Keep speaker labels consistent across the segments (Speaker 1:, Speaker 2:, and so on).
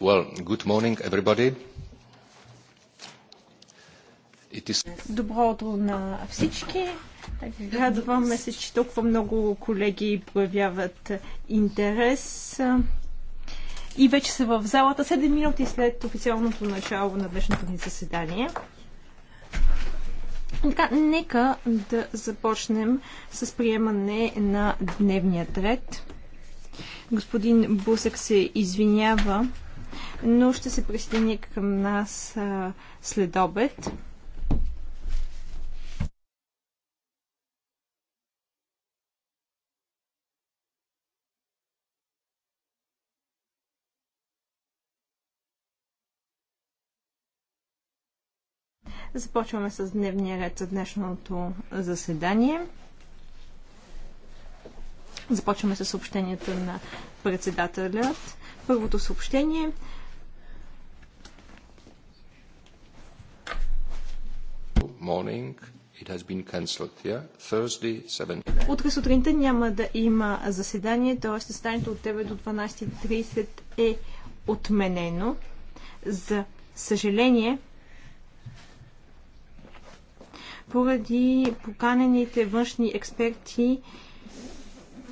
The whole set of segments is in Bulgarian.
Speaker 1: Добро
Speaker 2: утро на всички. Радваме се, че толкова много колеги проявяват интерес и вече са в залата 7 минути след официалното начало на днешното ни заседание. Така, нека да започнем с приемане на дневния ред. Господин Бусък се извинява но ще се присъедини към нас а, след обед. Започваме с дневния ред за днешното заседание. Започваме с съобщенията на председателят. Първото съобщение
Speaker 1: morning it has been cancelled, yeah? Thursday, 7.
Speaker 2: Утре сутринта няма да има заседание, т.е. заседанието от 9 до 12.30 е отменено. За съжаление, поради поканените външни експерти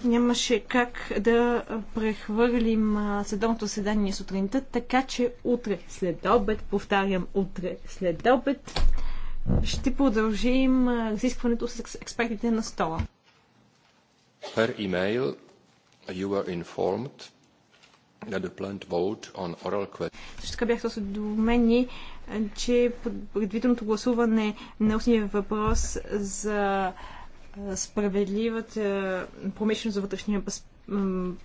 Speaker 2: нямаше как да прехвърлим следовното заседание сутринта, така че утре след обед, повтарям утре след обед, ще продължим изискването с експертите на стола.
Speaker 1: Per email you were informed that the planned vote on oral question.
Speaker 2: Също така бяхте осведомени, че предвиденото гласуване на устния въпрос за справедливата промишленост за вътрешния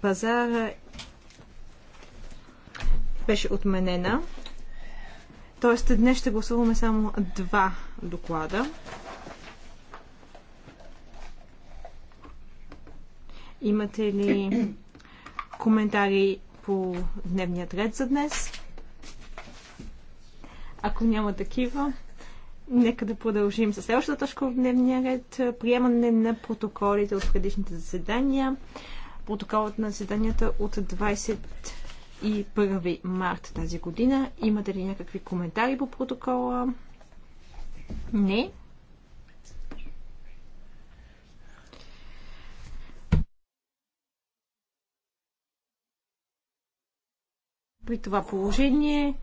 Speaker 2: пазар беше отменена. Тоест, днес ще гласуваме само два доклада. Имате ли коментари по дневния ред за днес? Ако няма такива, нека да продължим с следващата точка в дневния ред. Приемане на протоколите от предишните заседания. Протоколът на заседанията от 20 и 1 март тази година. Имате ли някакви коментари по протокола? Не. При това положение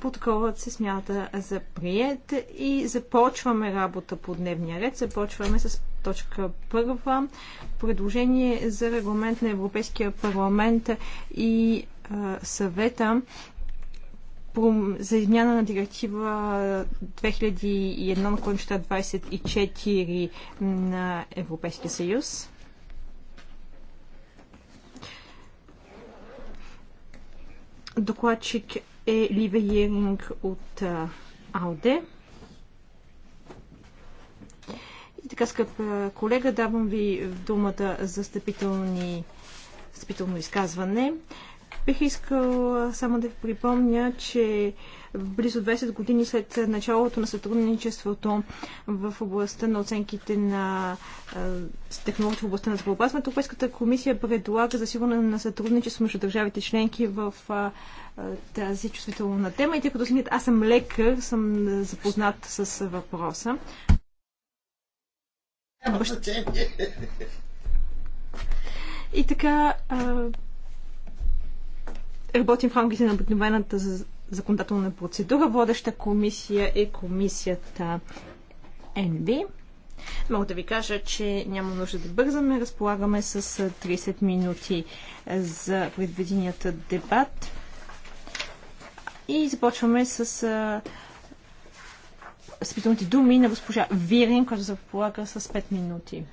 Speaker 2: протоколът се смята за прият и започваме работа по дневния ред. Започваме с точка първа. Предложение за регламент на Европейския парламент и съвета за измяна на директива 2001 на 24 на Европейския съюз. Докладчик е Ливе Йеринг от АЛДЕ. И така, скъп колега, давам ви думата за встъпително стъпително изказване. Бих искал само да ви припомня, че близо 20 години след началото на сътрудничеството в областта на оценките на технологии в областта на здравеопазването, Европейската комисия предлага засилване на сътрудничество между държавите членки в тази чувствителна тема. И тъй като аз съм лекар, съм запознат с въпроса. И така, работим в рамките на обикновената законодателна процедура. Водеща комисия е комисията НВ. Мога да ви кажа, че няма нужда да бързаме. Разполагаме с 30 минути за предвиденият дебат. И започваме с спитаните думи на госпожа Вирин, която заполага с 5 минути.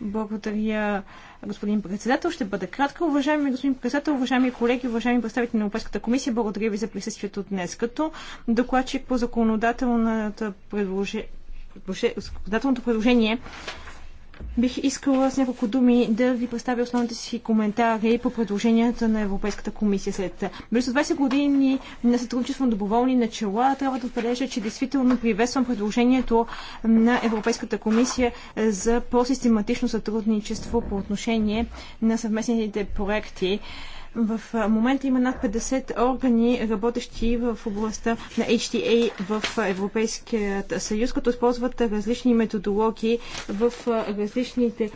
Speaker 2: Благодаря, господин председател. Ще бъда кратка. Уважаеми господин председател, уважаеми колеги, уважаеми представители на Европейската комисия, благодаря ви за присъствието днес. Като докладчик по законодателната предложение законодателното предложение Бих искала с няколко думи да ви представя основните си коментари по предложенията на Европейската комисия. След близо 20 години на сътрудничество на доброволни начала трябва да отбележа, че действително приветствам предложението на Европейската комисия за по-систематично сътрудничество по отношение на съвместните проекти. В момента има над 50 органи, работещи в областта на HTA в Европейския съюз, като използват различни методологии в различните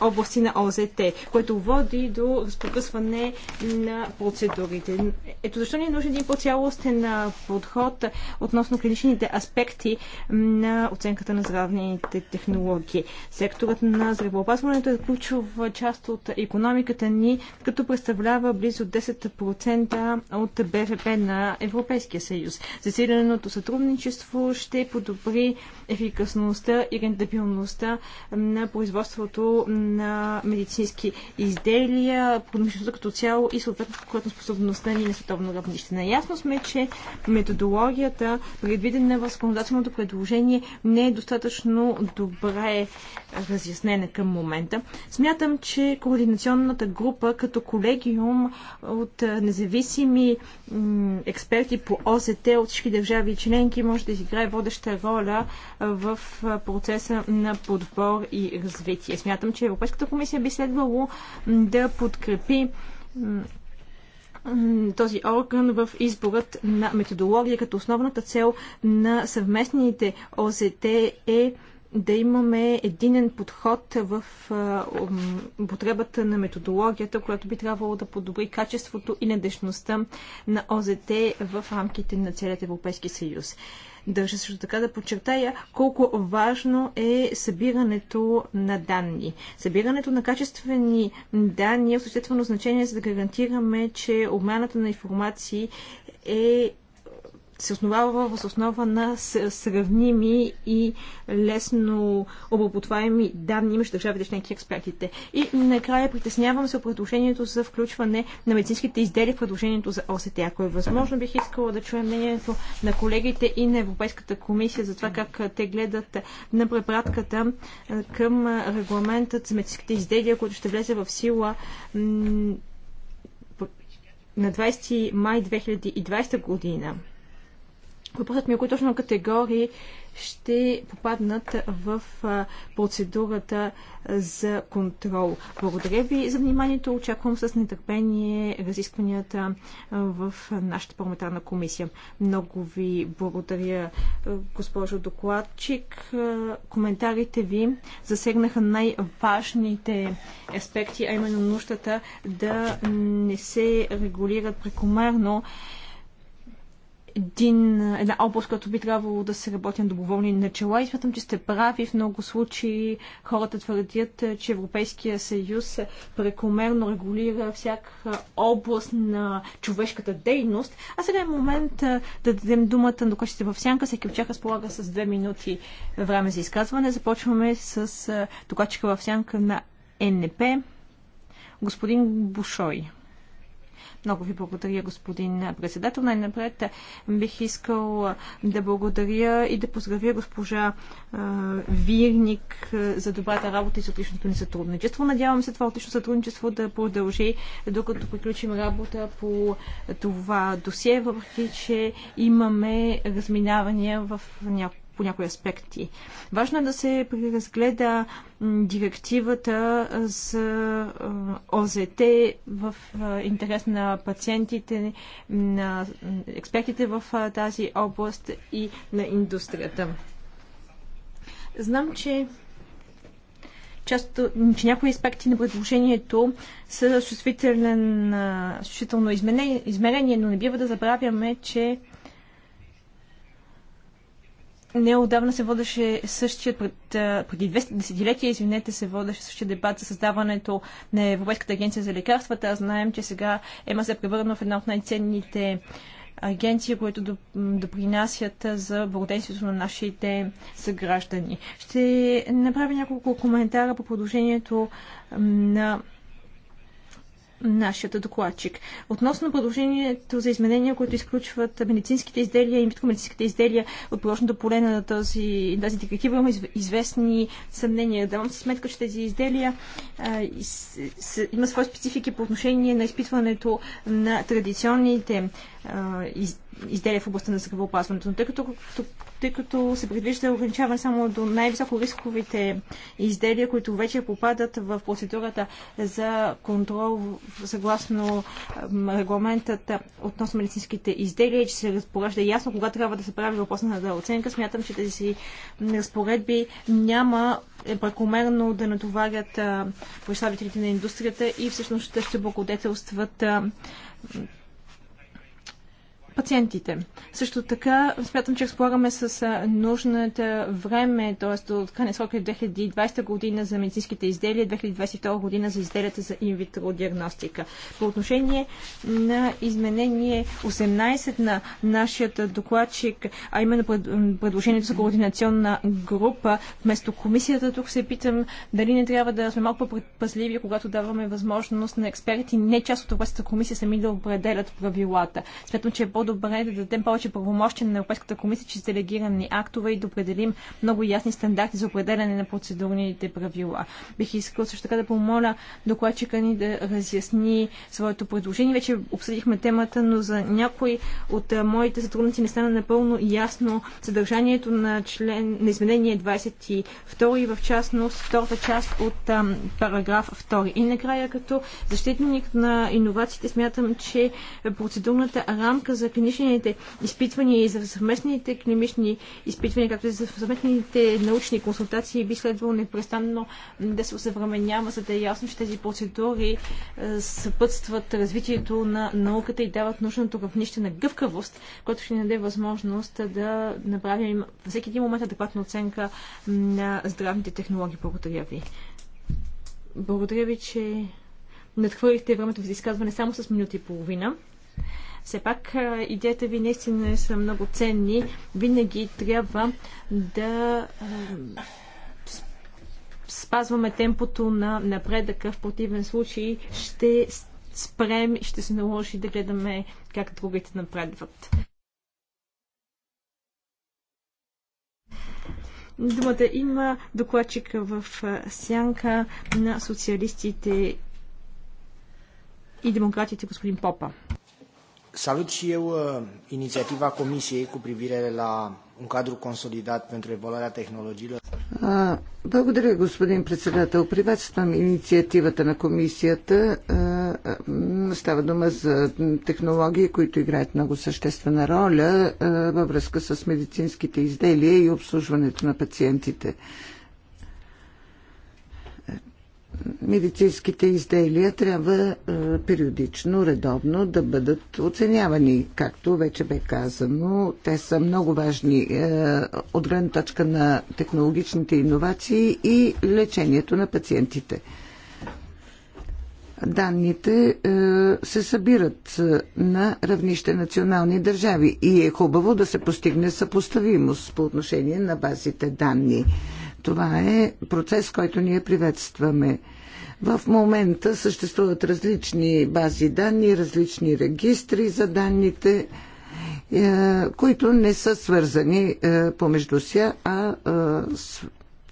Speaker 2: области на ОЗТ, което води до разпокъсване на процедурите. Ето защо ни е нужен един по-цялостен подход относно клиничните аспекти на оценката на здравните технологии. Секторът на здравеопазването е ключова част от економиката ни, като представлява близо 10% от БВП на Европейския съюз. Засиленото сътрудничество ще подобри ефикасността и рентабилността на производството на медицински изделия, промишлеността като цяло и съответно способността ни на световно равнище. Наясно сме, че методологията, предвидена в законодателното предложение, не е достатъчно добре разяснена към момента. Смятам, че координационната група като колегиум от независими експерти по ОСТ от всички държави и членки може да изиграе водеща роля в процеса на подбор и развитие. Смятам, че Европейската комисия би следвало да подкрепи този орган в изборът на методология, като основната цел на съвместните ОЗТ е да имаме единен подход в потребата на методологията, която би трябвало да подобри качеството и надежността на ОЗТ в рамките на целият Европейски съюз. Държа също така да подчертая колко важно е събирането на данни. Събирането на качествени данни е съществено значение, за да гарантираме, че обмяната на информации е се основава в основа на сравними и лесно обработваеми данни между държавите членки експертите. И накрая притеснявам се от предложението за включване на медицинските изделия в предложението за ОСТ. Ако е възможно, бих искала да чуя мнението на колегите и на Европейската комисия за това как те гледат на препратката към регламентът за медицинските изделия, който ще влезе в сила на 20 май 2020 година. Въпросът ми е кои точно категории ще попаднат в процедурата за контрол. Благодаря ви за вниманието. Очаквам с нетърпение разискванията в нашата парламентарна комисия. Много ви благодаря, госпожо докладчик. Коментарите ви засегнаха най-важните аспекти, а именно нуждата да не се регулират прекомерно един, една област, която би трябвало да се работи на доброволни начала. И смятам, че сте прави. В много случаи хората твърдят, е, че Европейския съюз прекомерно регулира всяка област на човешката дейност. А сега е момент е, да дадем думата на докладчите в сянка. Всеки от сполага разполага с две минути време за изказване. Започваме с е, докладчика в сянка на НП, господин Бушой. Много ви благодаря, господин председател. Най-напред е, бих искал е, да благодаря и да поздравя госпожа е, Вирник е, за добрата работа и за отличното ни сътрудничество. Надявам се това отлично сътрудничество да продължи, докато приключим работа по това досие, въпреки че имаме разминавания в някои по някои аспекти. Важно е да се преразгледа директивата за ОЗТ в интерес на пациентите, на експертите в тази област и на индустрията. Знам, че Часто, че някои аспекти на предложението са чувствително изменение, измерение, но не бива да забравяме, че Неодавна се водеше същия, пред, преди 200 десетилетия, извинете, се водеше същия дебат за създаването на Европейската агенция за лекарствата. Знаем, че сега ЕМА се е превърна в една от най-ценните агенции, които допринасят за благоденствието на нашите съграждани. Ще направя няколко коментара по продължението на нашият докладчик. Относно предложението за изменения, които изключват медицинските изделия и медицинските изделия от приложното поле на този, тази директива, има известни съмнения. Давам си сметка, че тези изделия а, с, с, има свои специфики по отношение на изпитването на традиционните а, из, изделия в областта на здравеопазването. Но тъй като, тъй като се предвижда ограничаване само до най-високо рисковите изделия, които вече попадат в процедурата за контрол съгласно регламентът относно медицинските изделия че се разпоръжда ясно кога трябва да се прави на оценка, смятам, че тези разпоредби няма е, прекомерно да натоварят представителите на индустрията и всъщност ще благодетелстват пациентите. Също така смятам, че разполагаме с нужната време, т.е. до крайния срок е 2020 година за медицинските изделия, 2022 година за изделията за инвитро диагностика. По отношение на изменение 18 на нашия докладчик, а именно предложението за координационна група, вместо комисията, тук се питам дали не трябва да сме малко предпазливи, когато даваме възможност на експерти, не част от областната комисия, сами да определят правилата. Смятам, че е по по-добре да дадем повече правомощия на Европейската комисия чрез делегирани актове и да определим много ясни стандарти за определяне на процедурните правила. Бих искал също така да помоля докладчика ни да разясни своето предложение. Вече обсъдихме темата, но за някои от моите сътрудници не стана напълно ясно съдържанието на член на изменение 22 в частност втората част от ам, параграф 2. И накрая като защитник на иновациите смятам, че процедурната рамка за клиничните изпитвания и за съвместните клинични изпитвания, както и за съвместните научни консултации би следвало непрестанно да се усъвременява, за да е ясно, че тези процедури е, съпътстват развитието на науката и дават нужното равнище на гъвкавост, което ще ни даде възможност да направим всеки един момент адекватна оценка на здравните технологии. Благодаря ви. Благодаря ви, че надхвърлихте времето ви за изказване само с минута и половина. Все пак идеята ви наистина са много ценни. Винаги трябва да спазваме темпото на напредъка. В противен случай ще спрем, и ще се наложи да гледаме как другите напредват. Думата има докладчика в сянка на социалистите и демократите господин Попа.
Speaker 3: Salut și eu uh, inițiativa Comisiei cu privire la un cadru consolidat pentru evaluarea tehnologiilor. Uh, благодаря, господин председател. Приветствам инициативата на комисията. Uh, става дума за технологии, които играят много съществена роля във връзка с медицинските изделия и обслужването на пациентите медицинските изделия трябва е, периодично, редовно да бъдат оценявани. Както вече бе казано, те са много важни е, от гледна точка на технологичните иновации и лечението на пациентите. Данните е, се събират на равнище национални държави и е хубаво да се постигне съпоставимост по отношение на базите данни това е процес, който ние приветстваме. В момента съществуват различни бази данни, различни регистри за данните, е, които не са свързани е, помежду си, а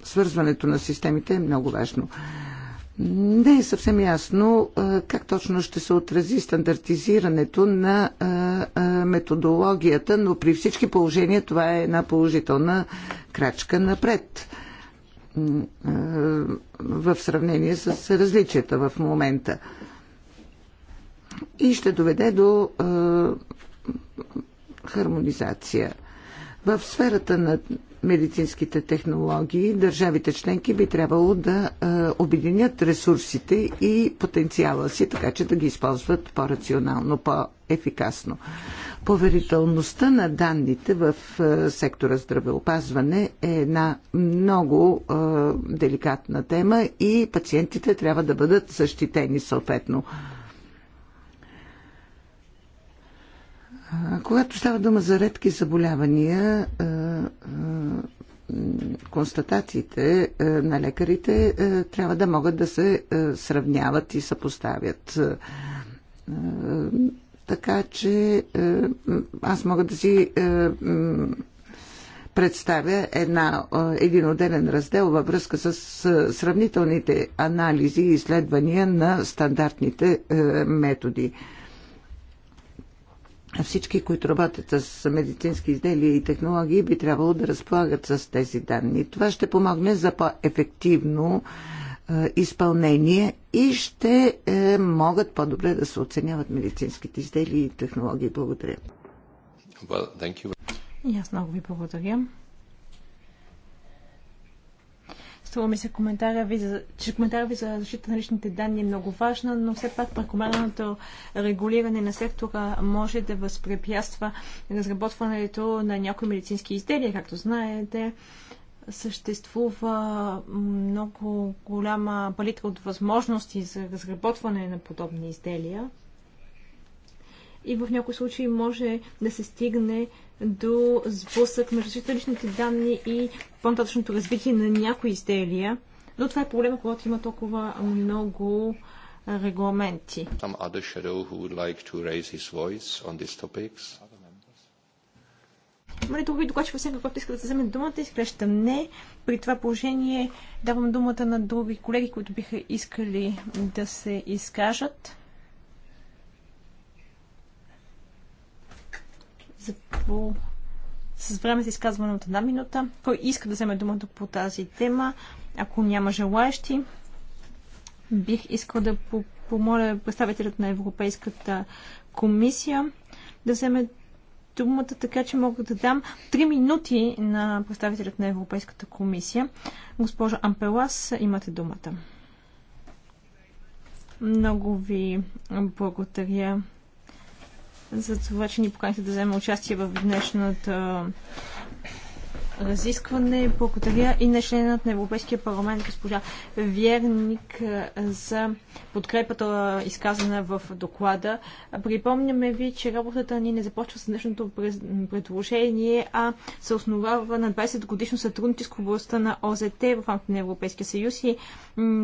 Speaker 3: свързването на системите е много важно. Не е съвсем ясно е, как точно ще се отрази стандартизирането на методологията, но при всички положения това е една положителна крачка напред в сравнение с различията в момента. И ще доведе до хармонизация. В сферата на медицинските технологии, държавите членки би трябвало да е, обединят ресурсите и потенциала си, така че да ги използват по-рационално, по-ефикасно. Поверителността на данните в е, сектора здравеопазване е една много е, деликатна тема и пациентите трябва да бъдат защитени съответно. Когато става дума за редки заболявания, констатациите на лекарите трябва да могат да се сравняват и съпоставят. Така че аз мога да си представя една, един отделен раздел във връзка с сравнителните анализи и изследвания на стандартните методи всички, които работят с медицински изделия и технологии, би трябвало да разполагат с тези данни. Това ще помогне за по-ефективно е, изпълнение и ще е, могат по-добре да се оценяват медицинските изделия и технологии. Благодаря.
Speaker 1: Well,
Speaker 2: И аз много ви благодаря. Струва ми се коментара ви, за, че коментара ви за защита на личните данни е много важна, но все пак прекомерното регулиране на сектора може да възпрепятства разработването на някои медицински изделия. Както знаете, съществува много голяма палитра от възможности за разработване на подобни изделия. И в някои случаи може да се стигне до сблъсък между защита личните данни и по-нататъчното развитие на някои изделия. Но това е проблема, когато има толкова много регламенти. Има ли други докладчи всеки, който иска да се вземе думата? Изглежда не. При това положение давам думата на други колеги, които биха искали да се изкажат. за по... с време за изказване от една минута. Кой иска да вземе думата по тази тема? Ако няма желаящи, бих искал да помоля представителят на Европейската комисия да вземе думата, така че мога да дам 3 минути на представителят на Европейската комисия. Госпожа Ампелас, имате думата. Много ви благодаря, за това, че ни поканите да вземем участие в днешната разискване. Благодаря и на членът на Европейския парламент, госпожа Верник, за подкрепата изказана в доклада. Припомняме ви, че работата ни не започва с днешното предложение, а се основава на 20 годишно сътрудничество в областта на ОЗТ е в рамките на Европейския съюз и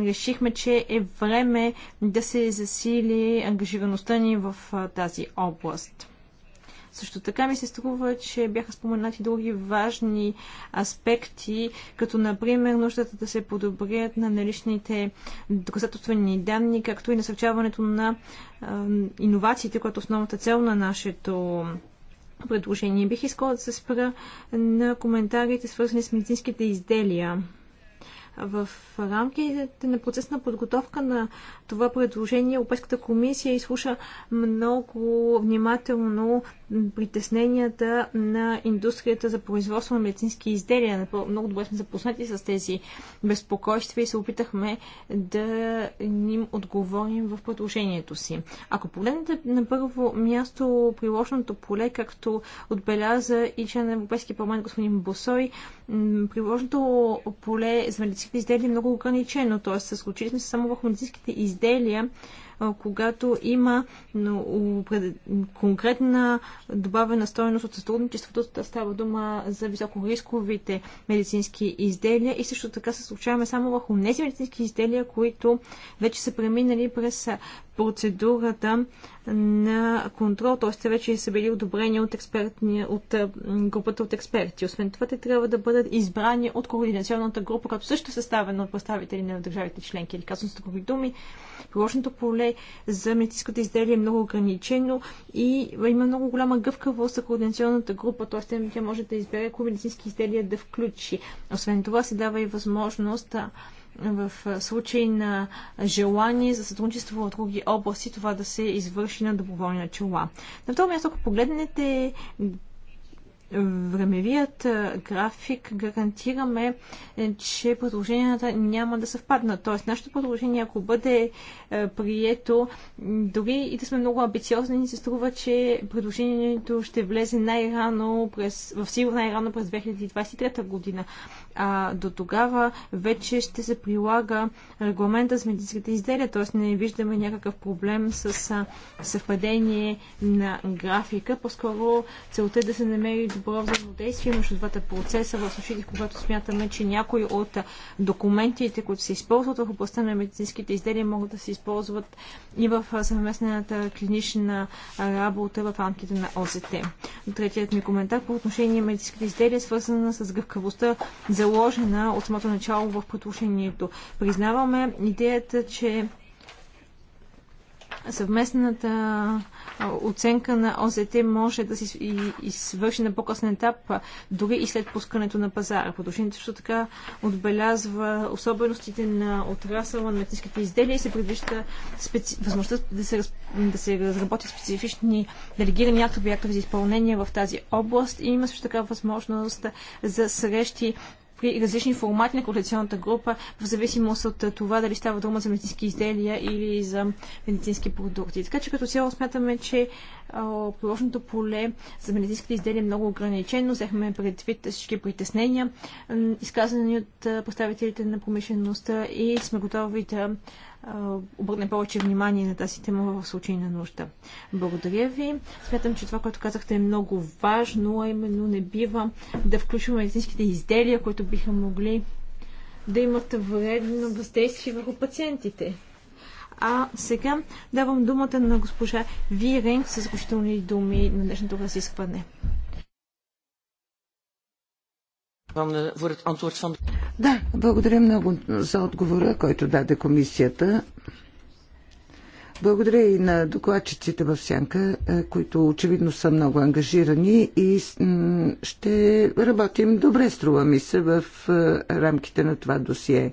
Speaker 2: решихме, че е време да се засили ангажираността ни в тази област. Също така ми се струва, че бяха споменати други важни аспекти, като например нуждата да се подобрят на наличните доказателствени данни, както и насърчаването на иновациите, което е основната цел на нашето предложение. Бих искала да се спра на коментарите, свързани с медицинските изделия. В рамките на процес на подготовка на това предложение Европейската комисия изслуша много внимателно притесненията на индустрията за производство на медицински изделия. Много добре сме запознати с тези безпокойства и се опитахме да им отговорим в предложението си. Ако погледнете на първо място приложното поле, както отбеляза и член на Европейския парламент господин Босой, приложното поле за медицинските изделия е много ограничено, т.е. случили сме се само върху медицинските изделия, когато има конкретна добавена стоеност от сътрудничеството, става дума за високорисковите медицински изделия и също така се случаваме само върху тези медицински изделия, които вече са преминали през процедурата на контрол, т.е. те вече са били одобрени от, от групата от експерти. Освен това, те трябва да бъдат избрани от координационната група, която също е съставена от представители на държавите членки. Или казвам с други думи, приложното поле за медицинското изделие е много ограничено и има много голяма гъвкавост за координационната група, т.е. тя може да избере кои медицински изделия да включи. Освен това, се дава и възможност в случай на желание за сътрудничество в други области, това да се извърши на доброволни начала. На второ място, ако погледнете времевият график гарантираме, е, че предложенията няма да съвпаднат. Тоест, нашето предложение, ако бъде е, прието, дори и да сме много амбициозни, ни се струва, че предложението ще влезе най-рано през, в сила най-рано през 2023 година. А до тогава вече ще се прилага регламента с медицинските изделия, т.е. не виждаме някакъв проблем с съвпадение на графика. По-скоро целта е да се намери добро взаимодействие между двата процеса в случаите, когато смятаме, че някои от документите, които се използват в областта на медицинските изделия, могат да се използват и в съвместната клинична работа в рамките на ОЗТ. Третият ми коментар по отношение на медицинските изделия свързана с гъвкавостта, заложена от самото начало в предложението. Признаваме идеята, че съвместната оценка на ОЗТ може да се извърши на по-късен етап, дори и след пускането на пазара. Подължението също така отбелязва особеностите на отрасъла на медицинските изделия и се предвижда специ... възможността да се, раз... да се разработят специфични делегирани актове актове за изпълнение в тази област и има също така възможност за срещи при различни формати на коалиционната група, в зависимост от това дали става дума за медицински изделия или за медицински продукти. Така че като цяло смятаме, че приложното поле за медицинските изделия е много ограничено. Взехме предвид всички притеснения, изказани от представителите на промишлеността и сме готови да обърне повече внимание на тази тема в случай на нужда. Благодаря ви. Смятам, че това, което казахте е много важно, а именно не бива да включваме медицинските изделия, които биха могли да имат вредно въздействие върху пациентите. А сега давам думата на госпожа Виренг с заключителни думи на днешното разискване. Да,
Speaker 3: благодаря много за отговора, който даде комисията. Благодаря и на докладчиците в Сянка, е, които очевидно са много ангажирани и ще работим добре, струва ми се, в е, рамките на това досие.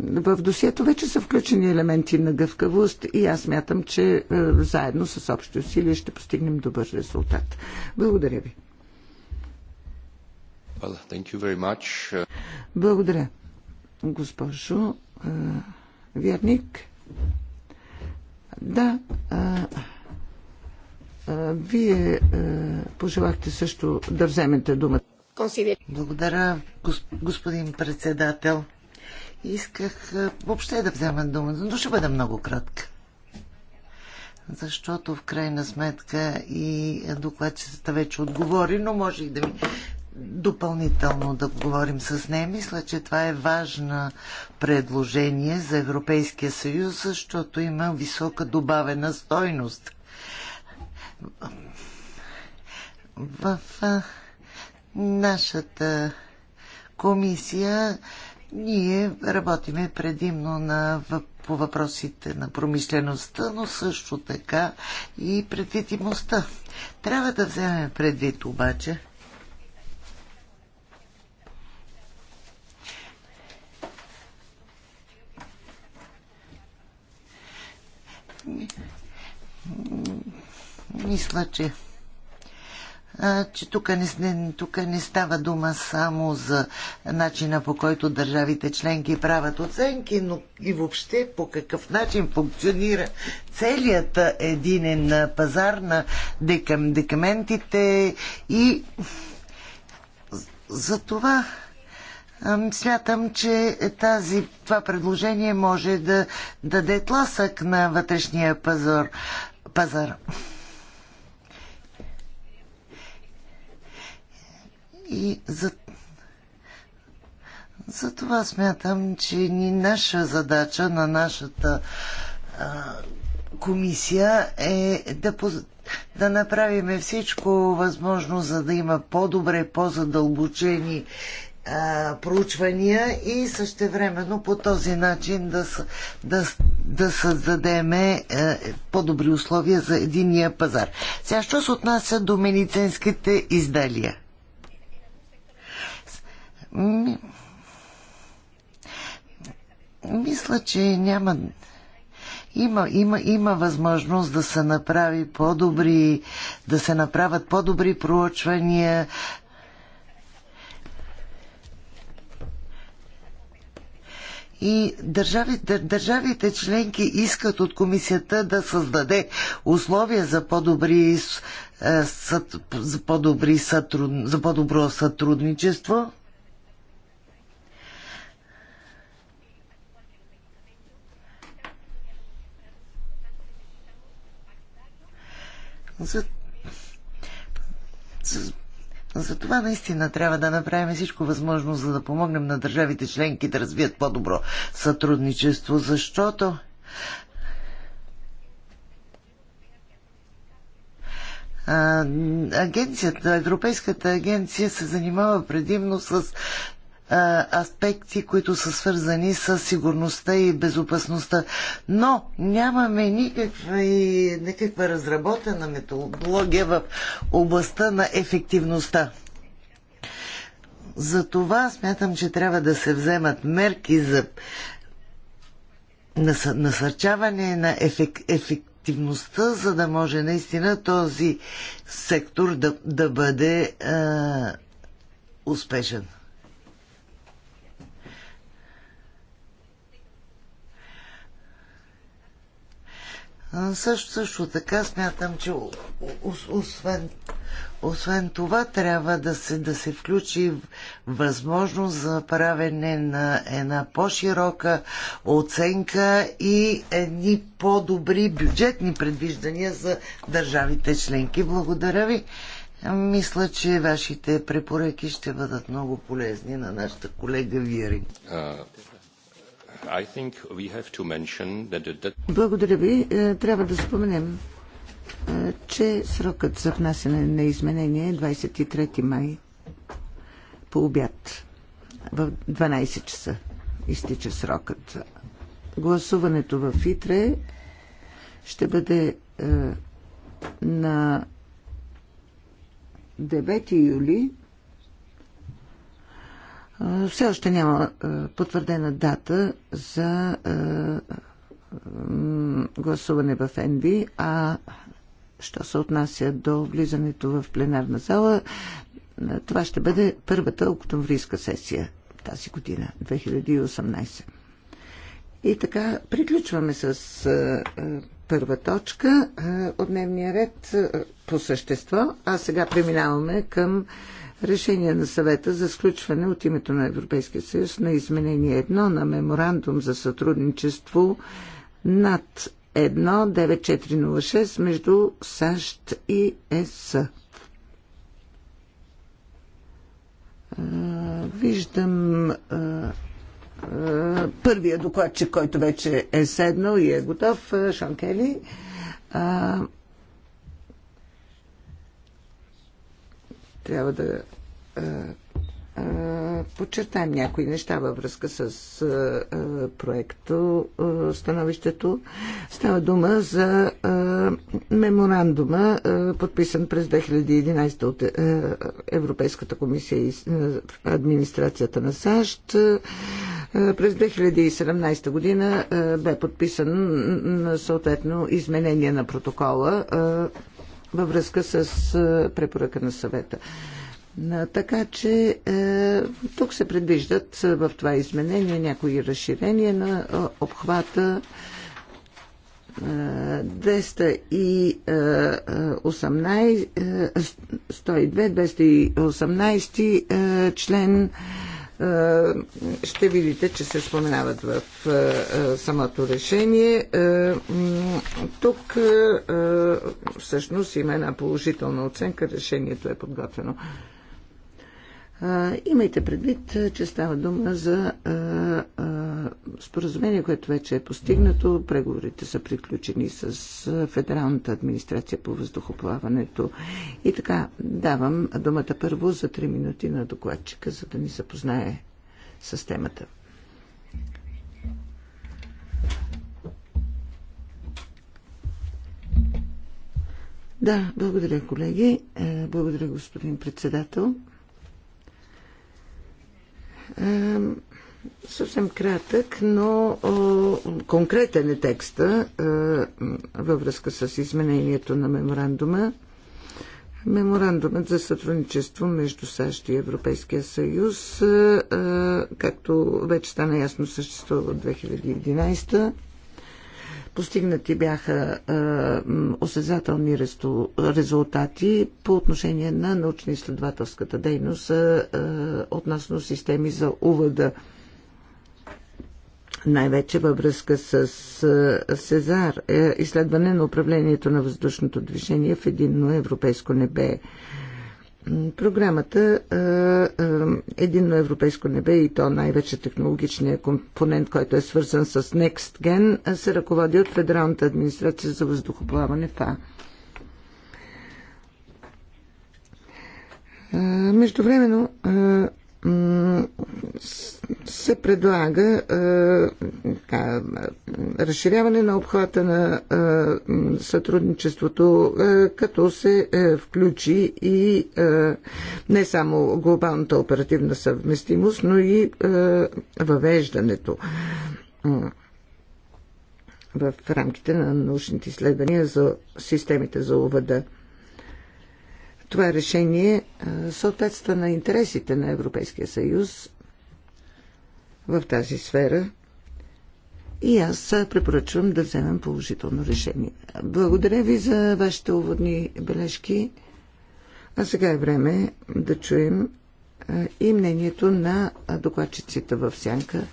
Speaker 3: В досието вече са включени елементи на гъвкавост и аз мятам, че е, заедно с общи усилия ще постигнем добър резултат. Благодаря ви.
Speaker 1: Well, thank you very much.
Speaker 3: Благодаря, госпожо Вярник. Да, а, а, вие а, пожелахте също да вземете думата. Благодаря, господин председател.
Speaker 4: Исках въобще да взема думата, но ще бъда много кратка. Защото в крайна сметка и докладчицата вече отговори, но може и да ми допълнително да говорим с нея. Мисля, че това е важно предложение за Европейския съюз, защото има висока добавена стойност. В нашата комисия ние работиме предимно на, по въпросите на промишлеността, но също така и предвидимостта. Трябва да вземем предвид обаче, мисля, че че тук не, тук не става дума само за начина по който държавите членки правят оценки, но и въобще по какъв начин функционира целият единен пазар на декам, декаментите и за това Смятам, че тази, това предложение може да даде тласък на вътрешния пазар. пазар. И за, за това смятам, че ни наша задача на нашата а, комисия е да, да направим всичко възможно, за да има по-добре, по-задълбочени проучвания и същевременно по този начин да, да, да създадеме е, по-добри условия за единия пазар. Сега, що се отнася до медицинските изделия? Мисля, че няма. Има, има, има възможност да се направи по-добри, да се направят по-добри проучвания, И държавите, държавите членки искат от комисията да създаде условия за по-добри е, за, по-добри сътруд... за по-добро сътрудничество. за затова наистина трябва да направим всичко възможно, за да помогнем на държавите членки да развият по-добро сътрудничество, защото агенцията, Европейската агенция се занимава предимно с аспекти, които са свързани с сигурността и безопасността. Но нямаме никаква, и, никаква разработена методология в областта на ефективността. Затова смятам, че трябва да се вземат мерки за насърчаване на ефек, ефективността, за да може наистина този сектор да, да бъде е, успешен. Също, също така смятам, че освен, освен това трябва да се, да се включи възможност за правене на една по-широка оценка и едни по-добри бюджетни предвиждания за държавите членки. Благодаря ви. Мисля, че вашите препоръки ще бъдат много полезни на нашата колега Виерин.
Speaker 3: Благодаря ви. Е, трябва да споменем, е, че срокът за внасяне на изменение е 23 май по обяд. В 12 часа изтича срокът. Гласуването в ИТРЕ ще бъде е, на 9 юли все още няма потвърдена дата за гласуване в НВ, а що се отнася до влизането в пленарна зала, това ще бъде първата октомврийска сесия тази година, 2018. И така, приключваме с а, първа точка а, от дневния ред а, по същество, а сега преминаваме към решение на съвета за сключване от името на Европейския съюз на изменение 1 на меморандум за сътрудничество над 19406 между САЩ и ЕС. Виждам първия докладчик, който вече е седнал и е готов, Шон Кели. Трябва да подчертаем някои неща във връзка с проекто становището. Става дума за меморандума, подписан през 2011 от Европейската комисия и администрацията на САЩ. През 2017 година бе подписан съответно изменение на протокола във връзка с препоръка на съвета. Така че тук се предвиждат в това изменение някои разширения на обхвата 218, 102, 218 член е, ще видите, че се споменават в е, е, самото решение. Тук всъщност има една положителна оценка, решението е подготвено Имайте предвид, че става дума за споразумение, което вече е постигнато. Преговорите са приключени с Федералната администрация по въздухоплаването. И така, давам думата първо за 3 минути на докладчика, за да ни запознае с темата. Да, благодаря, колеги. Е, благодаря, господин председател. Съвсем кратък, но конкретен е текста във връзка с изменението на меморандума. Меморандумът за сътрудничество между САЩ и Европейския съюз, както вече стана ясно, съществува от 2011 Постигнати бяха осезателни резултати по отношение на научно-изследователската дейност относно системи за увода най-вече във връзка с Сезар, е, изследване на управлението на въздушното движение в единно европейско небе програмата Единно европейско небе и то най-вече технологичният компонент, който е свързан с NextGen, се ръководи от Федералната администрация за въздухоплаване ФА. Междувременно се предлага е, а, разширяване на обхвата на е, сътрудничеството, е, като се включи и не само глобалната оперативна съвместимост, но и въвеждането в рамките на научните изследвания за системите за ОВД това решение съответства на интересите на Европейския съюз в тази сфера и аз препоръчвам да вземем положително решение. Благодаря ви за вашите уводни бележки. А сега е време да чуем и мнението на докладчиците в Сянка.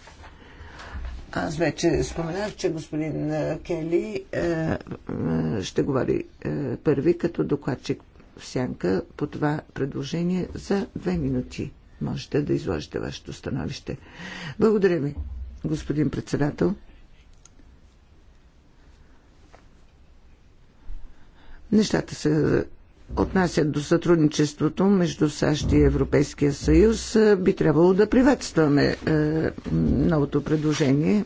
Speaker 3: Аз вече споменах, че господин Кели ще говори първи като докладчик сянка по това предложение за две минути. Можете да изложите вашето становище. Благодаря ви, господин председател. Нещата се отнасят до сътрудничеството между САЩ и Европейския съюз. Би трябвало да приветстваме е, новото предложение,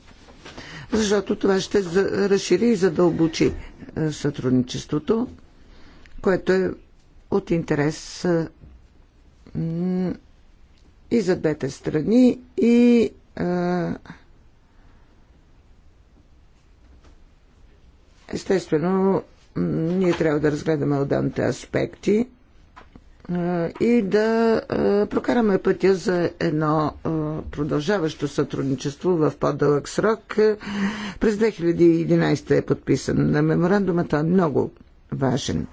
Speaker 3: защото това ще разшири и задълбочи е, сътрудничеството, което е от интерес и за двете страни и естествено ние трябва да разгледаме отделните аспекти и да прокараме пътя за едно продължаващо сътрудничество в по-дълъг срок. През 2011 е подписан на меморандума. Той е много важен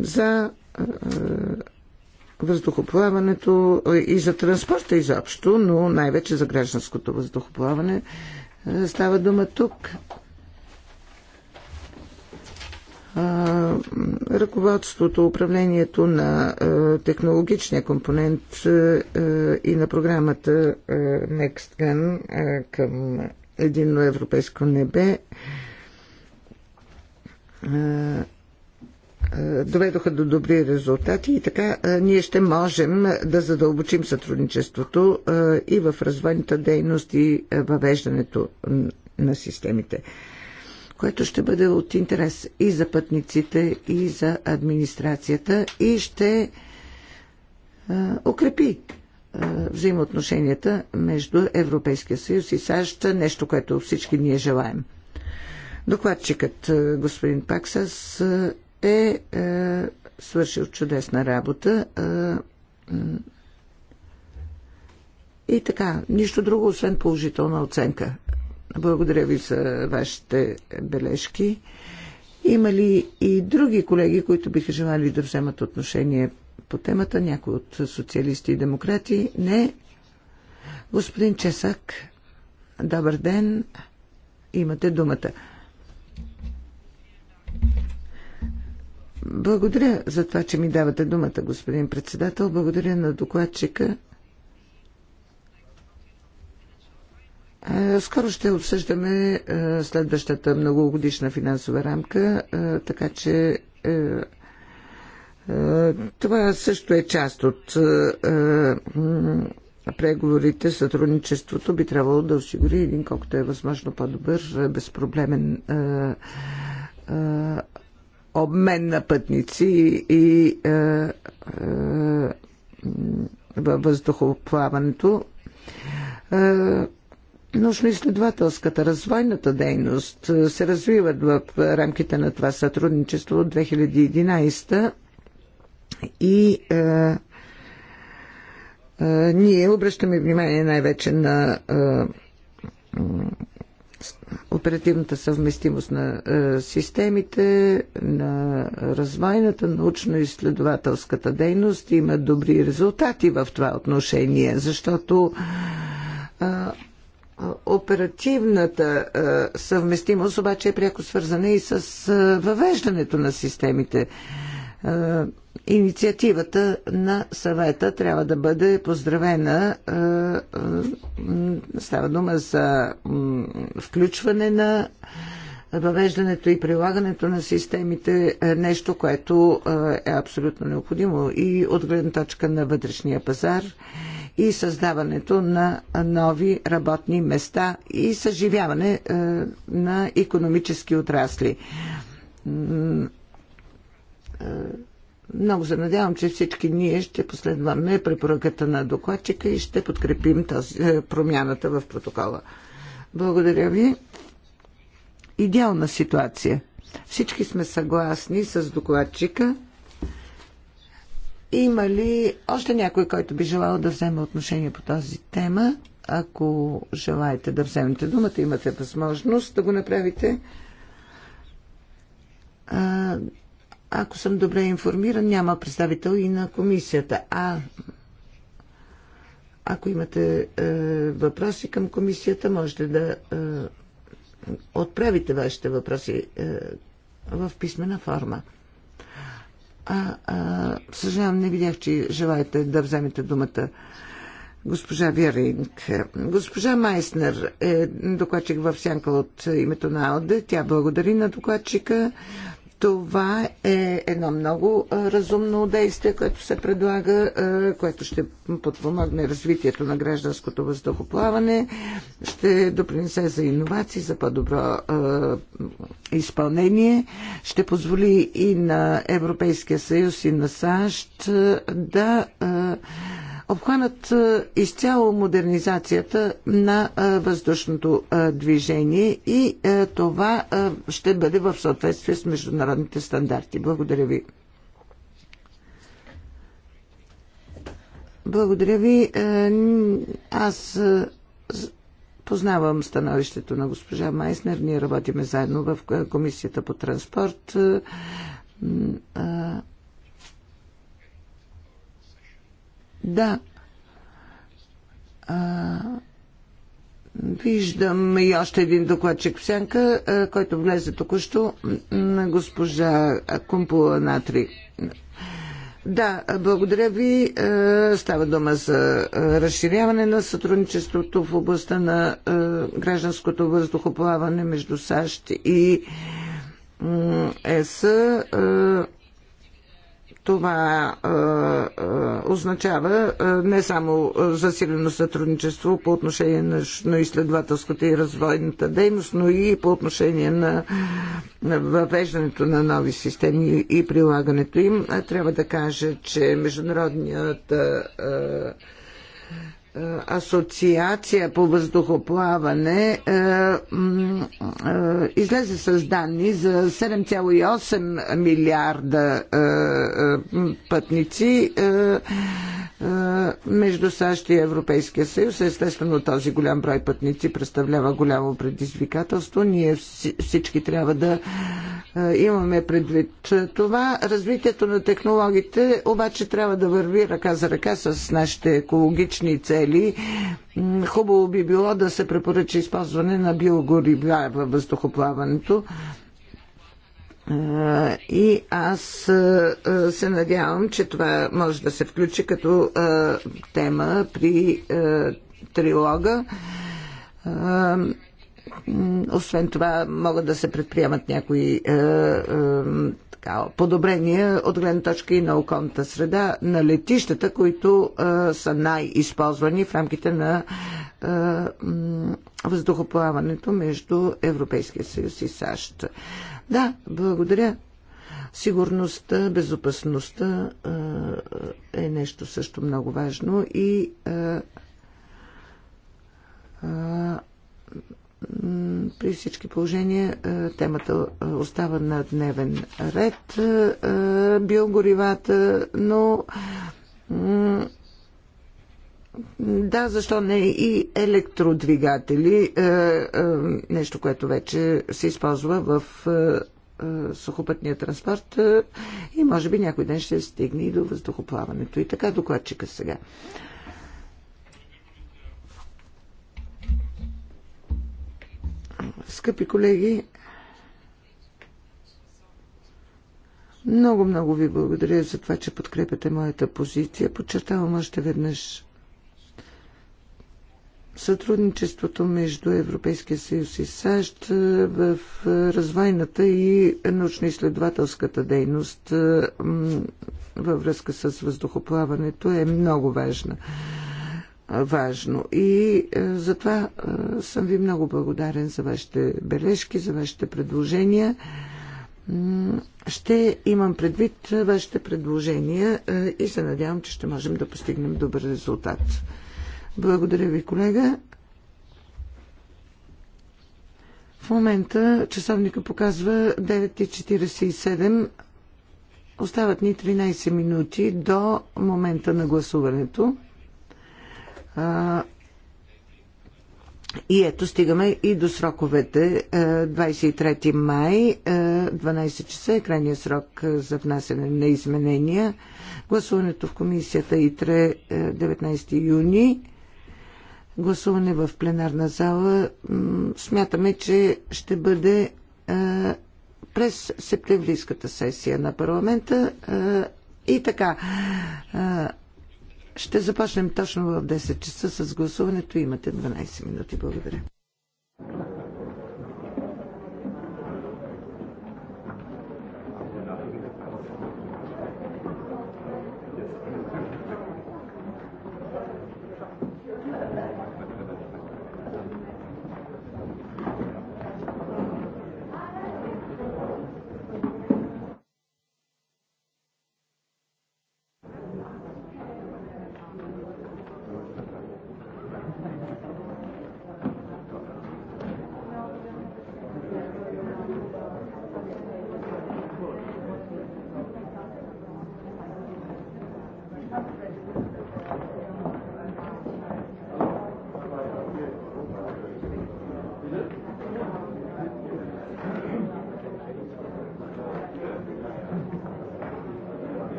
Speaker 3: за въздухоплаването и за транспорта изобщо, но най-вече за гражданското въздухоплаване става дума тук. Ръководството, управлението на технологичния компонент и на програмата NextGen към единно европейско небе е, доведоха до добри резултати и така е, ние ще можем да задълбочим сътрудничеството е, и в развойната дейност и въвеждането на системите, което ще бъде от интерес и за пътниците, и за администрацията и ще укрепи взаимоотношенията между Европейския съюз и САЩ, нещо, което всички ние желаем. Докладчикът господин Паксас е, е свършил чудесна работа. Е, и така, нищо друго, освен положителна оценка. Благодаря ви за вашите бележки. Има ли и други колеги, които биха желали да вземат отношение по темата? някои от социалисти и демократи? Не. Господин Чесак, добър ден. Имате думата. Благодаря за това, че ми давате думата, господин председател. Благодаря на докладчика. Скоро ще обсъждаме следващата многогодишна финансова рамка, така че това също е част от преговорите, сътрудничеството би трябвало да осигури един колкото е възможно по-добър, безпроблемен обмен на пътници и е, е, във въздухоплаването. Е, Научно-изследователската развойната дейност е, се развиват в рамките на това сътрудничество от 2011 и е, е, ние обръщаме внимание най-вече на е, оперативната съвместимост на е, системите, на развойната научно-изследователската дейност има добри резултати в това отношение, защото е, оперативната е, съвместимост обаче е пряко свързана и с въвеждането на системите инициативата на съвета трябва да бъде поздравена. Е, е, става дума за включване на въвеждането и прилагането на системите е нещо, което е, е абсолютно необходимо и от гледна точка на вътрешния пазар и създаването на нови работни места и съживяване на економически отрасли много се надявам, че всички ние ще последваме препоръката на докладчика и ще подкрепим тази, е, промяната в протокола. Благодаря ви. Идеална ситуация. Всички сме съгласни с докладчика. Има ли още някой, който би желал да вземе отношение по тази тема? Ако желаете да вземете думата, имате възможност да го направите. Ако съм добре информиран, няма представител и на комисията. А ако имате е, въпроси към комисията, можете да е, отправите вашите въпроси е, в писмена форма. А, а, съжалявам, не видях, че желаете да вземете думата госпожа Веринг. Госпожа Майснер е докладчик в сянка от името на Алде. Тя благодари на докладчика това е едно много разумно действие, което се предлага, което ще подпомогне развитието на гражданското въздухоплаване, ще допринесе за иновации, за по-добро изпълнение, ще позволи и на Европейския съюз и на САЩ да обхванат е, изцяло модернизацията на е, въздушното е, движение и това ще бъде в съответствие с международните стандарти. Благодаря ви. Благодаря ви. Аз познавам становището на госпожа Майснер. Ние работиме заедно в Комисията по транспорт Да. А, виждам и още един докладчик в сянка, който влезе току-що на госпожа Кумпула Натри. Да, благодаря ви. Става дума за разширяване на сътрудничеството в областта на гражданското въздухоплаване между САЩ и ЕС това е, е, означава е, не само засилено сътрудничество по отношение на, на изследователската и развойната дейност, но и по отношение на, на въвеждането на нови системи и прилагането им. Трябва да кажа, че международният е, асоциация по въздухоплаване е, е, излезе с данни за 7,8 милиарда е, пътници между САЩ и Европейския съюз. Естествено, този голям брой пътници представлява голямо предизвикателство. Ние всички трябва да имаме предвид това. Развитието на технологиите обаче трябва да върви ръка за ръка с нашите екологични цели. Хубаво би било да се препоръча използване на биогорива във въздухоплаването. И аз се надявам, че това може да се включи като тема при трилога. Освен това, могат да се предприемат някои така, подобрения от гледна точка и на околната среда на летищата, които са най-използвани в рамките на а, въздухоплаването между Европейския съюз и САЩ. Да, благодаря. Сигурността, безопасността е нещо също много важно и при всички положения темата остава на дневен ред. Биогоривата, но да, защо не и електродвигатели, е, е, нещо, което вече се използва в е, сухопътния транспорт и може би някой ден ще стигне и до въздухоплаването. И така докладчика сега. Скъпи колеги, много, много ви благодаря за това, че подкрепяте моята позиция. Подчертавам още веднъж сътрудничеството между Европейския съюз и САЩ е, в е, развойната и научно-изследователската дейност е, във връзка с въздухоплаването е много важна. Важно. И затова съм ви много благодарен за вашите бележки, за вашите предложения. Ще имам предвид вашите предложения и се надявам, че ще можем да постигнем добър резултат. Благодаря ви, колега. В момента часовника показва 9.47. Остават ни 13 минути до момента на гласуването. И ето стигаме и до сроковете. 23 май, 12 часа е крайният срок за внасяне на изменения. Гласуването в комисията ИТРЕ 19 юни гласуване в пленарна зала смятаме, че ще бъде е, през септемврийската сесия на парламента. Е, и така, е, ще започнем точно в 10 часа с гласуването. Имате 12 минути. Благодаря.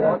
Speaker 5: Yeah.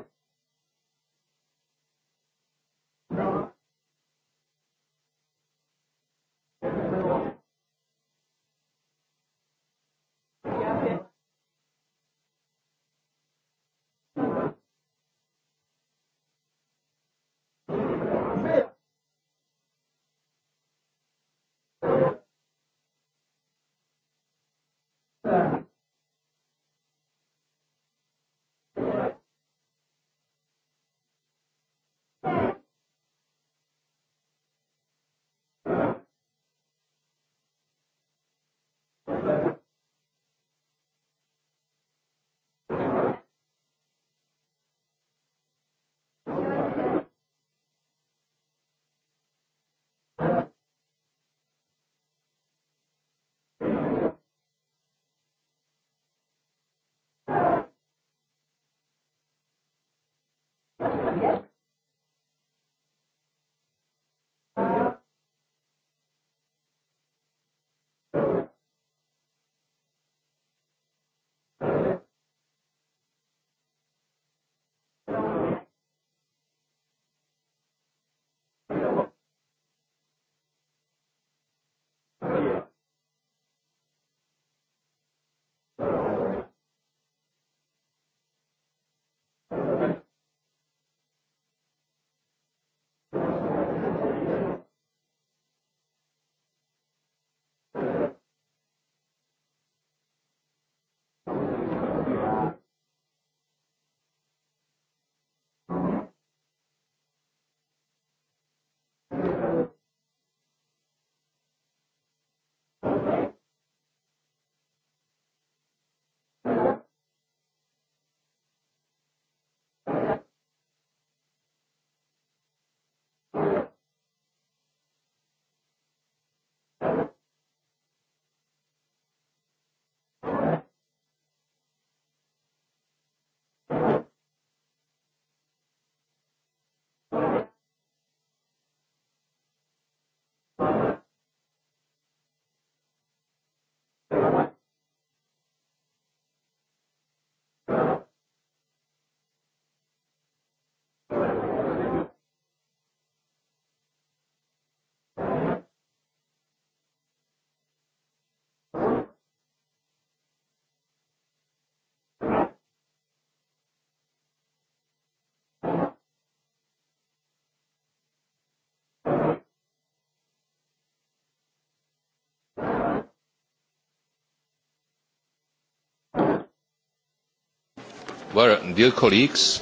Speaker 1: Well, dear colleagues,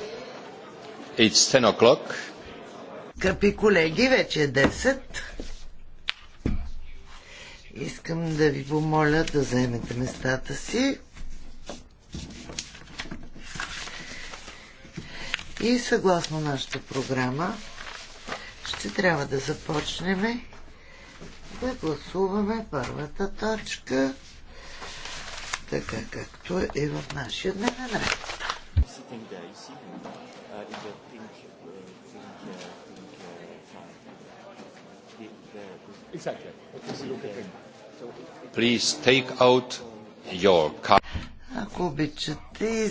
Speaker 1: it's 10 o'clock.
Speaker 4: Скъпи колеги, вече е 10. Искам да ви помоля да заемете местата си. И съгласно нашата програма ще трябва да започнем да гласуваме първата точка, така както е в нашия дневен ред
Speaker 5: think there you see him uh, in the pink, uh, pink, uh, pink uh, flag. The, the, exactly.
Speaker 1: Please take out your card.
Speaker 4: Ако обичате,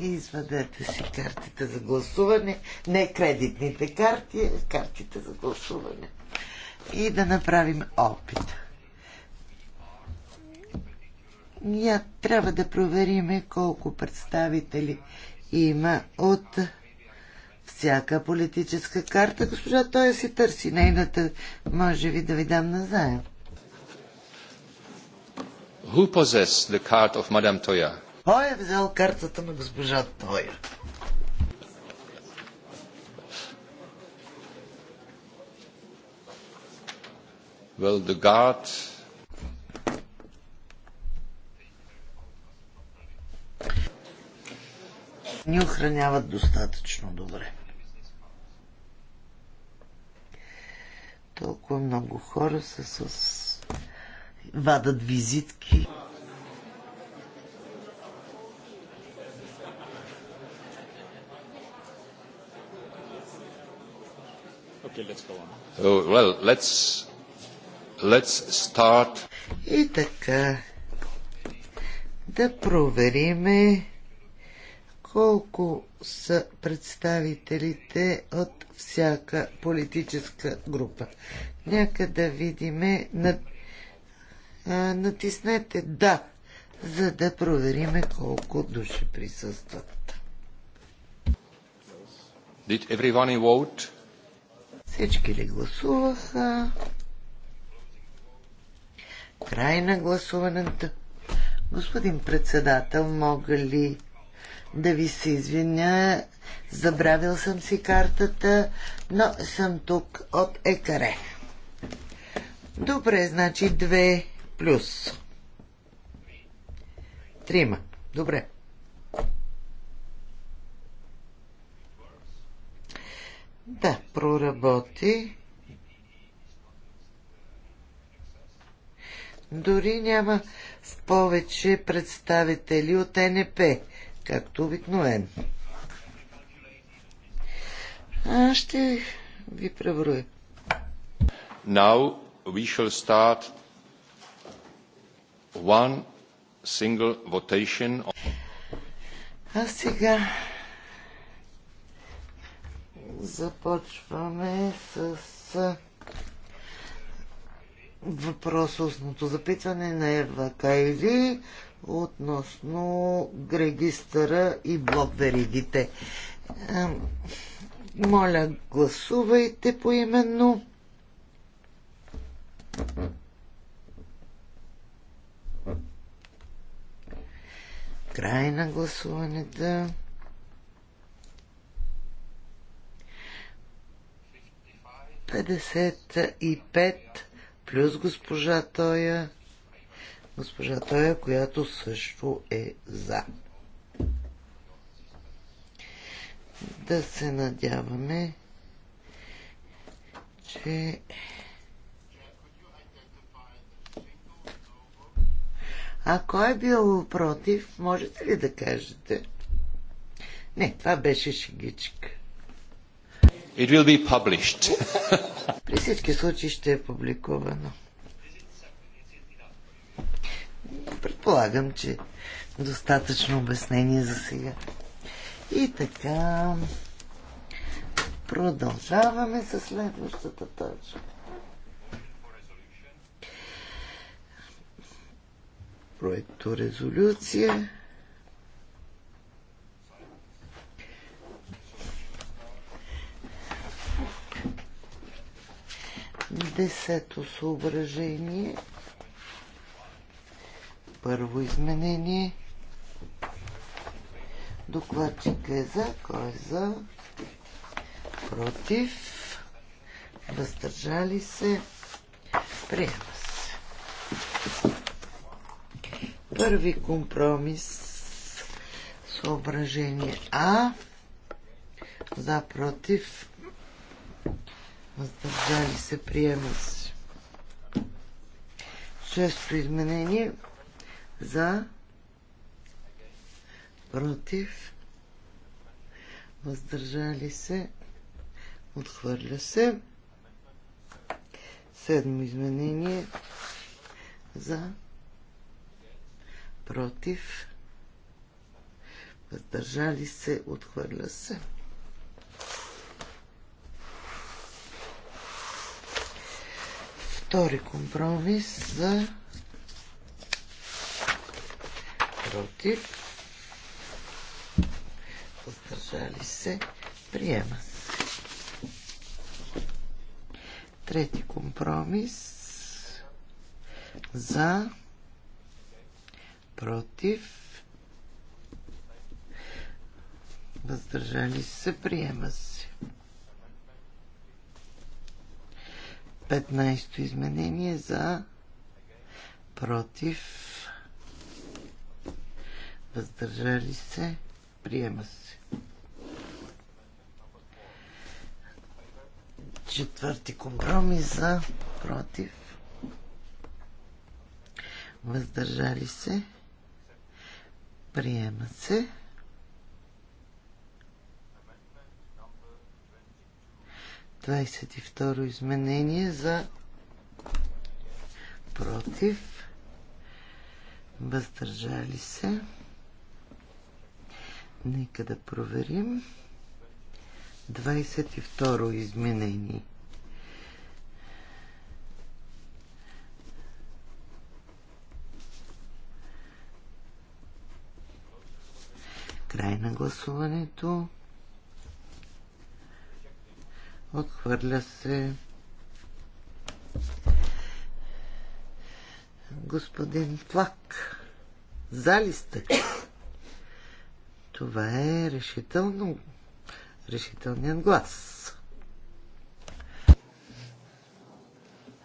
Speaker 4: извадете си картите за гласуване, не кредитните карти, картите за гласуване. И да направим опит. Ня, трябва да провериме колко представители има от всяка политическа карта. Госпожа Тоя си търси нейната. Може ви да ви дам назаем.
Speaker 1: Who possessed the card of Madame Toya?
Speaker 4: Кой е взел картата на госпожа Тоя?
Speaker 1: Well, the guard
Speaker 4: ни охраняват достатъчно добре. Толкова много хора са с... вадат визитки.
Speaker 1: Okay, let's go on. Oh, well, let's, let's start.
Speaker 4: И така, да провериме колко са представителите от всяка политическа група. Нека да видиме. Натиснете да, за да провериме колко души присъстват. Did everyone vote? Всички ли гласуваха? Край на гласуването. Господин председател, мога ли да ви се извиня. Забравил съм си картата, но съм тук от Екаре. Добре, значи 2 плюс. Трима. Добре. Да, проработи. Дори няма повече представители от НП както обикновено. А ще ви преброя.
Speaker 1: Now we shall start one single votation.
Speaker 4: А сега започваме с въпрос устното запитване на Ева Кайли относно регистъра и блок е, Моля, гласувайте поименно. Край на гласуването. Петдесет и пет плюс госпожа Тоя госпожа Тая, която също е за. Да се надяваме, че А кой е бил против, можете ли да кажете? Не, това беше шегичка.
Speaker 1: It will be published.
Speaker 4: При всички случаи ще е публикувано. Предполагам, че достатъчно обяснение за сега. И така, продължаваме с следващата точка. Проекто резолюция. Десето съображение – първо изменение. Докладчик е за, кой е за, против, въздържали се, приема се. Първи компромис, съображение А, за, против, въздържали се, приема се. Шесто изменение – за, против, въздържали се, отхвърля се. Седмо изменение за, против, въздържали се, отхвърля се. Втори компромис за против, въздържали се, приема се. Трети компромис за, против, въздържали се, приема се. 15-то изменение за против въздържали се, приема се. Четвърти компромис за против. Въздържали се. Приема се. Двадесет и второ изменение за против. Въздържали се. Нека да проверим. 22 изменение. Край на гласуването. Отхвърля се. Господин Плак. Зали сте? Това е решително, решителният глас.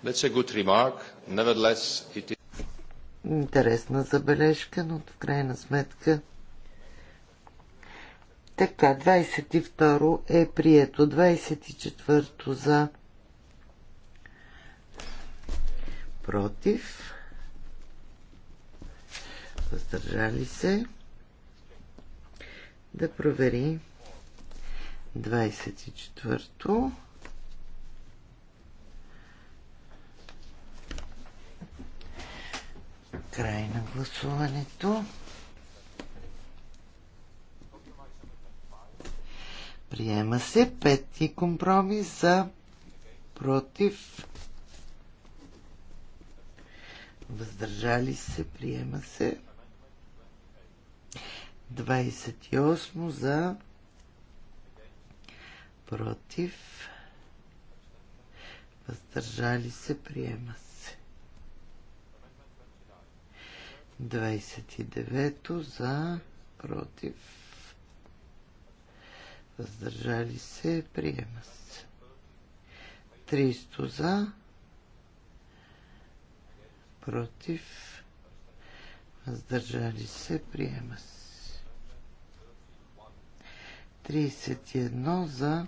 Speaker 1: That's a good remark. Nevertheless, it is...
Speaker 4: Интересна забележка, но в крайна сметка... Така, 22 е прието, 24 за против, въздържали се да провери 24-то. Край на гласуването. Приема се пети компромис за против. Въздържали се, приема се. 28 за против въздържали се приема се 29 за против въздържали се приема се 300 за против въздържали се приема се 31 за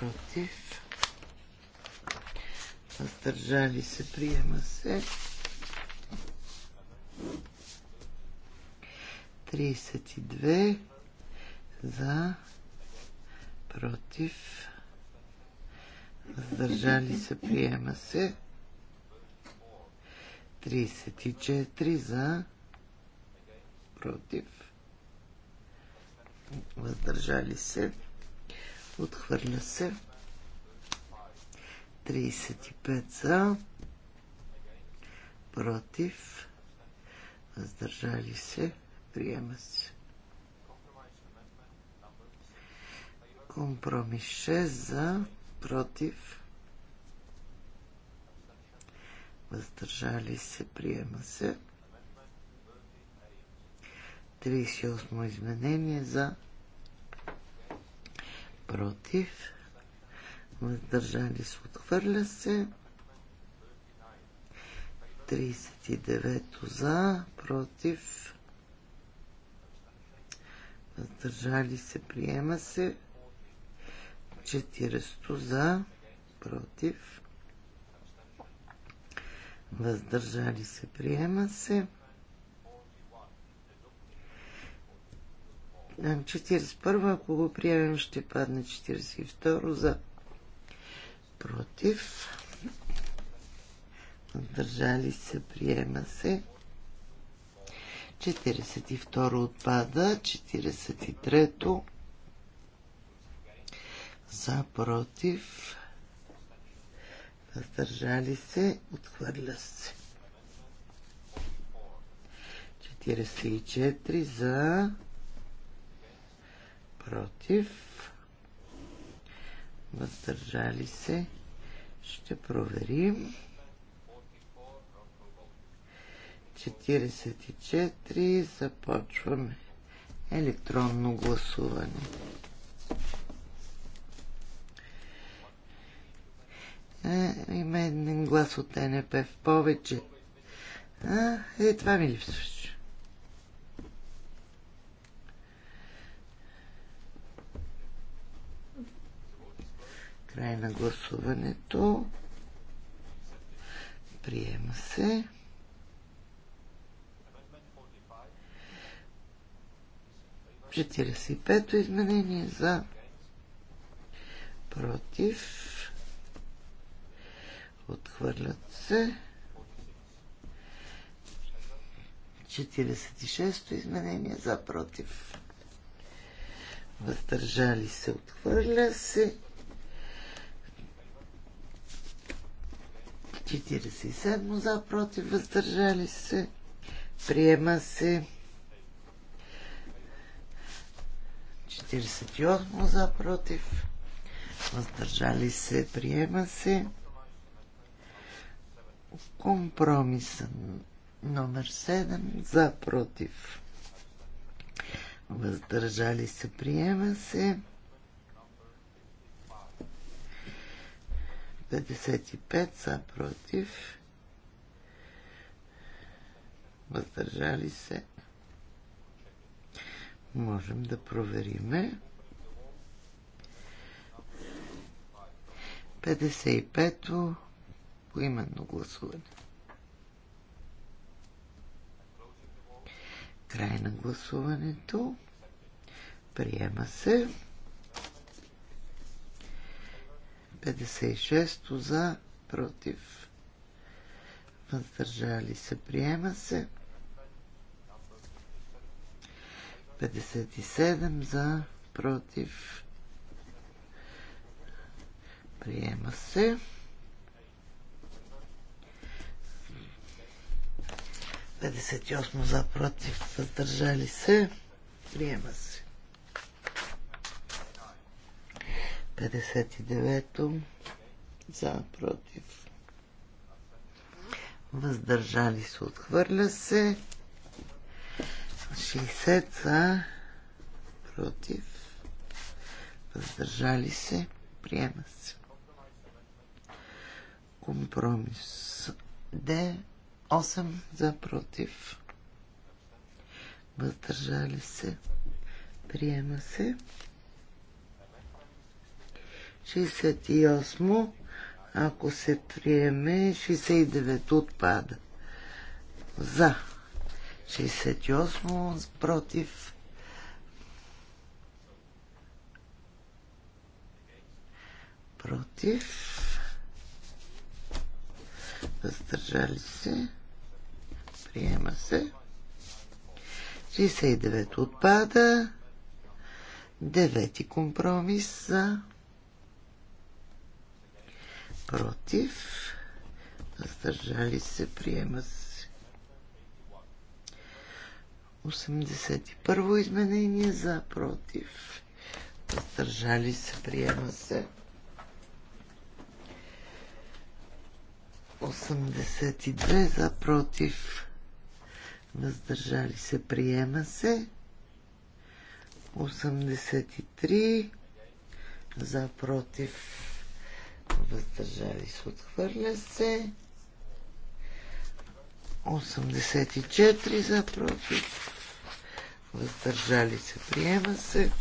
Speaker 4: против въздържали се приема се 32 за против въздържали се приема се 34 за против въздържали се, отхвърля се. 35 за, против, въздържали се, приема се. Компромис 6 за, против, въздържали се, приема се. 38 изменение за против въздържали се отхвърля се 39 за против въздържали се приема се 40 за против въздържали се приема се 41, ако го приемем, ще падне 42 за против. Държали се, приема се. 42 отпада, 43 за против. Въздържали се, отхвърля се. 44 за против, въздържали се. Ще проверим. 44 започваме електронно гласуване. Е, има един глас от НП в повече. А, е, това ми липсваше. Край на гласуването. Приема се. Четиридесет и пето изменение за против. Отхвърлят се. 46-то изменение за против. Въздържали се, отхвърля се. 47 за, против, въздържали се. Приема се. 48 за, против, въздържали се. Приема се. компромиса номер 7 за, против. Въздържали се. Приема се. 55 са против. Въздържали се. Можем да провериме. 55-то поименно гласуване. Край на гласуването. Приема се. 56 за, против, въздържали се, приема се. 57 за, против, приема се. 58 за, против, въздържали се, приема се. 59 за, против. Въздържали се, отхвърля се. 60 за, против. Въздържали се, приема се. Компромис. Д. 8 за, против. Въздържали се, приема се. 68, ако се приеме, 69 отпада. За 68, против против въздържали се приема се 69 отпада Девети компромис за против, въздържали се, приема се. 81-во изменение за против, въздържали се, приема се. 82 за против, въздържали се, приема се. 83 за против, въздържали се, отхвърля се. 84 за против, въздържали се, приема се.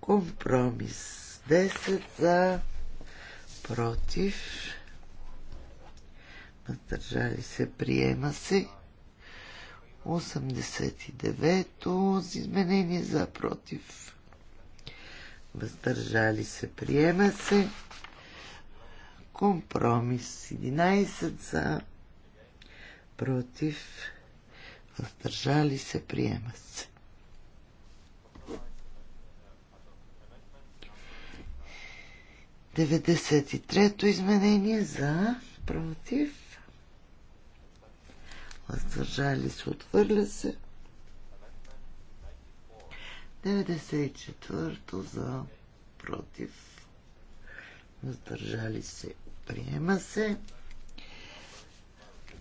Speaker 4: Компромис 10 за против, въздържали се, приема се. 89 за с изменение за против въздържали се, приема се. Компромис 11 за, против, въздържали се, приема се. Деведесет и трето изменение за, против, въздържали се, отвърля се. 94-то за против. Въздържали се. Приема се.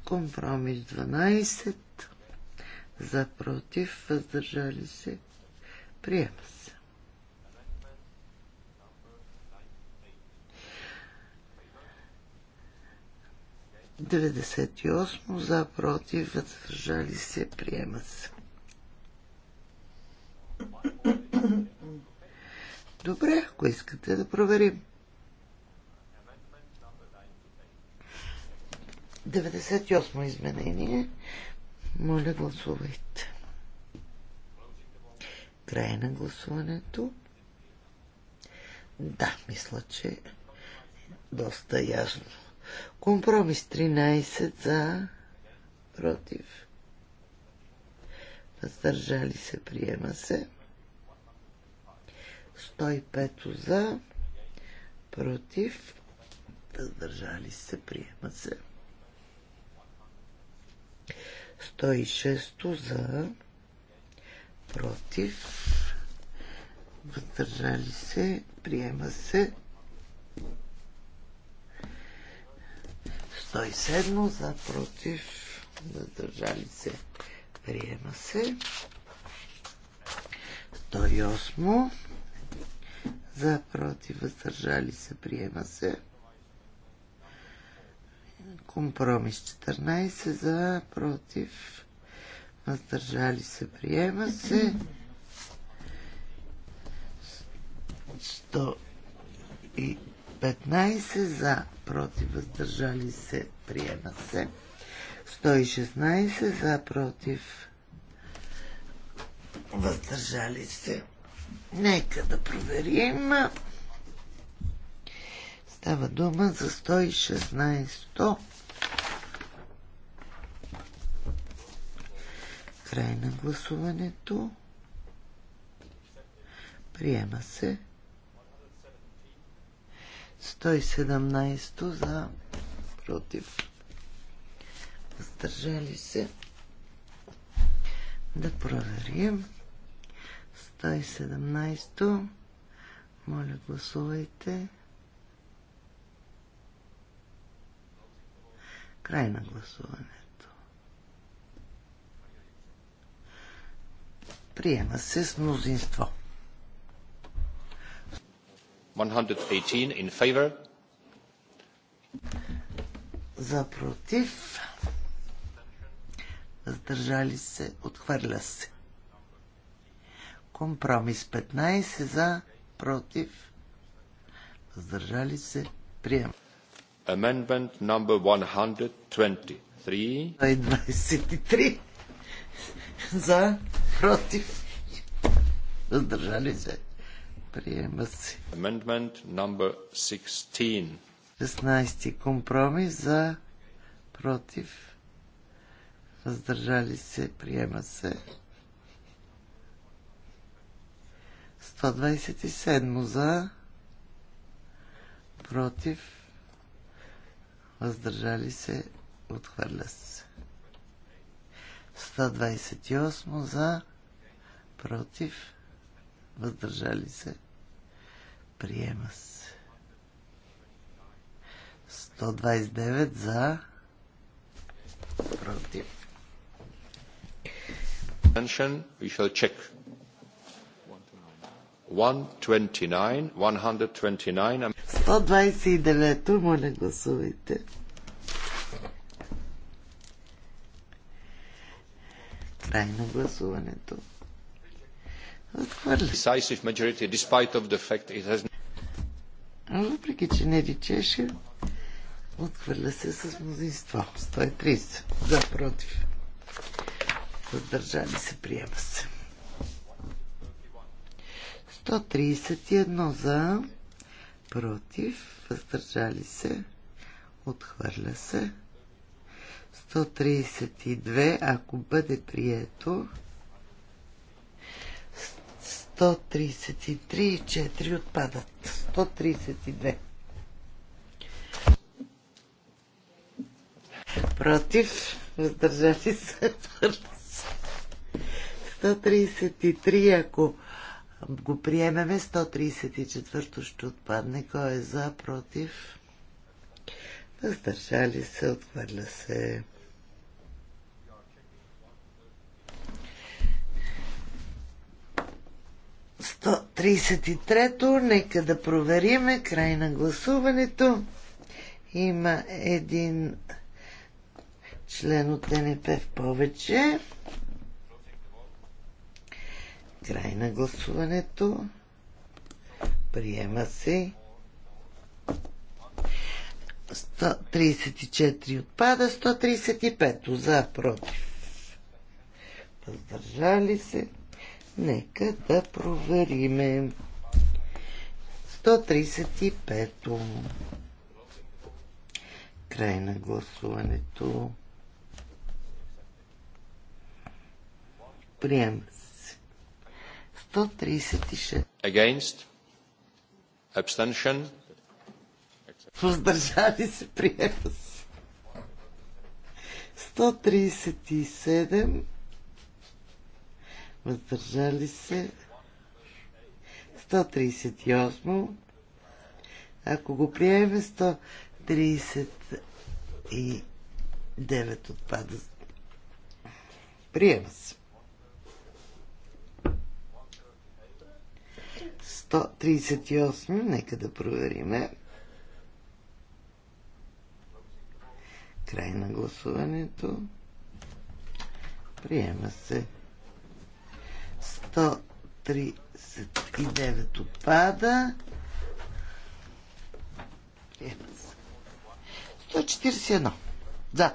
Speaker 4: Компромис 12 за против. Въздържали се. Приема се. Деветдесет и осмо за против. Въздържали се. Приема се. Добре, ако искате да проверим. 98 изменение. Моля, гласувайте. Край на гласуването. Да, мисля, че е доста ясно. Компромис 13 за против въздържали се, приема се. 105 за, против, въздържали се, приема се. 106 за, против, въздържали се, приема се. 107 за, против, въздържали се, приема се приема се. 108 за, против, въздържали се, приема се. Компромис 14 за, против, въздържали се, приема се. 115 за, против, въздържали се, приема се. 116 за против. Въздържали се. Нека да проверим. Става дума за 116. Край на гласуването. Приема се. 117 за против. Сдържали се. Да проверим. 117. то Моля, гласувайте. Край на гласуването. Приема се с мнозинство.
Speaker 1: 118 in favor.
Speaker 4: За против въздържали се, отхвърля се. Компромис 15 за, против, въздържали се, приема.
Speaker 1: Amendment number 123.
Speaker 4: 123 за, против,
Speaker 1: въздържали се, приема се. Amendment number 16.
Speaker 4: 16 компромис за, против, въздържали се, приема се. 127 за, против, въздържали се, отхвърля се. 128 за, против, въздържали се, приема се. 129 за, против
Speaker 1: Abstention? We shall check. 129, 129.
Speaker 4: 129 моля гласувайте. Крайно гласуването. Отхвърля. Въпреки, че не речеше, отхвърля се с мнозинство. 130. За, против въздържали се, приема се. 131 за, против, въздържали се, отхвърля се. 132, ако бъде прието. 133 и 4 отпадат. 132. Против, въздържали се, отхвърля 133, ако го приемеме, 134 то ще отпадне. Кой е за, против? Въздържали се, отхвърля се. Сто то нека да провериме край на гласуването. Има един член от НП в повече. Край на гласуването. Приема се. 134 отпада, 135 за, против. Въздържали се. Нека да провериме. 135. Край на гласуването. Приема се. 136.
Speaker 1: Against. Abstention.
Speaker 4: Въздържали се, приема се. 137. Въздържали се. 138. Ако го приеме, 139 отпада. Приема се. 138. Нека да провериме. Край на гласуването. Приема се. 139 отпада. Приема се. 141. За.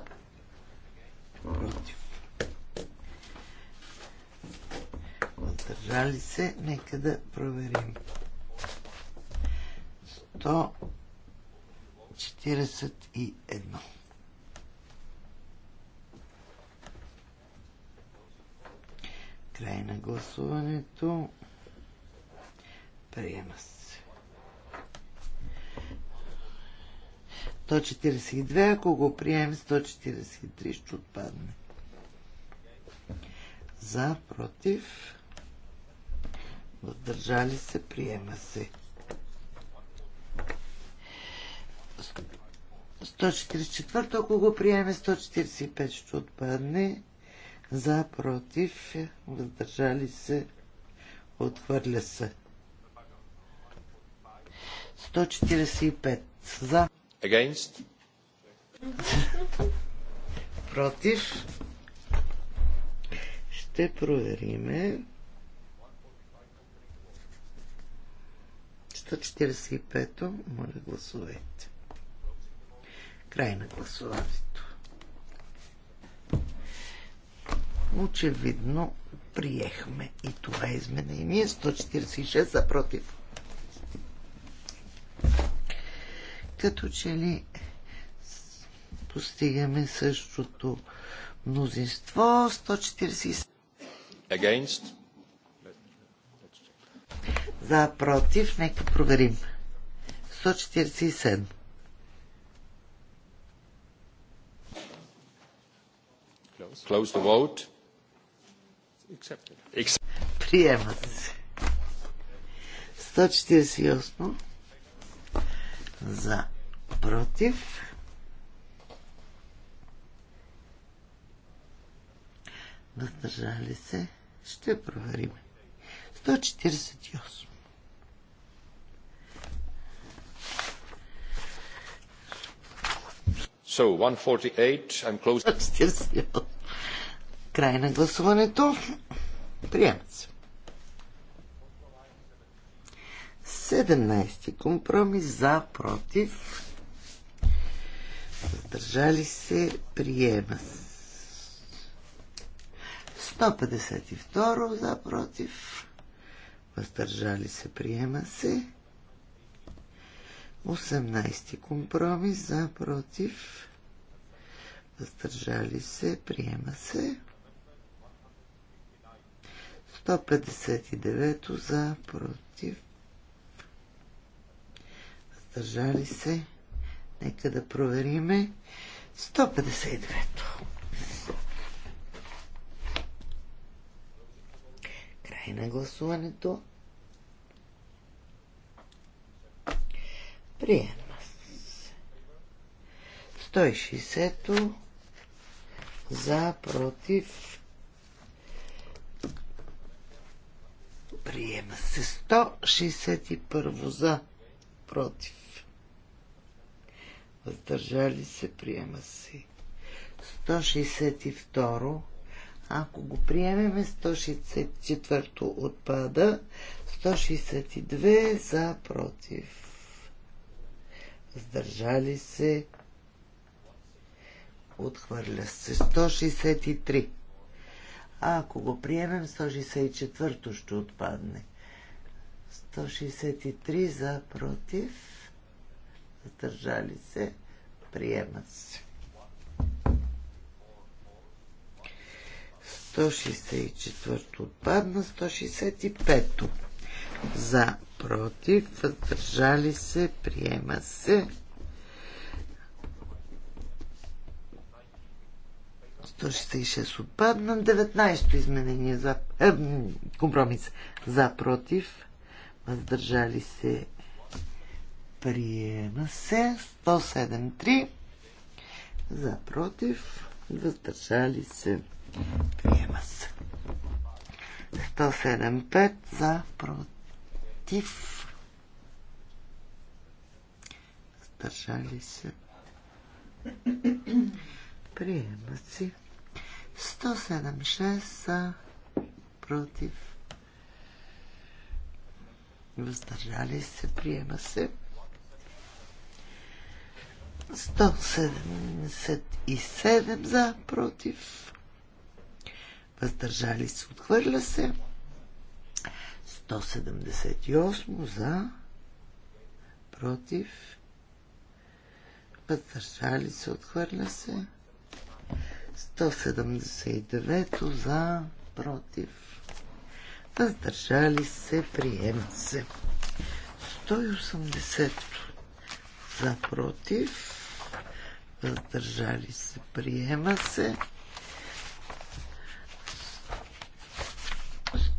Speaker 4: Против. въздържали се, нека да проверим. 141. Край на гласуването. Приема се. 142, ако го приемем? 143 ще отпадне. За, против въздържали се, приема се. 144, ако го приеме, 145 ще отпадне. За, против, въздържали се, отхвърля се. 145 за. Against. против. Ще провериме. 145-то. Моля, гласувайте. Край на гласуването. Очевидно приехме и това изменение. 146 за против. Като че ли постигаме същото мнозинство. 147.
Speaker 1: Against.
Speaker 4: За, против, нека проверим. 147.
Speaker 1: Close the vote.
Speaker 4: Приема се. 148 за против. Въздържали се. Ще проверим. 148. 148.
Speaker 1: So, 148, I'm close.
Speaker 4: Край на гласуването. Приема се. 17 компромис за, против. Задържали се, приема. 152 за, против въздържали се, приема се. 18 компромис за, против, въздържали се, приема се. 159 за, против, въздържали се. Нека да провериме. 159-то. Край на гласуването. Приема се. 160-то за, против. Приема се. 161 за, против. Въздържали се, приема се. 162 ако го приемеме, 164 отпада, 162 за против. Сдържали се, отхвърля се. 163. А ако го приемем, 164-то ще отпадне. 163 за против, Сдържали се, приемат се. 164 отпадна, 165 за против, въздържали се, приема се. 166 отпадна, 19-то изменение за е, компромис за против, въздържали се, приема се, 107-3 за против, въздържали се, приема се. 107-5 за против против. Стържали се. Приемат си. 176 са против. Въздържали се. Приема се. 177 за против. Въздържали се. Отхвърля се. 178 за, против, въздържали се, отхвърля се. 179 за, против, въздържали се, приема се. 180 за, против, въздържали се, приема се.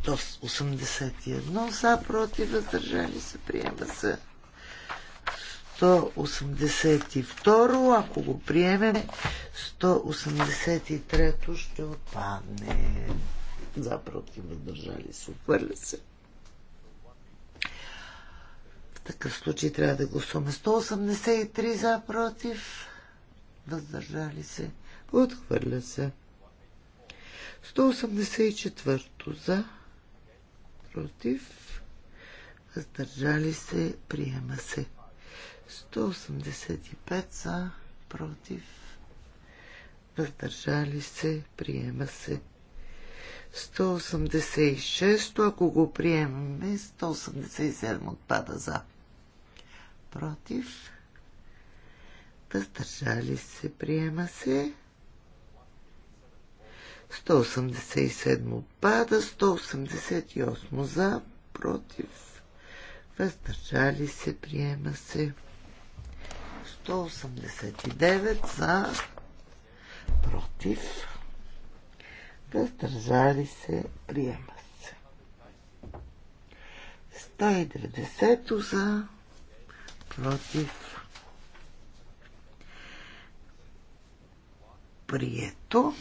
Speaker 4: 181 за, против, въздържали се, приема се. 182, ако го приемем, 183 ще отпадне. За, против, въздържали се, отвърля се. В такъв случай трябва да гласуваме 183 за, против, въздържали се, отхвърля се. 184 1 за, против, въздържали се, приема се. 185 за, против, въздържали се, приема се. 186, ако го приемаме, 187 отпада за. Против, въздържали се, приема се. 187 пада, 188 за, против, въздържали се, приема се. 189 за, против, въздържали се, приема се. 190 за, против, прието.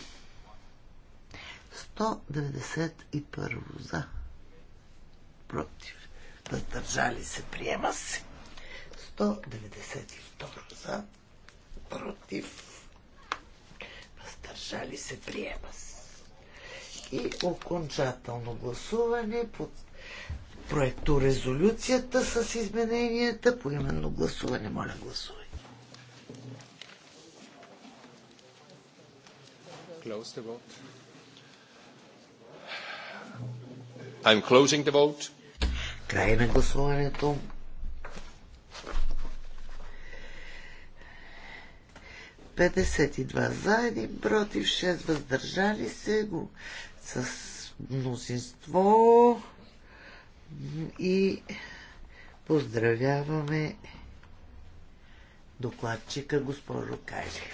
Speaker 4: 191 за. Против. Въздържали се. Приема се. 192 за. Против. Въздържали се.
Speaker 5: Приема се.
Speaker 4: И окончателно гласуване под проекто резолюцията с измененията по именно гласуване. Моля, гласувай.
Speaker 1: Close the vote. I'm closing the vote.
Speaker 4: Край на гласуването. Петдесет и два за, един против, шест въздържали се го с мнозинство и поздравяваме докладчика госпожо Кали.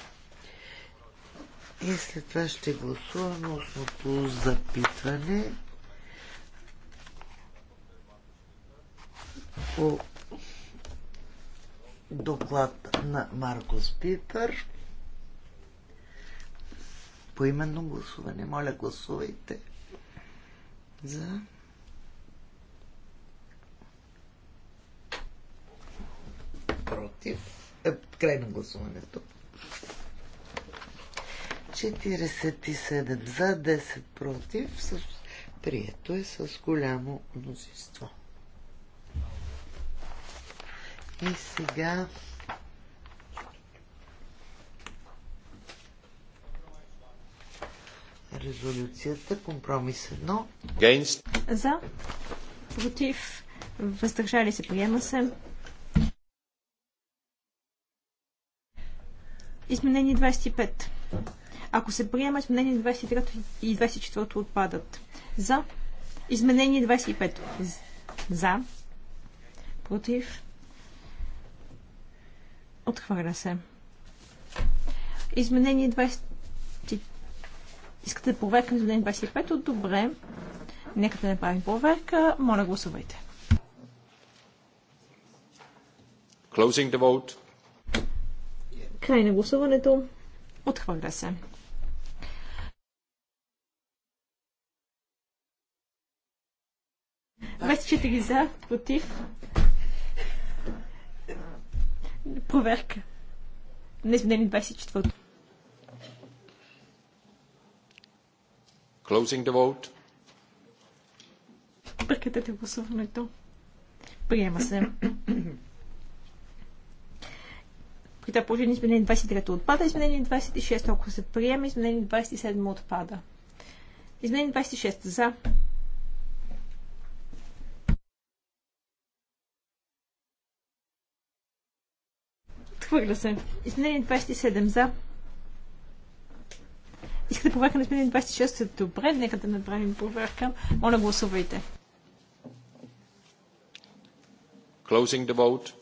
Speaker 4: И след това ще гласуваме основното запитване по доклад на Маркос Пипер. Поименно гласуване. Моля, гласувайте за против. Е, край на гласуването. 47 за, 10 против. С... Прието е с голямо мнозинство. И сега резолюцията, компромис 1. Against.
Speaker 2: За, против, въздържали се, приема се. Изменение 25. Ако се приема, изменение 23 и 24 отпадат. За. Изменение 25. За. Против. Отхвърля се. Изменение 20... Искате да проверка изменение 25? Добре. Нека да направим проверка. Моля, гласувайте.
Speaker 1: Closing the vote.
Speaker 2: Край на гласуването. Отхвърля се. Без 4 за, против, проверка на изменение 24.
Speaker 1: Closing the vote.
Speaker 2: Прекратете гласуването. Приема се. При това положение изменение 23 отпада, изменение 26, ако се приема, изменение 27 отпада. Изменение 26 за, Отхвърля се. Изменение 27 за. Искате проверка на изменение 26? Добре, нека да направим проверка. Моля, гласувайте.
Speaker 1: Closing the vote.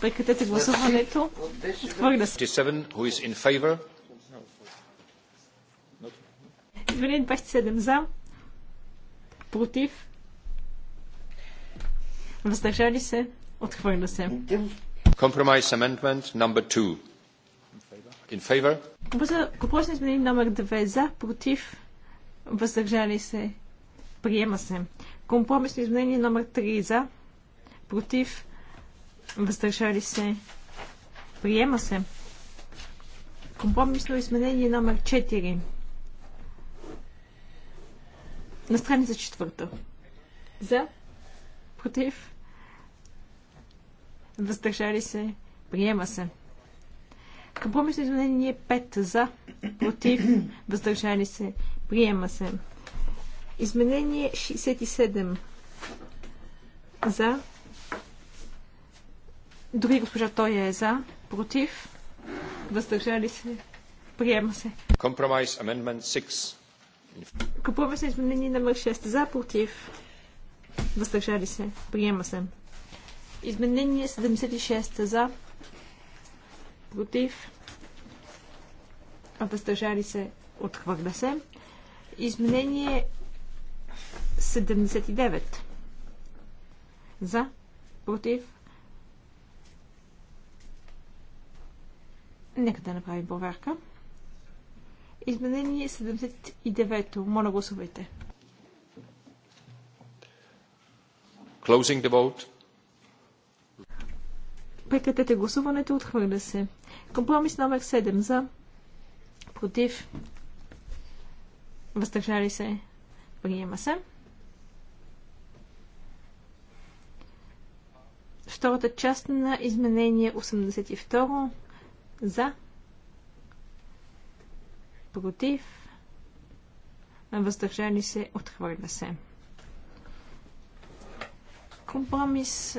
Speaker 2: Прекратете гласуването. Отхвърля
Speaker 1: се. 27, who is in favor?
Speaker 2: Изменение 27 за. Против. Въздържали се. Отхвърля се.
Speaker 1: Compromise amendment number 2. In favor?
Speaker 2: Въпросът изменение номер 2 за, против, въздържали се, приема се. Компромисно изменение номер 3 за, против, въздържали се, приема се. Компромисно изменение номер 4 на страница четвърта. За, против, въздържали се, приема се. Компромисно изменение 5 за, против, въздържали се, приема се. Изменение 67 за. Дори госпожа той е за, против, въздържали се, приема се.
Speaker 1: Компромис amendment 6.
Speaker 2: Компромисно изменение номер 6 за, против, въздържали се, приема се. Изменение 76 за, против, въздържали се, отхвърля се. Изменение 79 за, против. Нека да направим проверка. Изменение 79. Моля гласувайте.
Speaker 1: Closing the vote.
Speaker 2: Прекратете гласуването. Отхвърля се. Компромис номер 7 за. Против. Въздържали се. Приема се. Втората част на изменение 82 за. Против. Въздържали се. Отхвърля се. Компромис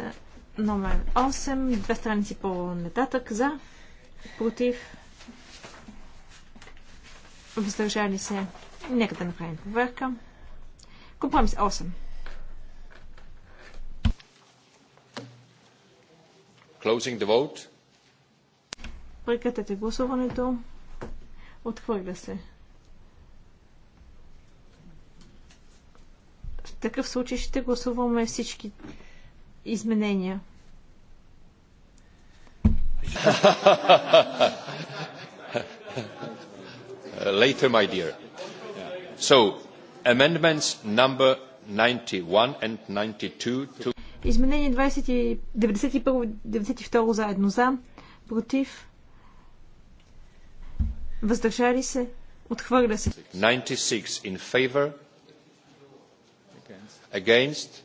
Speaker 2: номер 8, две страници по-нататък за, против, въздържали се. Нека да направим проверка. Компромис 8.
Speaker 1: Closing the vote.
Speaker 2: Прекратете гласуването. Отхвърля се. В такъв случай ще гласуваме всички изменения.
Speaker 1: Later, my dear. So, amendments number 91 and 92 to...
Speaker 2: Изменение 91 92 заедно за, против, въздържали се, отхвърля се.
Speaker 1: 96 in favor, against,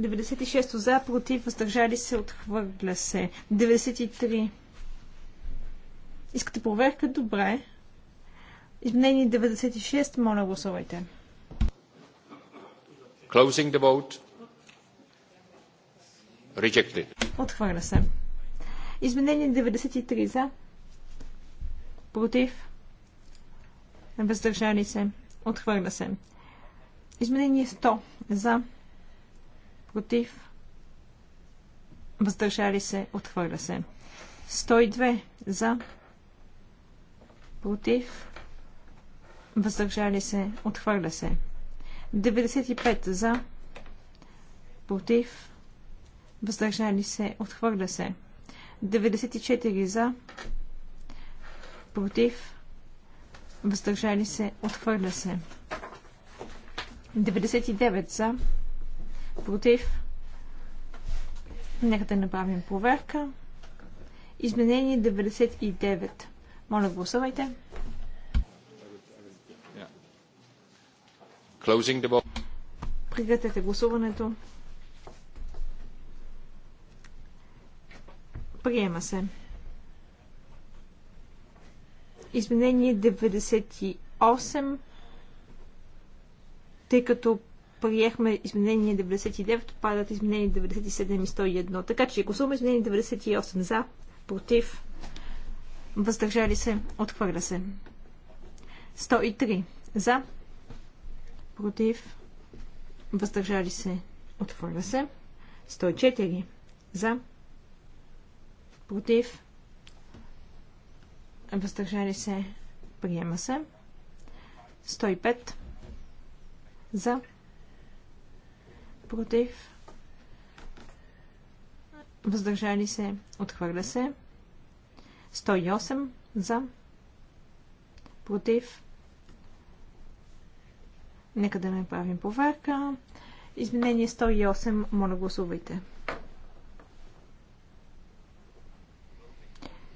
Speaker 2: 96 за, против, въздържали се, отхвърля се. 93. Искате проверка? Добре. Изменение 96, моля гласувайте.
Speaker 1: Closing the vote. Rejected.
Speaker 2: Отхвърля се. Изменение 93 за. Против. Въздържали се. Отхвърля се. Изменение 100 за против, въздържали се, отхвърля се. 102 за, против, въздържали се, отхвърля се. 95 за, против, въздържали се, отхвърля се. 94 за, против, въздържали се, отхвърля се. 99 за, против. Нека да направим проверка. Изменение 99. Моля, гласувайте. Прекратете гласуването. Приема се. Изменение 98, тъй като приехме изменение 99, падат изменение 97 и 101. Така че гласуваме изменение 98 за, против, въздържали се, отхвърля се. 103 за, против, въздържали се, отхвърля се. 104 за, против, въздържали се, приема се. 105 за, против, против, въздържали се, отхвърля се. 108 за, против. Нека да направим проверка. Изменение 108, моля гласувайте.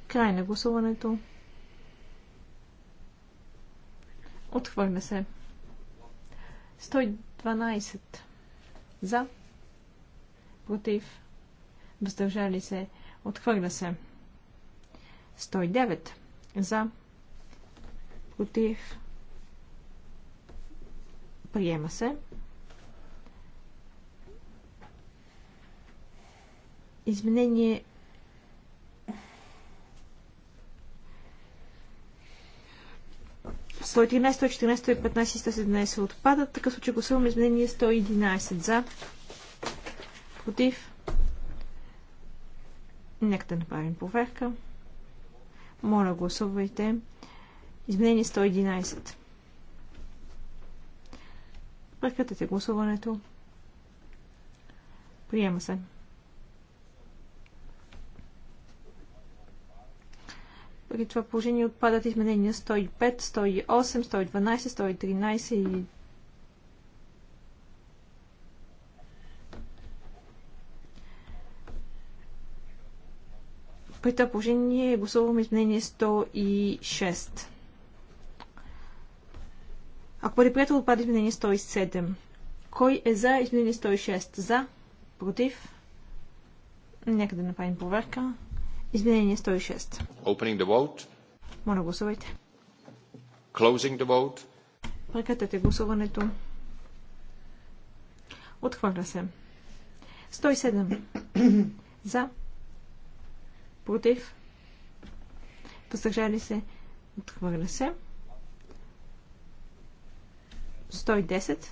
Speaker 2: Край на гласуването. Отхвърля се. 112. За. Против. Въздържали се. Отхвърля се. 109. За. Против. Приема се. Изменение 113, 114, 115 и 117 отпадат. така такъв гласуваме изменение 111 за. Против. Нека да направим проверка. Моля, гласувайте. Изменение 111. Прекратете гласуването. Приема се. При това положение отпадат изменения 105, 108, 112, 113 и При това положение гласуваме изменение 106. Ако бъде приятел, отпада изменение 107. Кой е за изменение 106? За? Против? Нека да направим проверка. Изменение 106.
Speaker 1: Opening the vote.
Speaker 2: Моля, гласувайте.
Speaker 1: Closing the vote.
Speaker 2: Прекратете гласуването. Отхвърля се. 107. За. Против. Въздържали се. Отхвърля се. 110.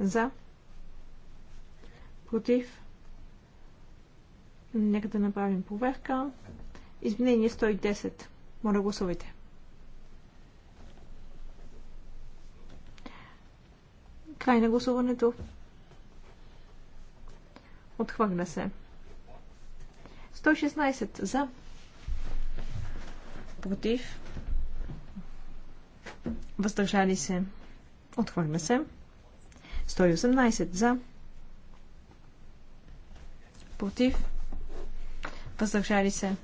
Speaker 2: За. Против. Нека да направим проверка. Изменение 110. Моля гласувайте. Край на гласуването. Отхвърля се. 116 за. Против. Въздържали се. Отхвърля се. 118 за. Против въздържали се,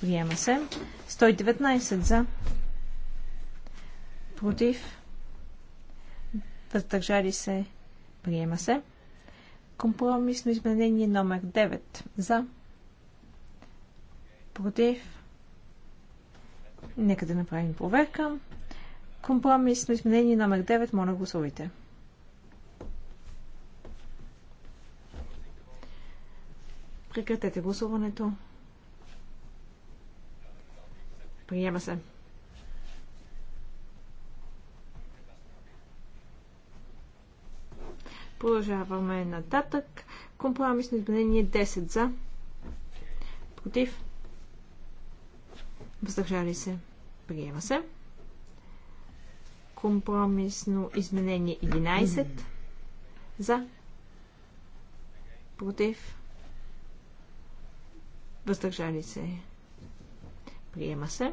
Speaker 2: приема се. 119 за, против, въздържали се, приема се. Компромисно изменение номер 9 за, против, нека да направим проверка. Компромисно изменение номер 9, моля гласувайте. Да Прекратете гласуването. Приема се. Продължаваме нататък. Компромисно изменение 10 за. Против. Въздържали се. Приема се. Компромисно изменение 11 за. Против въздържали се, приема се.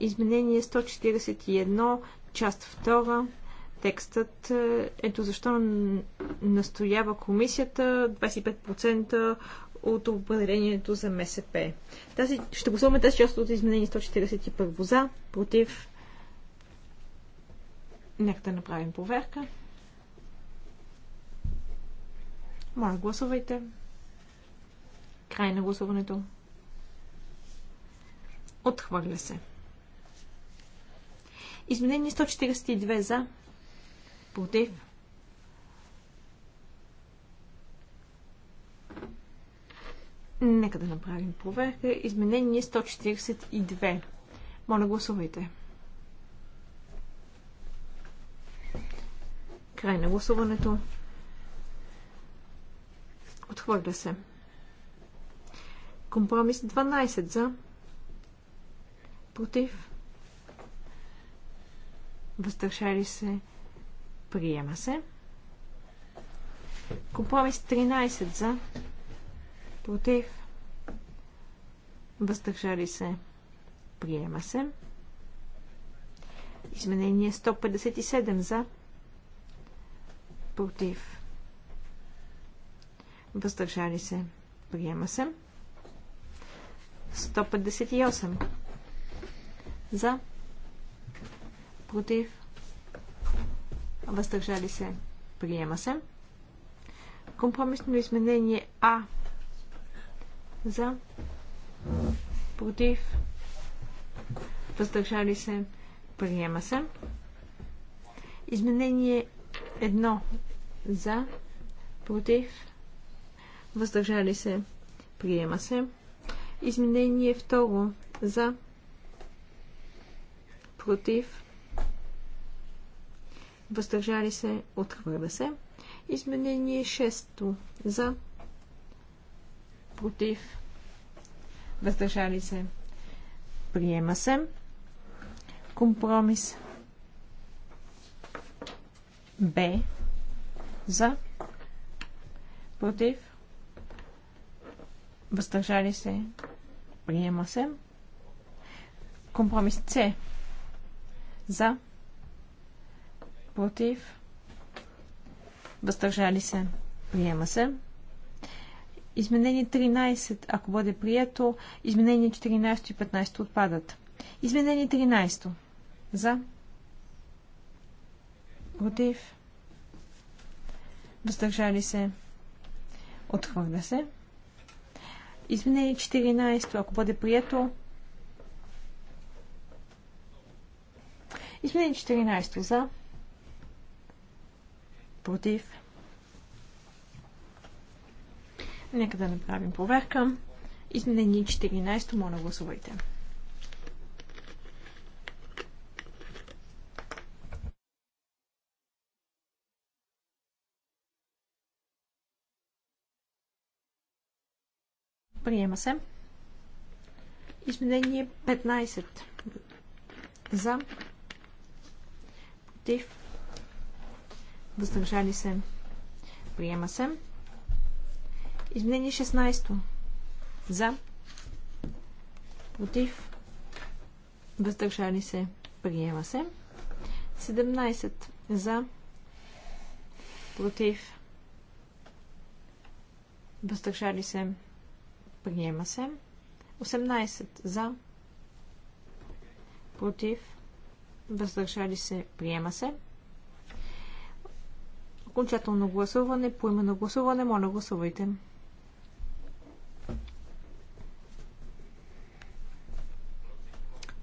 Speaker 2: Изменение 141, част 2. Текстът е, ето защо настоява комисията 25% от определението за МСП. Тази, ще гласуваме тази част от изменение 141 за, против. Нека да направим проверка. Моля, гласувайте. Край на гласуването. Отхвърля се. Изменение 142 за. Против. Нека да направим проверка. Изменение 142. Моля, гласувайте. Край на гласуването. Отхвърля се. Компромис 12 за. Против. Въздържали се. Приема се. Компромис 13 за. Против. Въздържали се. Приема се. Изменение 157 за. Против въздържали се, приема се. 158 за, против, въздържали се, приема се. Компромисно изменение А за, против, въздържали се, приема се. Изменение 1 за, против, въздържали се, приема се. Изменение второ за, против, въздържали се, отхвърля се. Изменение 6 за, против, въздържали се, приема се. Компромис Б за, против, Въздържали се. Приема се. Компромис С. За. Против. Въздържали се. Приема се. Изменение 13, ако бъде прието, изменение 14 и 15 отпадат. Изменение 13. За. Против. Въздържали се. Отхвърля се. Изменение 14, ако бъде прието. Изменение 14 за. Против. Нека да направим проверка. Изменение 14, моля гласувайте. Приема се. Изменение 15. За. Против. Въздържали се. Приема се. Изменение 16. За. Против. Въздържали се. Приема се. 17. За. Против. Въздържали се. Приема се. 18 за. Против. Въздържали се. Приема се. Окончателно гласуване. По на гласуване. Моля, гласувайте.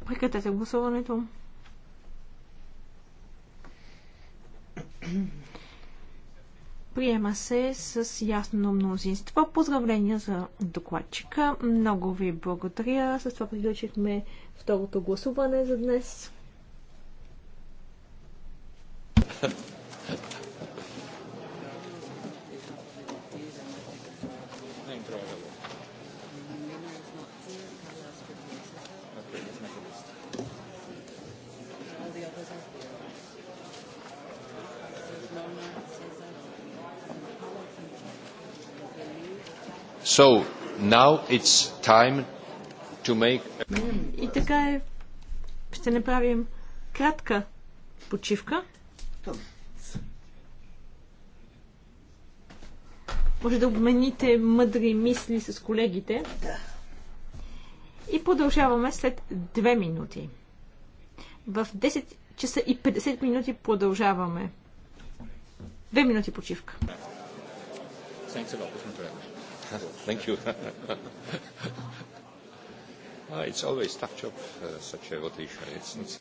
Speaker 2: Прекратете гласуването. Приема се с ясно мнозинство. Поздравления за докладчика. Много ви благодаря. С това приключихме второто гласуване за днес.
Speaker 1: So now it's time to make...
Speaker 2: И така е. Ще направим кратка почивка. Може да обмените мъдри мисли с колегите. И продължаваме след 2 минути. В 10 часа и 50 минути продължаваме. Две минути почивка.
Speaker 1: Thanks a lot. Thank you. It's always tough job, such a rotation. It's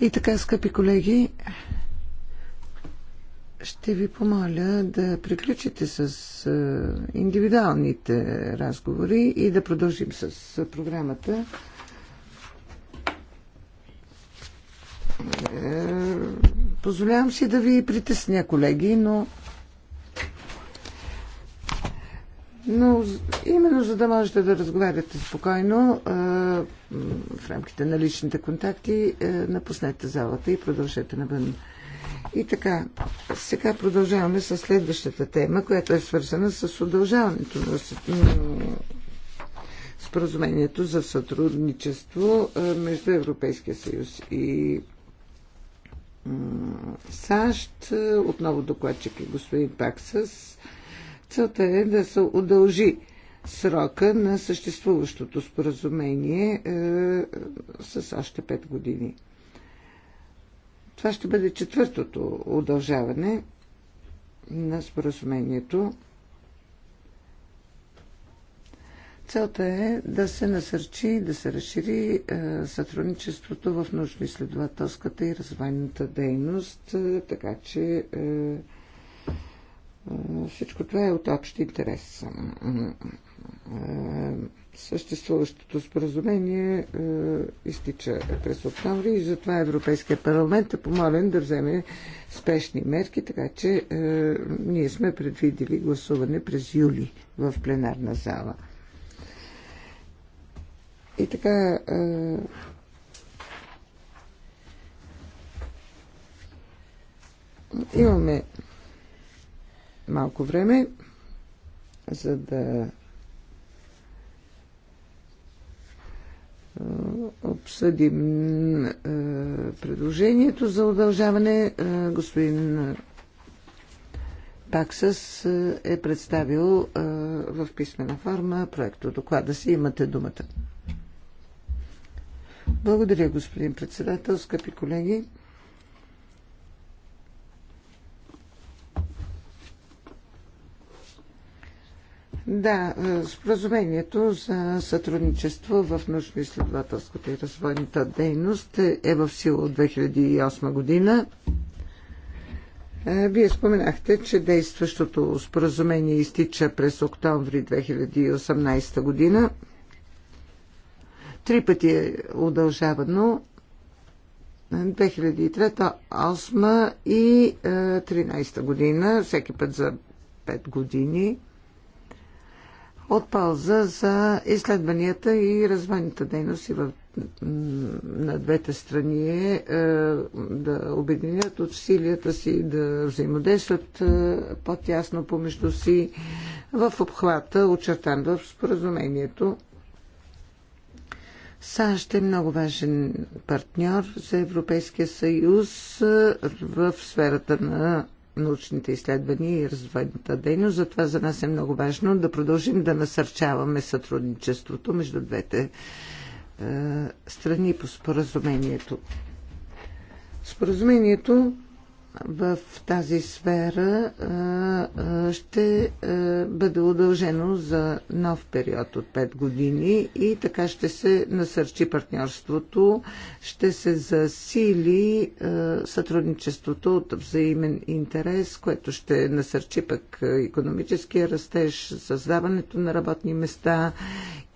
Speaker 3: И така, скъпи колеги, ще ви помоля да приключите с е, индивидуалните разговори и да продължим с е, програмата. Е, позволявам си да ви притесня, колеги, но Но именно за да можете да разговаряте спокойно в рамките на личните контакти, напуснете залата и продължете навън. И така, сега продължаваме с следващата тема, която е свързана с удължаването на споразумението за сътрудничество между Европейския съюз и САЩ. Отново докладчик е господин Паксас. Целта е да се удължи срока на съществуващото споразумение е, с още 5 години. Това ще бъде четвъртото удължаване на споразумението. Целта е да се насърчи, и да се разшири е, сътрудничеството в научно-изследователската и развойната дейност, е, така че е, всичко това е от общ интерес. Съществуващото споразумение е, изтича през октомври и затова Европейския парламент е помолен да вземе спешни мерки, така че е, ние сме предвидили гласуване през юли в пленарна зала. И така, е, имаме малко време, за да обсъдим предложението за удължаване. Господин Паксас е представил в писмена форма проекто доклада си. Имате думата. Благодаря, господин председател, скъпи колеги. Да, е, споразумението за сътрудничество в научно-изследователската и развойната дейност е в сила от 2008 година. Е, вие споменахте, че действащото споразумение изтича през октомври 2018 година. Три пъти е удължавано 2003, 2008 и 2013 е, година, всеки път за 5 години от полза за изследванията и развойната дейност и в, на двете страни е, е, да обединят усилията си, да взаимодействат е, по-тясно помежду си в обхвата, очертан в споразумението. САЩ е много важен партньор за Европейския съюз е, в сферата на научните изследвания и развойната дейност. Затова за нас е много важно да продължим да насърчаваме сътрудничеството между двете е, страни по споразумението. Споразумението в тази сфера ще бъде удължено за нов период от 5 години и така ще се насърчи партньорството, ще се засили сътрудничеството от взаимен интерес, което ще насърчи пък економическия растеж, създаването на работни места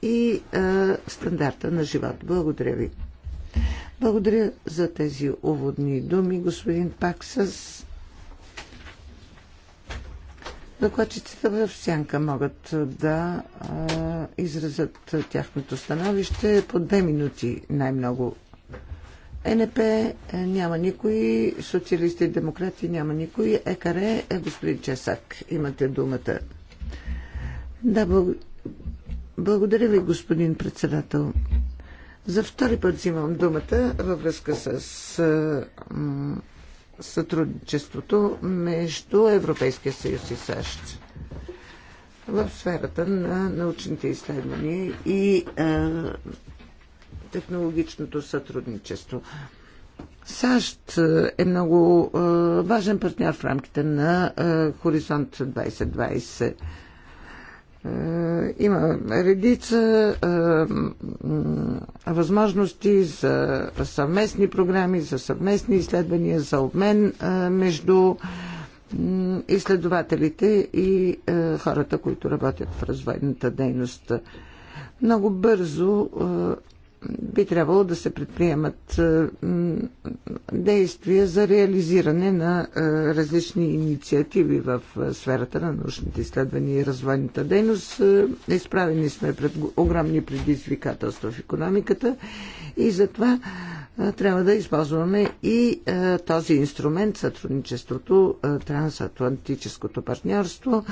Speaker 3: и стандарта на живот. Благодаря ви. Благодаря за тези уводни думи, господин Паксас. Докладчиците в сянка могат да а, изразят тяхното становище по две минути най-много. Е, НП е, няма никой, социалисти и демократи няма никой, ЕКАРЕ е господин Чесак. Имате думата. Да, благодаря ви, господин председател. За втори път взимам думата във връзка с сътрудничеството между Европейския съюз и САЩ в сферата на научните изследвания и а, технологичното сътрудничество. САЩ е много а, важен партньор в рамките на а, Хоризонт 2020. Е, има редица е, възможности за съвместни програми, за съвместни изследвания, за обмен е, между изследователите и хората, които работят в развойната дейност. Много бързо би трябвало да се предприемат е, действия за реализиране на е, различни инициативи в е, сферата на научните изследвания и развойната дейност. Изправени сме пред огромни предизвикателства в економиката и затова трябва да използваме и този инструмент, сътрудничеството, трансатлантическото партньорство,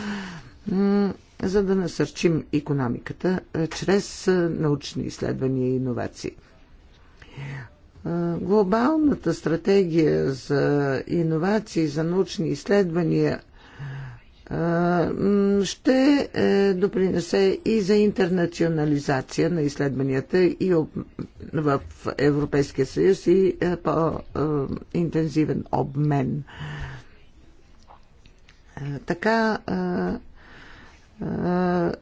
Speaker 3: за да насърчим економиката е, чрез е, научни изследвания и иновации. Е, глобалната стратегия за иновации, за научни изследвания ще допринесе и за интернационализация на изследванията и в Европейския съюз и по-интензивен обмен. Така е,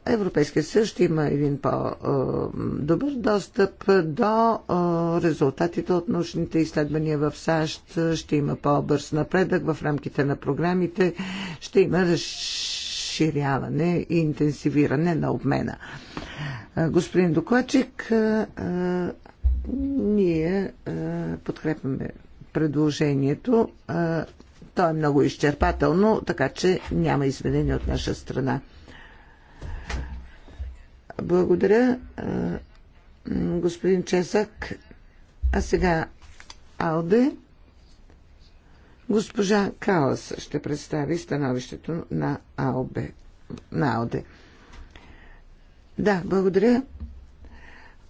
Speaker 3: Европейския съюз ще има един по-добър достъп до е, резултатите от научните изследвания в САЩ, ще има по-бърз напредък в рамките на програмите, ще има разширяване и интенсивиране на обмена. Е, господин докладчик, ние подкрепяме предложението. То е много изчерпателно, така че няма извинения от наша страна. Благодаря, господин Чесак. А сега Алде. Госпожа Калас ще представи становището на, на Алде. Да, благодаря.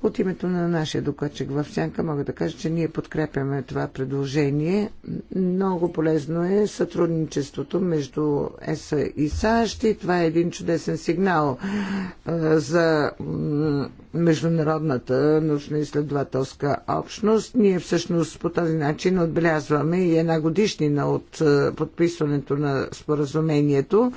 Speaker 3: От името на нашия докладчик в Сянка мога да кажа, че ние подкрепяме това предложение. Много полезно е сътрудничеството между ЕСА и САЩ и това е един чудесен сигнал за международната научно-изследователска общност. Ние всъщност по този начин отбелязваме и една годишнина от подписването на споразумението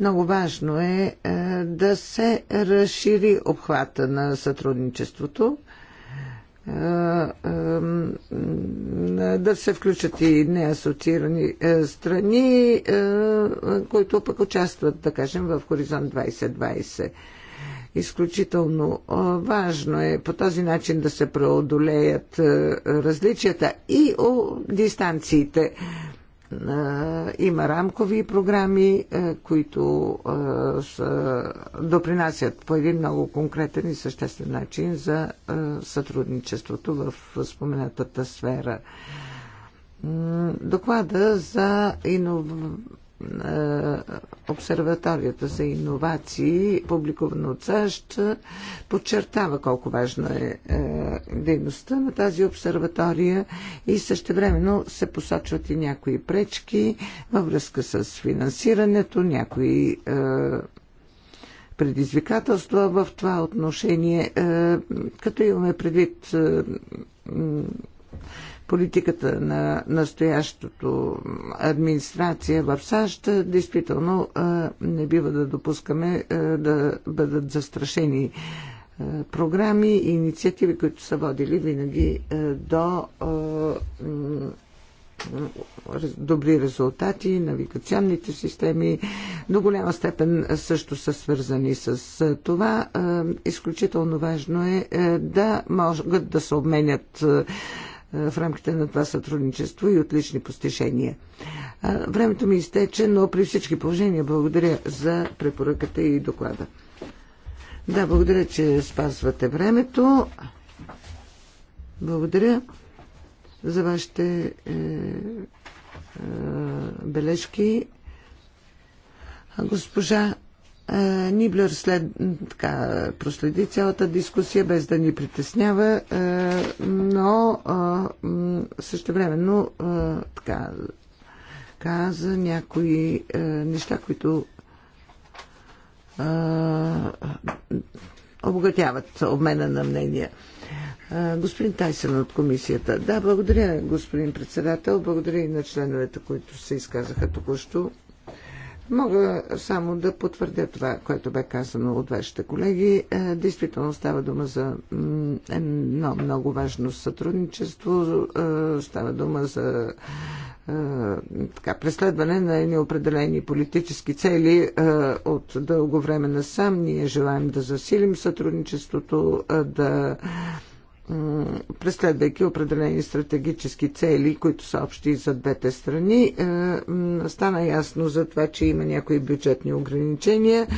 Speaker 3: много важно е, е да се разшири обхвата на сътрудничеството, е, е, да се включат и неасоциирани страни, които пък участват, да кажем, в Хоризонт 2020 изключително важно е по този начин да се преодолеят различията и дистанциите има рамкови програми, които допринасят по един много конкретен и съществен начин за сътрудничеството в споменатата сфера. Доклада за инов... Е, обсерваторията за иновации, публикувана от САЩ, подчертава колко важна е, е дейността на тази обсерватория и същевременно се посочват и някои пречки във връзка с финансирането, някои е, предизвикателства в това отношение, като имаме предвид политиката на настоящото администрация в САЩ, действително не бива да допускаме да бъдат застрашени програми и инициативи, които са водили винаги до добри резултати, навигационните системи до голяма степен също са свързани с това. Изключително важно е да могат да се обменят е, в рамките на това сътрудничество и отлични постижения. Времето ми изтече, но при всички положения благодаря за препоръката и доклада. Да, благодаря, че спазвате времето. Благодаря за вашите е, е, бележки. Госпожа е, Ниблер след така проследи цялата дискусия без да ни притеснява, е, но е, също но така каза някои неща, които обогатяват обмена на мнения. Господин Тайсън от комисията. Да, благодаря, господин председател. Благодаря и на членовете, които се изказаха току-що. Мога само да потвърдя това, което бе казано от вашите колеги. Е, действително става дума за едно много важно сътрудничество. Е, става дума за е, така, преследване на неопределени политически цели от дълго време насам. Ние желаем да засилим сътрудничеството, да преследвайки определени стратегически цели, които са общи за двете страни. Е, стана ясно за това, че има някои бюджетни ограничения. Е,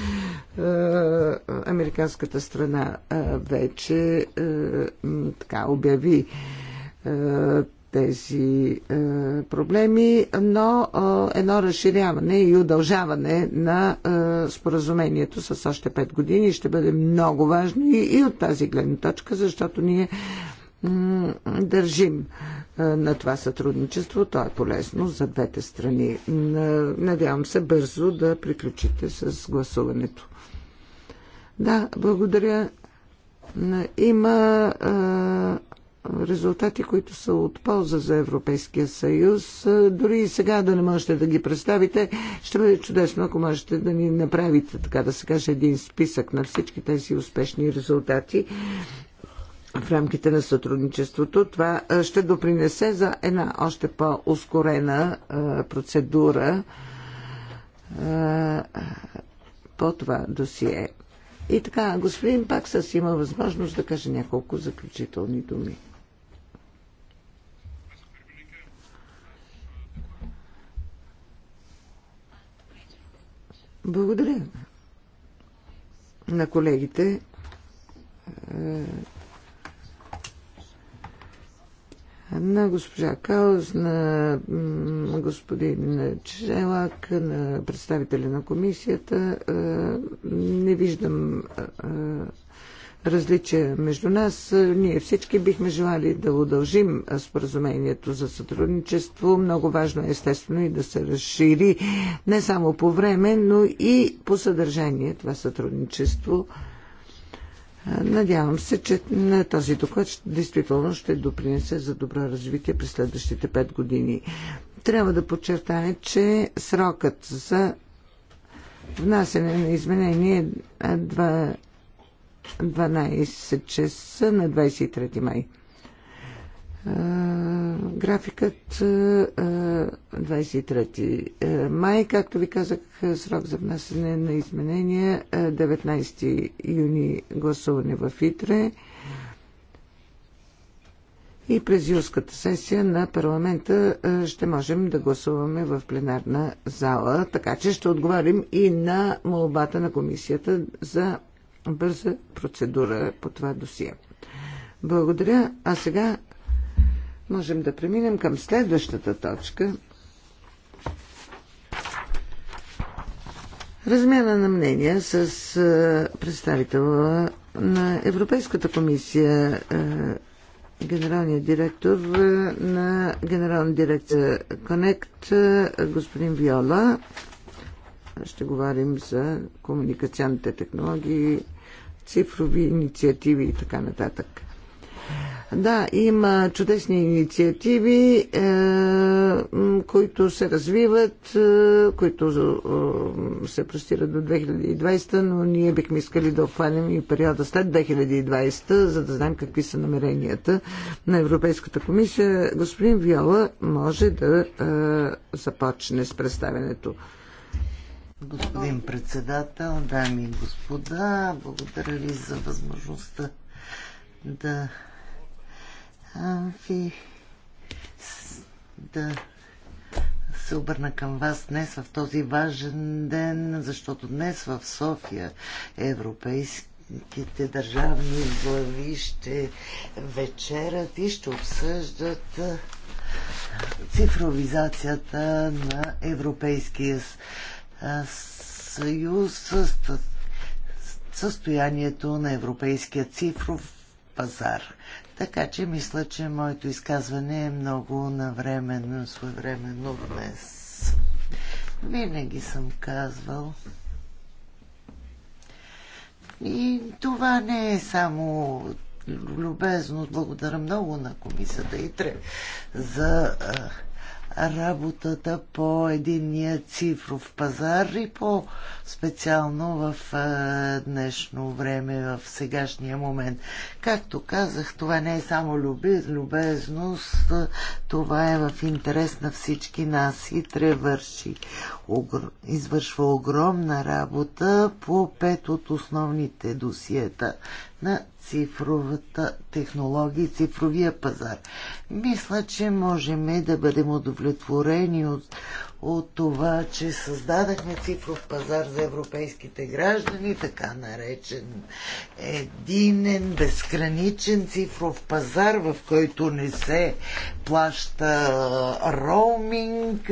Speaker 3: американската страна е, вече така обяви тези е, проблеми, но е, едно разширяване и удължаване на е, споразумението с още 5 години ще бъде много важно и, и от тази гледна точка, защото ние държим е, на това сътрудничество. То е полезно за двете страни. Е, надявам се бързо да приключите с гласуването. Да, благодаря. Има е, резултати, които са от полза за Европейския съюз. Дори и сега да не можете да ги представите, ще бъде чудесно, ако можете да ни направите, така да се каже, един списък на всички тези успешни резултати в рамките на сътрудничеството. Това ще допринесе за една още по-ускорена процедура по това досие. И така, господин Паксас има възможност да каже няколко заключителни думи. Благодаря на колегите. Е, на госпожа Каус, на господин Челак, на представителя на комисията. Е, не виждам е, различия между нас. Ние всички бихме желали да удължим споразумението за сътрудничество. Много важно е естествено и да се разшири не само по време, но и по съдържание това сътрудничество. Надявам се, че на този доклад действително ще допринесе за добро развитие през следващите 5 години. Трябва да подчертая, че срокът за внасене на изменение е 12 часа на 23 май. Графикът 23 май, както ви казах, срок за внасяне на изменения 19 юни гласуване в ИТРЕ и през юрската сесия на парламента ще можем да гласуваме в пленарна зала, така че ще отговорим и на молбата на комисията за бърза процедура по това досие. Благодаря. А сега можем да преминем към следващата точка. Размяна на мнения с представител на Европейската комисия, генералният директор на Генерална дирекция Connect, господин Виола ще говорим за комуникационните технологии, цифрови инициативи и така нататък. Да, има чудесни инициативи, е, които се развиват, е, които е, се простират до 2020, но ние бихме искали да обхванем и периода след 2020, за да знаем какви са намеренията на Европейската комисия. Господин Виола може да е, започне с представенето.
Speaker 4: Господин председател, дами и господа, благодаря ви за възможността да ви да се обърна към вас днес в този важен ден, защото днес в София европейските държавни глави ще вечерят и ще обсъждат цифровизацията на Европейския съюз съюз, състоянието на европейския цифров пазар. Така че мисля, че моето изказване е много навременно, своевременно днес. Винаги съм казвал. И това не е само любезно. Благодаря много на комисията и тре за работата по единния цифров пазар и по специално в е, днешно време, в сегашния момент. Както казах, това не е само любезност, това е в интерес на всички нас и тревърши. Извършва огромна работа по пет от основните досиета на цифровата технология и цифровия пазар. Мисля, че можем да бъдем удовлетворени от, от това, че създадахме цифров пазар за европейските граждани, така наречен единен, безграничен цифров пазар, в който не се плаща роуминг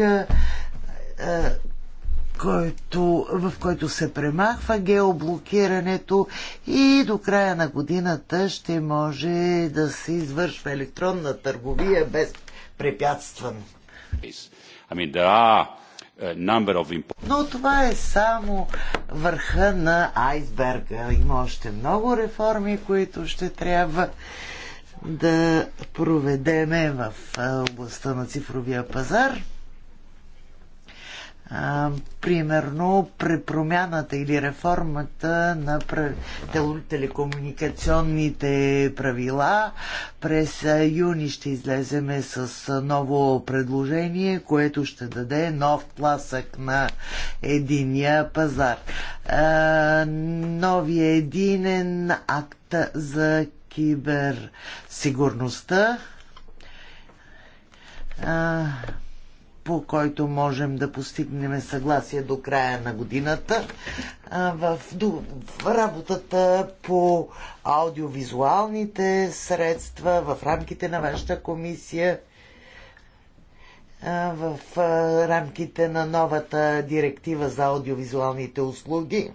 Speaker 4: който, в който се премахва геоблокирането и до края на годината ще може да се извършва електронна търговия без препятстване. но това е само върха на айсберга. Има още много реформи, които ще трябва да проведеме в областта на цифровия пазар а, примерно промяната или реформата на телекомуникационните правила. През юни ще излеземе с ново предложение, което ще даде нов пласък на единия пазар. А, новия единен акт за киберсигурността. А, по който можем да постигнем съгласие до края на годината в, работата по аудиовизуалните средства в рамките на вашата комисия, в рамките на новата директива за аудиовизуалните услуги.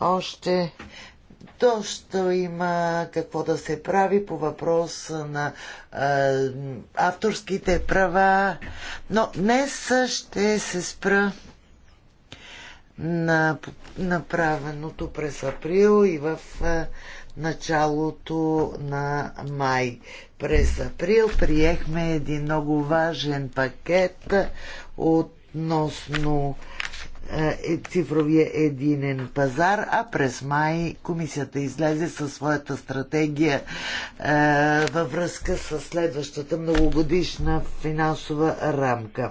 Speaker 4: Още то ще има какво да се прави по въпрос на а, авторските права. Но днес ще се спра на направеното през април и в а, началото на май. През април приехме един много важен пакет относно е, е цифровия единен пазар, а през май комисията излезе със своята стратегия е, във връзка с следващата многогодишна финансова рамка.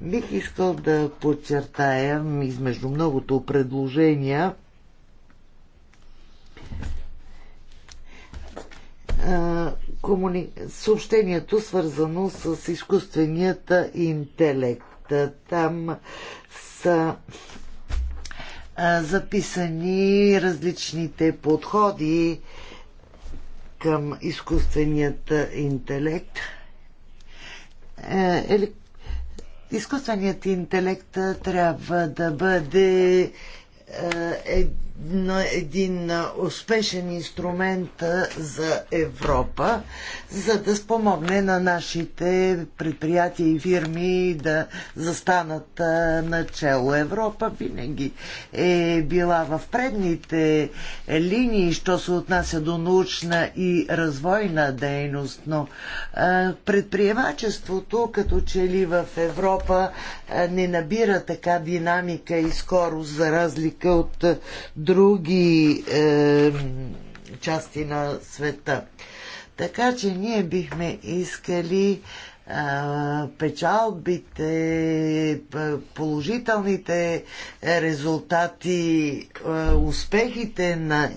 Speaker 4: Бих искал да подчертая измежду многото предложения съобщението свързано с изкуственият интелект. Там са записани различните подходи към изкуственият интелект. Е, изкуственият интелект трябва да бъде е, на един успешен инструмент за Европа, за да спомогне на нашите предприятия и фирми да застанат начало. Европа винаги е била в предните линии, що се отнася до научна и развойна дейност, но предприемачеството като че ли в Европа не набира така динамика и скорост за разлика от други други е, части на света. Така че ние бихме искали е, печалбите, положителните резултати, е, успехите на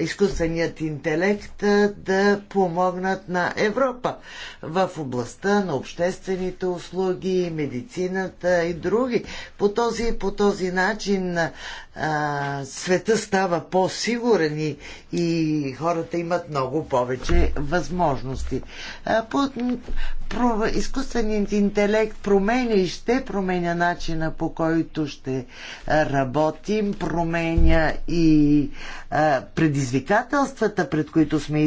Speaker 4: изкуственият интелект е, да помогнат на Европа в областта на обществените услуги, медицината и други. По този, по този начин света става по-сигурен и, и хората имат много повече възможности. А, по, про, изкуственият интелект променя и ще променя начина по който ще работим, променя и а, предизвикателствата, пред които сме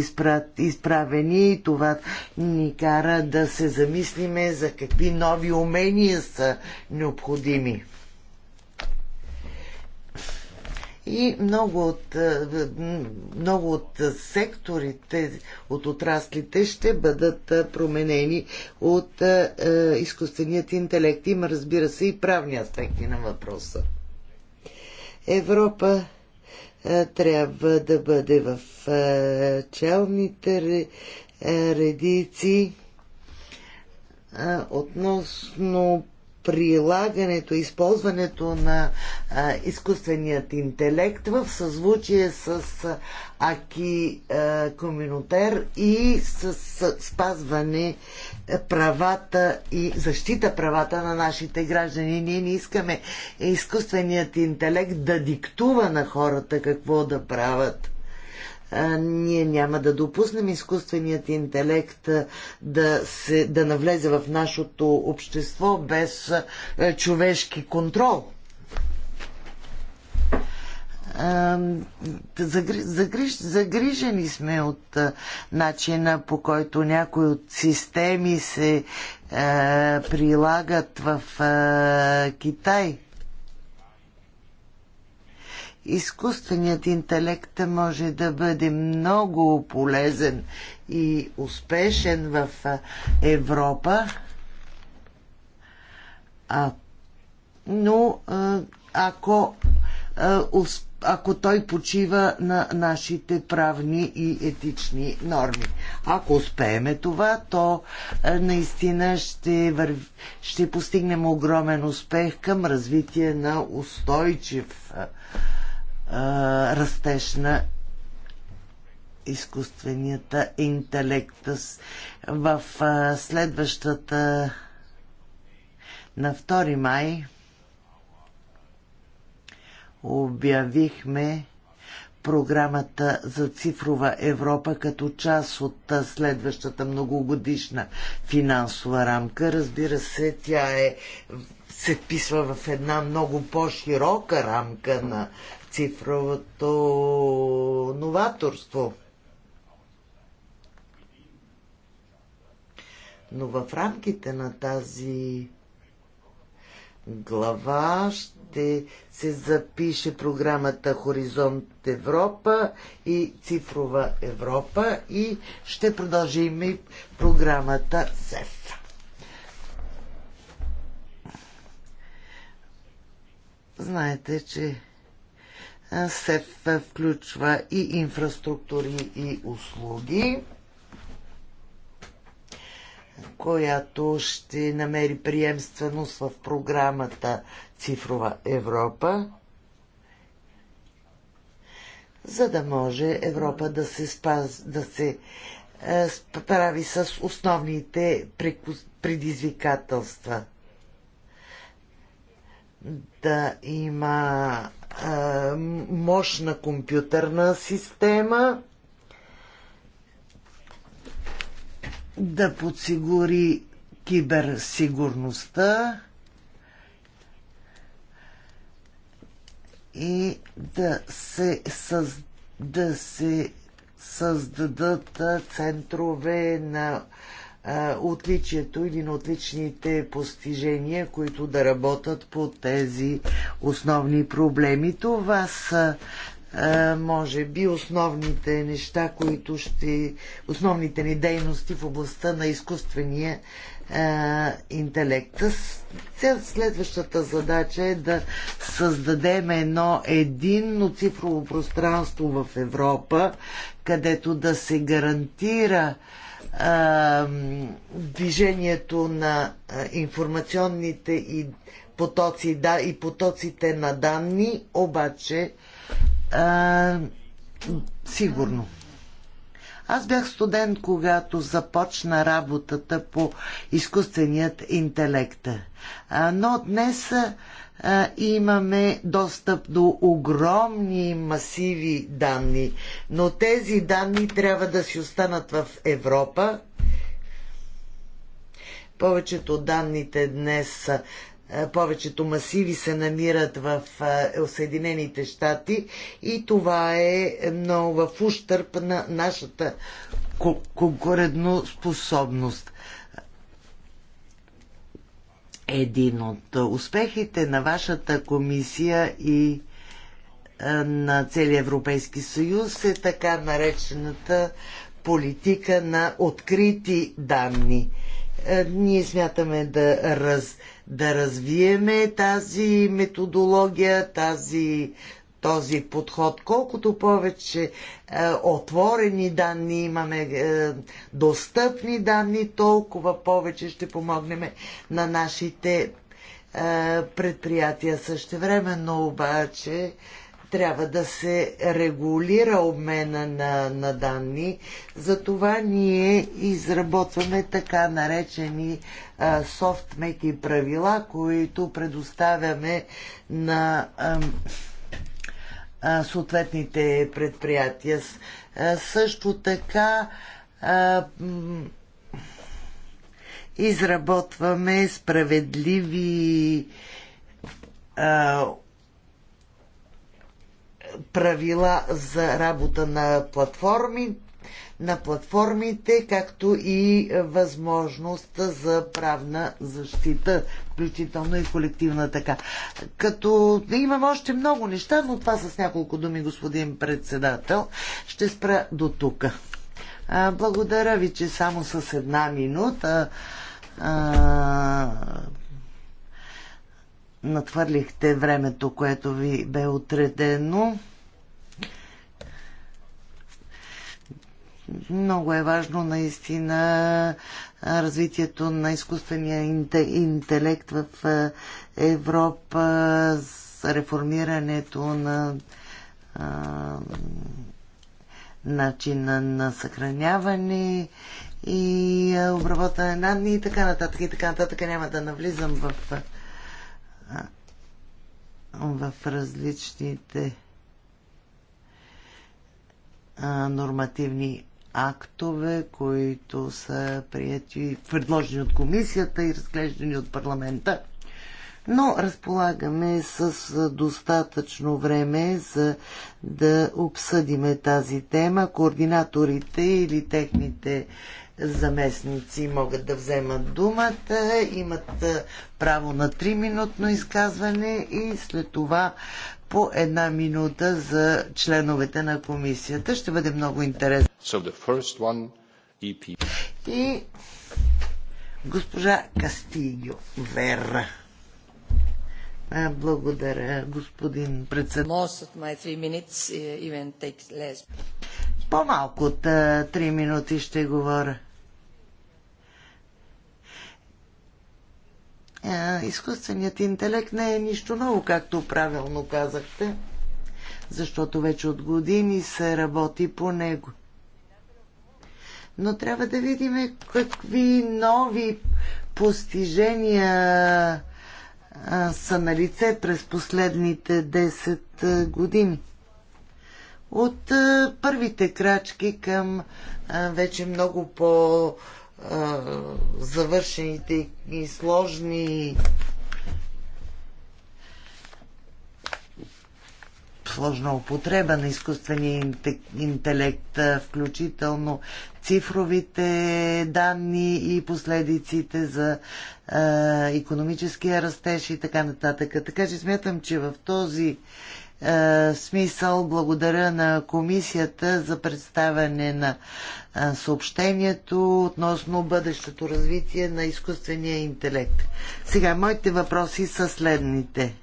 Speaker 4: изправени и това ни кара да се замислиме за какви нови умения са необходими и много от, е, много от секторите, от отраслите ще бъдат е, променени от е, изкуственият интелект. Има, разбира се, и правни аспекти на въпроса. Европа трябва да бъде в челните редици относно прилагането, използването на а, изкуственият интелект в съзвучие с Аки а, Коминотер и с, с спазване правата и защита правата на нашите граждани. Ние не искаме изкуственият интелект да диктува на хората какво да правят ние няма да допуснем изкуственият интелект да, се, да навлезе в нашето общество без човешки контрол. Загриж, загрижени сме от начина по който някои от системи се е, прилагат в е, Китай – изкуственият интелект може да бъде много полезен и успешен в Европа, а, но ако, ако той почива на нашите правни и етични норми. Ако успееме това, то наистина ще, върв... ще постигнем огромен успех към развитие на устойчив растеж на изкуственията интелект. В следващата на 2 май обявихме програмата за цифрова Европа като част от следващата многогодишна финансова рамка. Разбира се, тя е, се вписва в една много по-широка рамка на цифровото новаторство. Но в рамките на тази глава ще се запише програмата Хоризонт Европа и Цифрова Европа и ще продължим и програмата СЕФ. Знаете, че се включва и инфраструктури и услуги, която ще намери приемственост в програмата Цифрова Европа, за да може Европа да се, спаз, да се прави с основните предизвикателства. Да има е, мощна компютърна система, да подсигури киберсигурността и да се, съз... да се създадат центрове на отличието или на отличните постижения, които да работят по тези основни проблеми. Това са може би основните неща, които ще... основните ни дейности в областта на изкуствения интелект. Следващата задача е да създадем едно единно цифрово пространство в Европа, където да се гарантира движението на информационните и потоци да, и потоците на данни, обаче а, сигурно. Аз бях студент, когато започна работата по изкуственият интелект. А, но днес имаме достъп до огромни масиви данни, но тези данни трябва да си останат в Европа. Повечето данните днес повечето масиви се намират в Съединените щати и това е много в ущърп на нашата конкурентоспособност. способност един от успехите на вашата комисия и на целия Европейски съюз е така наречената политика на открити данни. Е, ние смятаме да, раз, да развиеме тази методология, тази този подход. Колкото повече е, отворени данни имаме, е, достъпни данни, толкова повече ще помогнем на нашите е, предприятия. Същевременно обаче трябва да се регулира обмена на, на данни. Затова ние изработваме така наречени а, е, софт-меки правила, които предоставяме на а, съответните предприятия. Също така изработваме справедливи правила за работа на платформите на платформите, както и възможност за правна защита, включително и колективна така. Като имам още много неща, но това с няколко думи, господин председател, ще спра до тук. Благодаря ви, че само с една минута а, времето, което ви бе отредено. много е важно наистина развитието на изкуствения интелект в Европа, реформирането на начина на съхраняване и обработване на данни и така нататък и така нататък. Няма да навлизам в, в различните нормативни актове, които са прияти, предложени от комисията и разглеждани от парламента. Но разполагаме с достатъчно време за да обсъдиме тази тема. Координаторите или техните заместници могат да вземат думата, имат право на 3-минутно изказване и след това по една минута за членовете на комисията. Ще бъде много интересно. So one, EP... И госпожа Кастиньо Вера. Благодаря, господин председател.
Speaker 3: Uh,
Speaker 4: По-малко от 3 минути ще говоря. Е, изкуственият интелект не е нищо ново, както правилно казахте, защото вече от години се работи по него. Но трябва да видим какви нови постижения са на лице през последните 10 години. От първите крачки към вече много по- завършените и сложни сложна употреба на изкуствения интелект, включително цифровите данни и последиците за економическия растеж и така нататък. Така че смятам, че в този е, смисъл благодаря на комисията за представяне на е, съобщението относно бъдещето развитие на изкуствения интелект. Сега, моите въпроси са следните.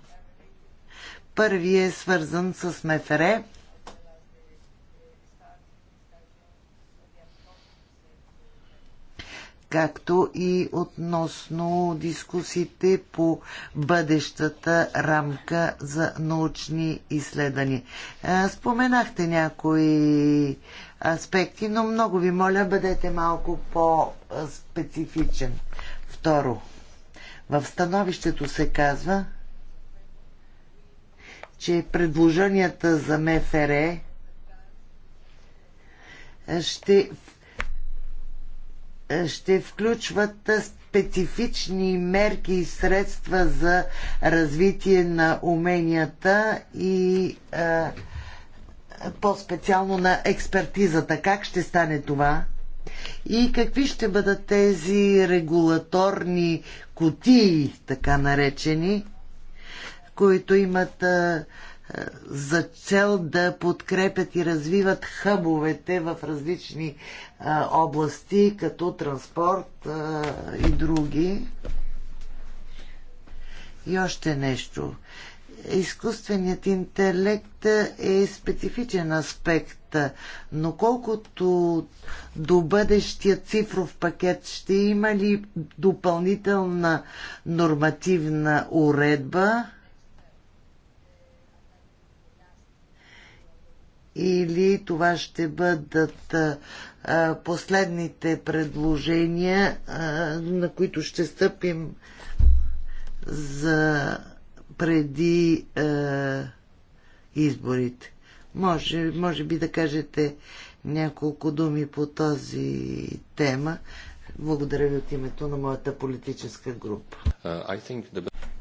Speaker 4: Първият е свързан с МФР. както и относно дискусиите по бъдещата рамка за научни изследвания. Споменахте някои аспекти, но много ви моля, бъдете малко по-специфичен. Второ, в становището се казва, че предложенията за МФР ще ще включват специфични мерки и средства за развитие на уменията и по-специално на експертизата. Как ще стане това? И какви ще бъдат тези регулаторни кутии, така наречени, които имат а, за цел да подкрепят и развиват хъбовете в различни а, области, като транспорт а, и други. И още нещо. Изкуственият интелект е специфичен аспект, но колкото до бъдещия цифров пакет ще има ли допълнителна нормативна уредба? или това ще бъдат последните предложения, на които ще стъпим за преди изборите. Може, може би да кажете няколко думи по този тема. Благодаря ви от името на моята политическа група. Uh,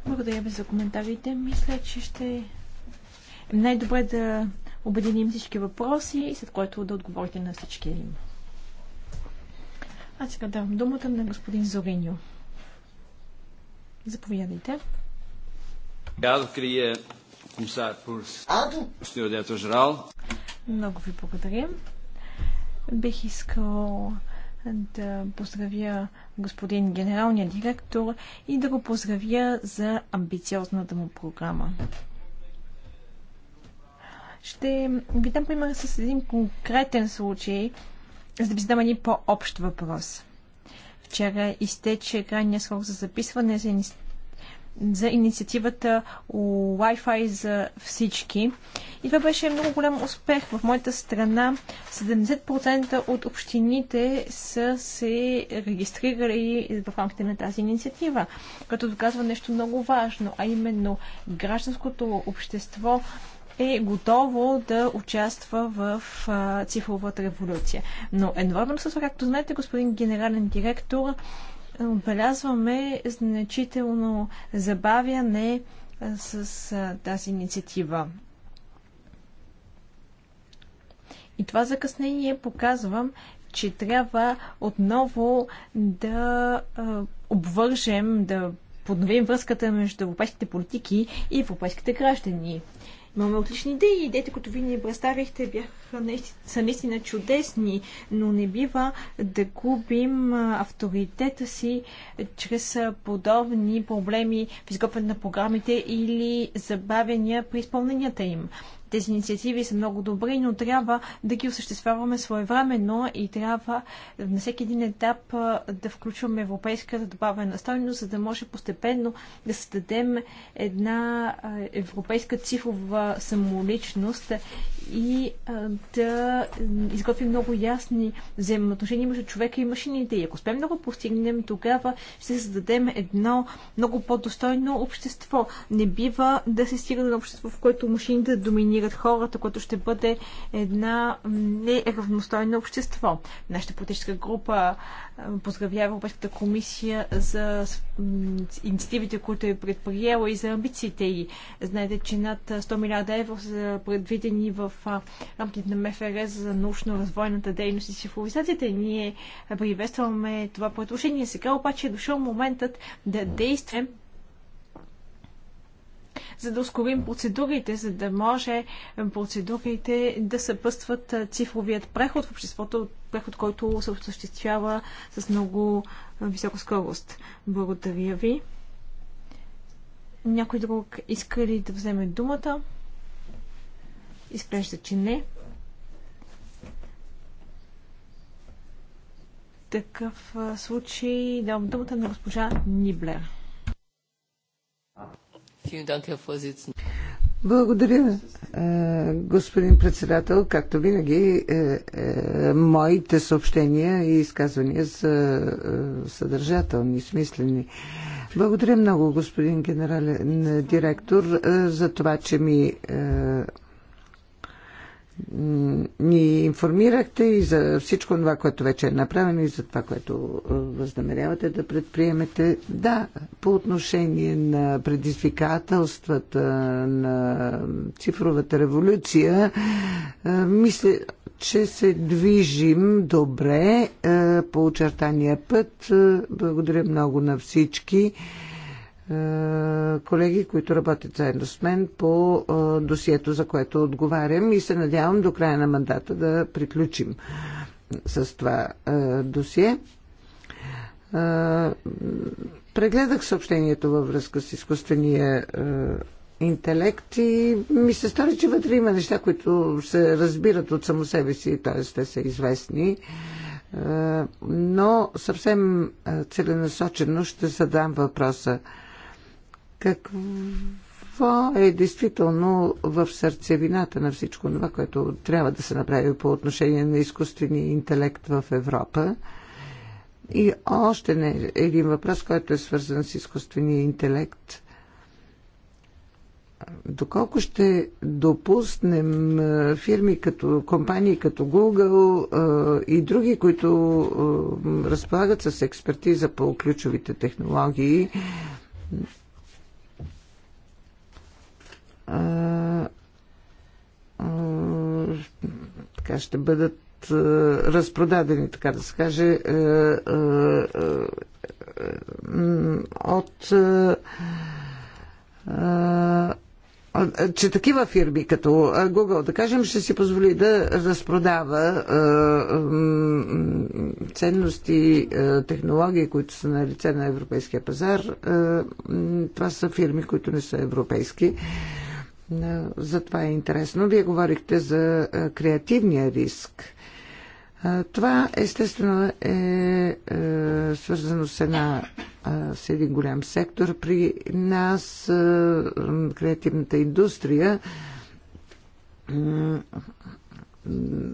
Speaker 2: Благодаря ви за коментарите. Мисля, че ще е най-добре да обединим всички въпроси, след което да отговорите на всички им. А сега давам думата на господин Зориньо. Заповядайте. Много ви благодаря. Бих искал да поздравя господин генералния директор и да го поздравя за амбициозната му програма. Ще ви дам пример с един конкретен случай, за да ви задам един по-общ въпрос. Вчера изтече крайния срок за записване за, ини... за инициативата Wi-Fi за всички. И това беше много голям успех. В моята страна 70% от общините са се регистрирали в рамките на тази инициатива, като доказва нещо много важно, а именно гражданското общество е готово да участва в цифровата революция. Но едновременно с това, както знаете, господин генерален директор, отбелязваме значително забавяне с а, тази инициатива. И това закъснение показвам, че трябва отново да а, обвържем, да подновим връзката между европейските политики и европейските граждани. Имаме отлични идеи. Идеите, които ви ни представихте, бяха наистина, са наистина чудесни, но не бива да губим авторитета си чрез подобни проблеми в изготвяне на програмите или забавения при изпълненията им. Тези инициативи са много добри, но трябва да ги осъществяваме своевременно и трябва на всеки един етап да включваме европейската добавена стойност, за да може постепенно да създадем една европейска цифрова самоличност и да изготвим много ясни взаимоотношения между човека и машините. И ако успеем да го постигнем, тогава ще създадем едно много по-достойно общество. Не бива да се стига до общество, в което машините доминират дефинират хората, което ще бъде една неравностойно общество. Нашата политическа група поздравява Европейската комисия за инициативите, които е предприела и за амбициите й. Знаете, че над 100 милиарда евро са предвидени в рамките на МФР за научно-развойната дейност и цифровизацията. Ние приветстваме това предложение. Сега обаче е дошъл моментът да действаме за да ускорим процедурите, за да може процедурите да съпъстват цифровият преход в обществото, преход, който се осъществява с много висока скорост. Благодаря ви. Някой друг иска ли да вземе думата? Изглежда, че не. такъв случай давам думата на госпожа Ниблер.
Speaker 3: Благодаря, е, господин председател. Както винаги, е, е, моите съобщения и изказвания са съдържателни, смислени. Благодаря много, господин генерален директор, за това, че ми ни информирахте и за всичко това, което вече е направено и за това, което е, възнамерявате да предприемете. Да, по отношение на предизвикателствата на цифровата революция, е, мисля, че се движим добре е, по очертания път. Благодаря много на всички. Е, колеги, които работят заедно с мен по е, досието, за което отговарям и се надявам до края на мандата да приключим с това е, досие. Прегледах съобщението във връзка с изкуствения интелект и ми се стори, че вътре има неща, които се разбират от само себе си, т.е. те са известни но съвсем целенасочено ще задам въпроса какво е действително в сърцевината на всичко това, което трябва да се направи по отношение на изкуствения интелект в Европа. И още не, един въпрос, който е свързан с изкуствения интелект. Доколко ще допуснем фирми като компании като Google и други, които разполагат с експертиза по ключовите технологии, така ще бъдат разпродадени, така да се каже, от че такива фирми като Google, да кажем, ще си позволи да разпродава ценности, технологии, които са на лице на европейския пазар. Това са фирми, които не са европейски. За това е интересно. Вие говорихте за е, креативния риск. Е, това естествено е, е, свързано с, една, с един голям сектор. При нас креативната индустрия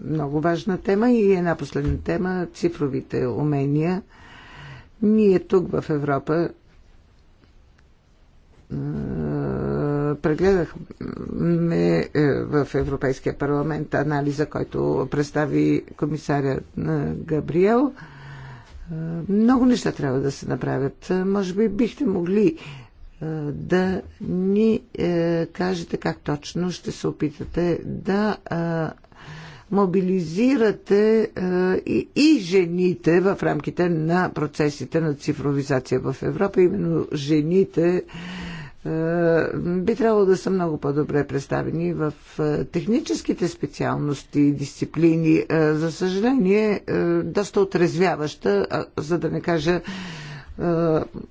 Speaker 3: много важна тема и една последна тема цифровите умения. Ние тук в Европа прегледахме е, в Европейския парламент анализа, който представи комисаря е, Габриел. Е, много неща трябва да се направят. Може би бихте могли да ни кажете как точно ще се опитате да мобилизирате и жените в рамките на процесите на цифровизация в Европа. Именно жените е, би трябвало да са много по-добре представени в е, техническите специалности и дисциплини. Е, за съжаление, доста отрезвяваща, за да не кажа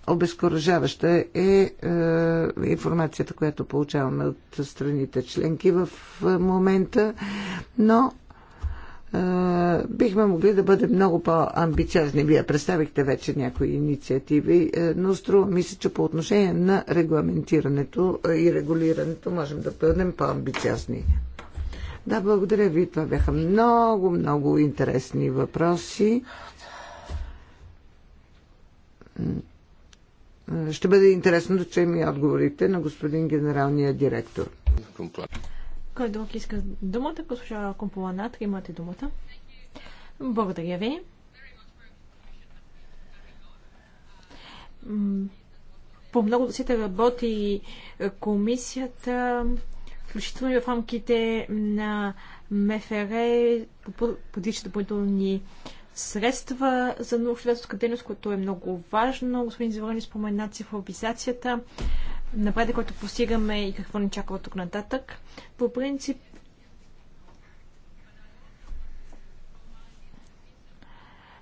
Speaker 3: обезкоръжаваща е информацията, която получаваме от страните членки в момента, но бихме могли да бъдем много по-амбициозни. Вие представихте вече някои инициативи, но струва ми се, че по отношение на регламентирането и регулирането можем да бъдем по-амбициозни. Да, благодаря ви. Това бяха много, много интересни въпроси. Ще бъде интересно да чуем и отговорите на господин генералния директор.
Speaker 2: Кой друг иска думата? Госпожа Комполанат, имате думата. Благодаря ви. По много досите работи е, комисията, включително и в рамките на МФР, подвижда допълнителни средства за научно дейност, което е много важно. Господин Зеленин спомена цифровизацията напреда, който постигаме и какво ни чака от тук нататък. По принцип,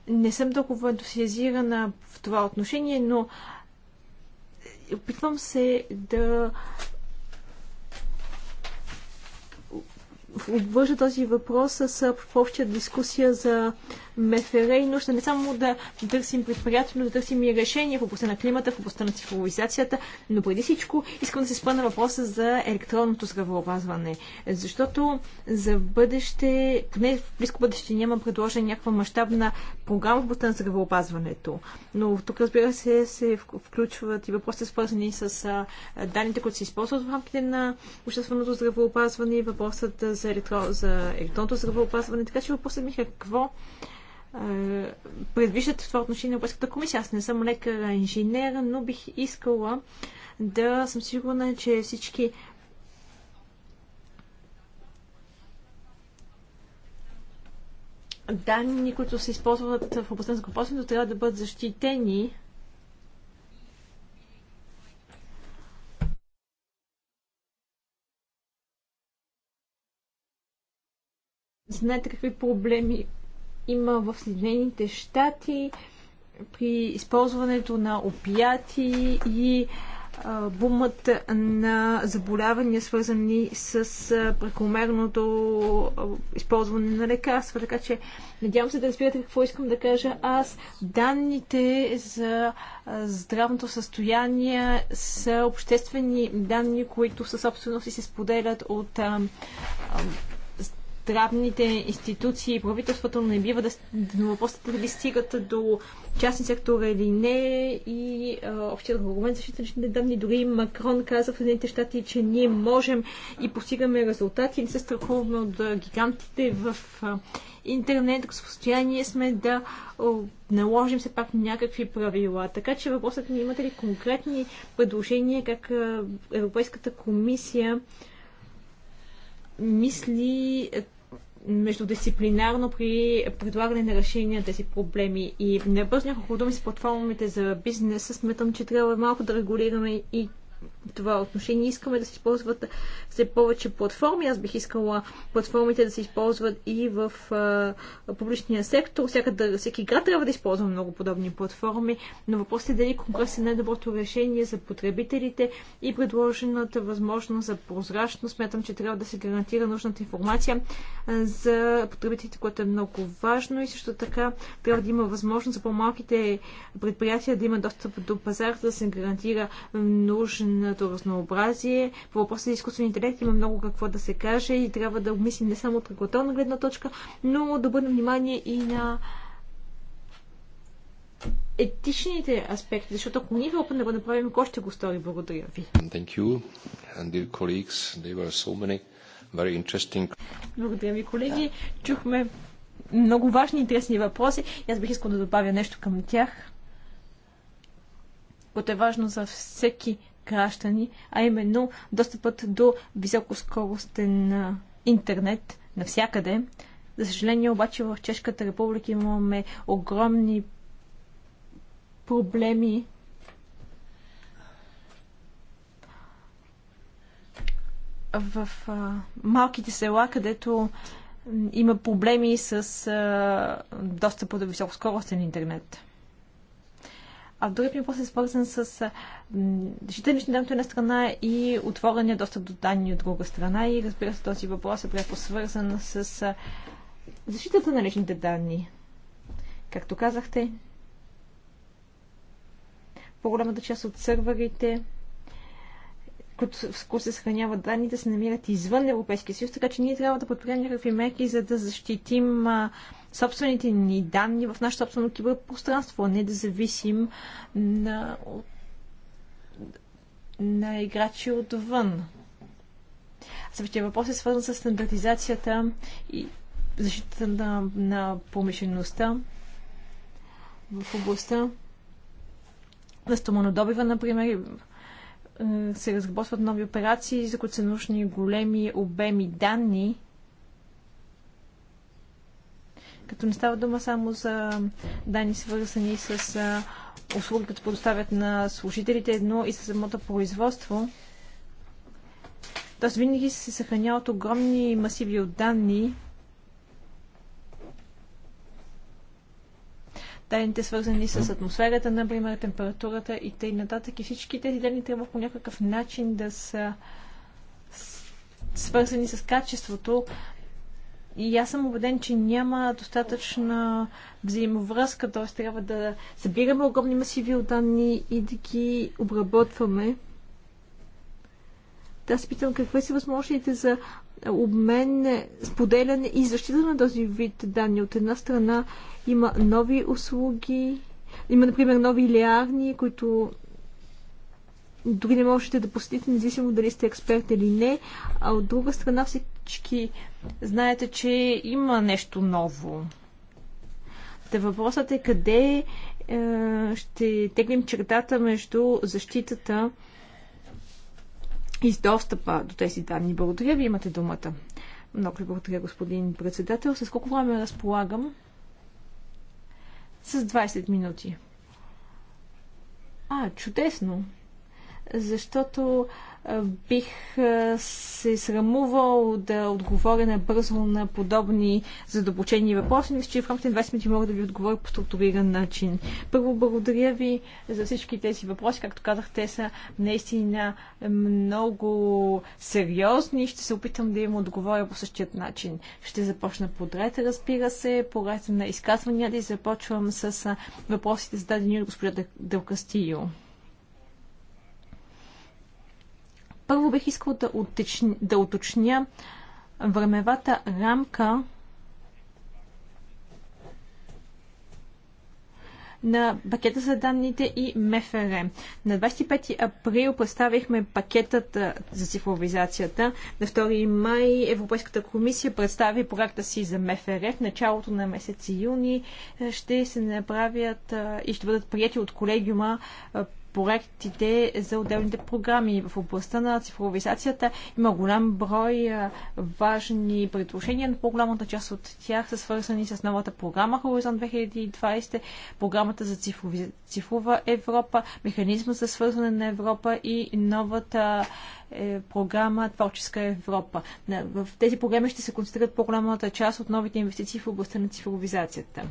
Speaker 2: не съм толкова ентусиазирана в това отношение, но опитвам се да обвържа този въпрос с обща дискусия за МФР и нужда не само да търсим предприятия, но да търсим и решения в областта на климата, в областта на цифровизацията. Но преди всичко искам да се спра на въпроса за електронното здравеопазване. Защото за бъдеще, поне в близко бъдеще няма предложена някаква мащабна програма в областта на здравеопазването. Но тук, разбира се, се включват и въпроси свързани с данните, които се използват в рамките на общественото здравеопазване и въпросът за, електро... за електронното здравеопазване. Така че въпросът ми е какво предвиждат в това отношение Европейската комисия. Аз не съм лекар, инженер, но бих искала да съм сигурна, че всички данни, които се използват в областта на закупването, трябва да бъдат защитени. Знаете какви проблеми има в Съединените щати при използването на опияти и бумът на заболявания, свързани с прекомерното използване на лекарства. Така че, надявам се да разбирате какво искам да кажа аз. Данните за здравното състояние са обществени данни, които със собственост и се споделят от здравните институции и правителството не бива да, на въпросите дали стигат до частни сектора или не и общият аргумент защита на личните данни. Дори Макрон каза в Съединените щати, че ние можем и постигаме резултати и не се страхуваме от гигантите в а, интернет, ако състояние сме да о, наложим все пак някакви правила. Така че въпросът ми е, имате ли конкретни предложения как а, Европейската комисия мисли междудисциплинарно при предлагане на решения на тези проблеми. И не няколко думи с платформите за бизнес. Сметам, че трябва малко да регулираме и това отношение. Искаме да се използват все повече платформи. Аз бих искала платформите да се използват и в а, публичния сектор. Всяка, да, всеки град трябва да използва много подобни платформи, но въпросът е дали конгрес е най-доброто решение за потребителите и предложената възможност за прозрачност. Смятам, че трябва да се гарантира нужната информация за потребителите, което е много важно и също така трябва да има възможност за по-малките предприятия да има достъп до пазар, за да се гарантира нужен биологичното разнообразие. По въпроса за изкуствен интелект има много какво да се каже и трябва да обмислим не само от регулаторна гледна точка, но да бъдем внимание и на етичните аспекти, защото ако ние в да не го направим, кой ще го стори? Благодаря ви.
Speaker 1: Thank you. And dear colleagues, there were so many very interesting...
Speaker 2: Благодаря ви, колеги. Чухме много важни и интересни въпроси. аз бих искал да добавя нещо към тях, което е важно за всеки граждани, а именно достъпът до високоскоростен интернет навсякъде. За съжаление обаче в Чешката република имаме огромни проблеми в а, малките села, където има проблеми с достъпа до високоскоростен интернет. А другият ми въпрос е свързан с защита на лични данни от една страна и отворения достъп до данни от друга страна. И разбира се, този въпрос е пряко свързан с защитата на личните данни. Както казахте, по-голямата част от сървърите които се съхраняват данните, се намират извън Европейския съюз, така че ние трябва да подприемем някакви мерки, за да защитим а, собствените ни данни в нашето собствено киберпространство, а не да зависим на, на играчи отвън. Същия въпрос е свързан с стандартизацията и защитата на, на промишлеността в областта на стоманодобива, например, е, се разработват нови операции, за които са нужни големи обеми данни, като не става дума само за данни свързани с е, услуги, които предоставят на служителите, но и с самото производство. Тоест винаги се съхраняват огромни масиви от данни, данните свързани с атмосферата, например, температурата и т.н. И всички тези данни трябва по някакъв начин да са свързани с качеството. И аз съм убеден, че няма достатъчна взаимовръзка, т.е. трябва да събираме огромни масиви от данни и да ги обработваме. Да, аз питам какви са възможностите за обмен, споделяне и защита на този вид данни. От една страна има нови услуги, има, например, нови лиарни, които дори не можете да посетите, независимо дали сте експерт или не. А от друга страна всички знаете, че има нещо ново. Те въпросът е къде е, ще теглим чертата между защитата и с достъпа до тези данни. Благодаря ви, имате думата. Много ви благодаря, господин председател. С колко време разполагам? С 20 минути. А, чудесно! Защото бих се срамувал да отговоря набързо на подобни задълбочени въпроси. Мисля, че в рамките на 20 минути мога да ви отговоря по структуриран начин. Първо, благодаря ви за всички тези въпроси. Както казах, те са наистина много сериозни. Ще се опитам да им отговоря по същият начин. Ще започна подред, разбира се, по ред на изказванията и започвам с въпросите зададени от госпожа Дел Първо бих искал да, уточня, да уточня времевата рамка на пакета за данните и МФР. На 25 април представихме пакетът за цифровизацията. На 2 май Европейската комисия представи проекта си за МФР. В началото на месец юни ще се направят и ще бъдат прияти от колегиума проектите за отделните програми. В областта на цифровизацията има голям брой важни предложения, но по-голямата част от тях са свързани с новата програма Хоризонт 2020, програмата за цифрови... цифрова Европа, механизма за свързване на Европа и новата е, програма Творческа Европа. В тези програми ще се концентрират по-голямата част от новите инвестиции в областта на цифровизацията.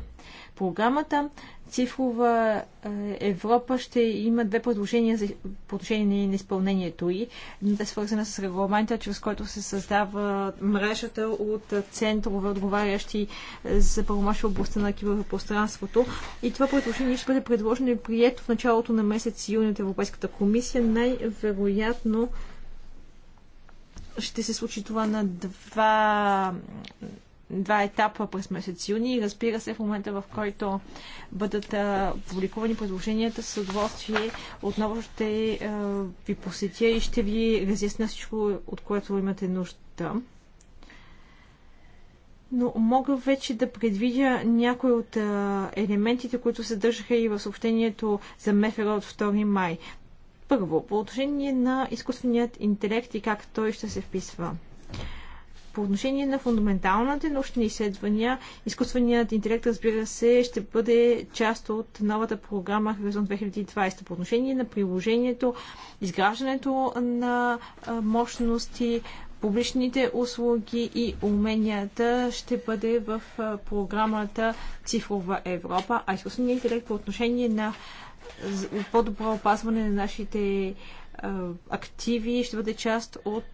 Speaker 2: Програмата Цифрова е, Европа ще има две предложения за подложение на изпълнението й. Едната е свързана с регламента, чрез който се създава мрежата от центрове, отговарящи е, за правомощ в областта на киберпространството. И това предложение ще бъде предложено и прието в началото на месец юни от Европейската комисия. Най-вероятно ще се случи това на два, два етапа през месец юни. Разбира се, в момента в който бъдат публикувани предложенията, с удоволствие отново ще ви посетя и ще ви разясня всичко, от което имате нужда. Но мога вече да предвидя някои от а, елементите, които се държаха и в съобщението за МФР от 2 май. Първо, по отношение на изкуственият интелект и как той ще се вписва. По отношение на фундаменталните научни изследвания, изкуственият интелект, разбира се, ще бъде част от новата програма Хоризонт 2020. По отношение на приложението, изграждането на мощности, публичните услуги и уменията ще бъде в програмата Цифрова Европа, а изкуственият интелект по отношение на по-добро опазване на нашите активи ще бъде част от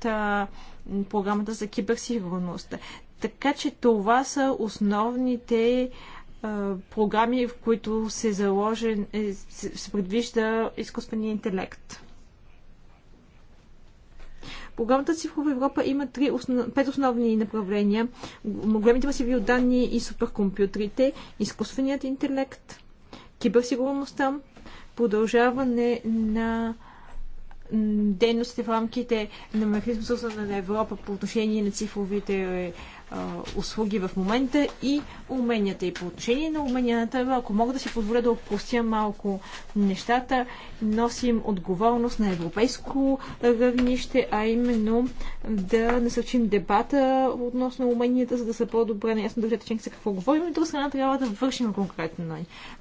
Speaker 2: програмата за киберсигурност. Така че това са основните програми, в които се, заложен, е, се, предвижда изкуствения интелект. Програмата Цифрова Европа има три основ... пет основни направления. Големите масиви от данни и суперкомпютрите, изкуственият интелект, киберсигурността продължаване на дейности в рамките на механизма на Европа по отношение на цифровите е, услуги в момента и уменията. И по отношение на уменията, ако мога да си позволя да опростя малко нещата, носим отговорност на европейско равнище, а именно да насърчим дебата относно уменията, за да са по-добре наясно държавите членки за какво говорим. И друга страна трябва да вършим конкретно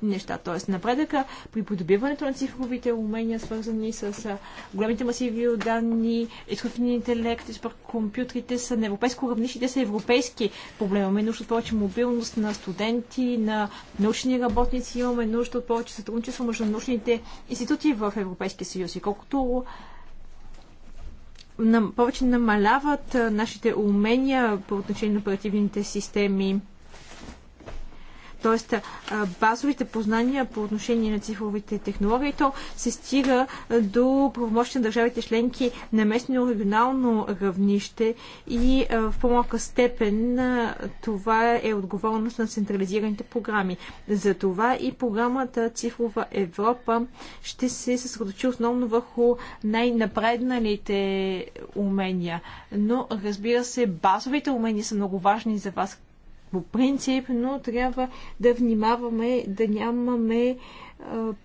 Speaker 2: неща. Тоест напредъка при придобиването на цифровите умения, свързани с големите масиви от данни, изкуствения интелект, компютрите са на европейско равнище, те са европейски европейски проблем. Имаме нужда от повече мобилност на студенти, на научни работници, имаме нужда от повече сътрудничество между научните институти в Европейския съюз. И колкото повече намаляват нашите умения по отношение на оперативните системи, Тоест, базовите познания по отношение на цифровите технологии, то се стига до правомощите на държавите членки на местно регионално равнище и в по-малка степен това е отговорност на централизираните програми. За това и програмата Цифрова Европа ще се съсредоточи основно върху най-напредналите умения. Но, разбира се, базовите умения са много важни за вас по принцип, но трябва да внимаваме да нямаме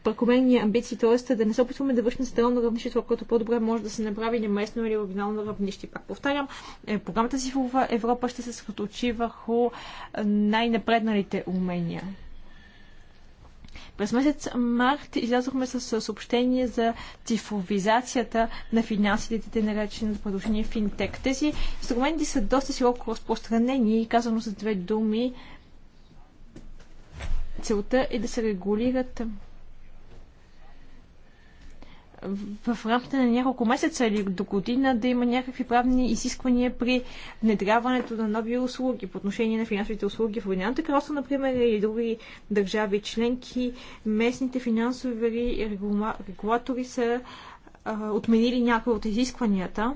Speaker 2: прекомерни амбиции, т.е. да не се опитваме да вършим страна равнище това, което по-добре може да се направи на местно или оригинално равнище. Пак повтарям, е, програмата си в Европа ще се съсредоточи върху най-напредналите умения. През месец март излязохме с съобщение за цифровизацията на финансите, те наречени продължение финтек. Тези инструменти са доста широко разпространени и казано с две думи. Целта е да се регулират в, в рамките на няколко месеца или до година да има някакви правни изисквания при внедряването на нови услуги по отношение на финансовите услуги в Обединеното кралство, например, или други държави членки. Местните финансови регулатори са а, отменили някои от изискванията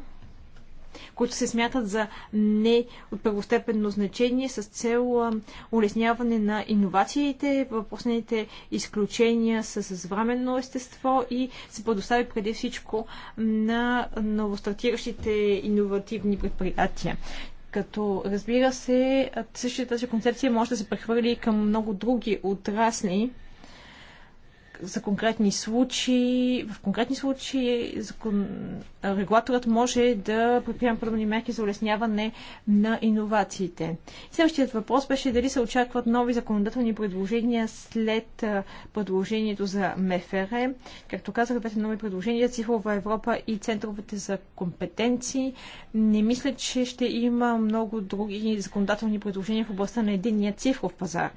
Speaker 2: които се смятат за не от първостепенно значение с цел улесняване на иновациите. Въпросните изключения са с временно естество и се предостави преди всичко на новостартиращите иновативни предприятия. Като разбира се, същата тази концепция може да се прехвърли към много други отрасли, за конкретни случаи. В конкретни случаи закон... регулаторът може да предприема подобни мерки за улесняване на иновациите. Следващият въпрос беше дали се очакват нови законодателни предложения след предложението за МФР. Както казах, двете нови предложения Цифрова Европа и центровете за компетенции. Не мисля, че ще има много други законодателни предложения в областта на единния цифров пазар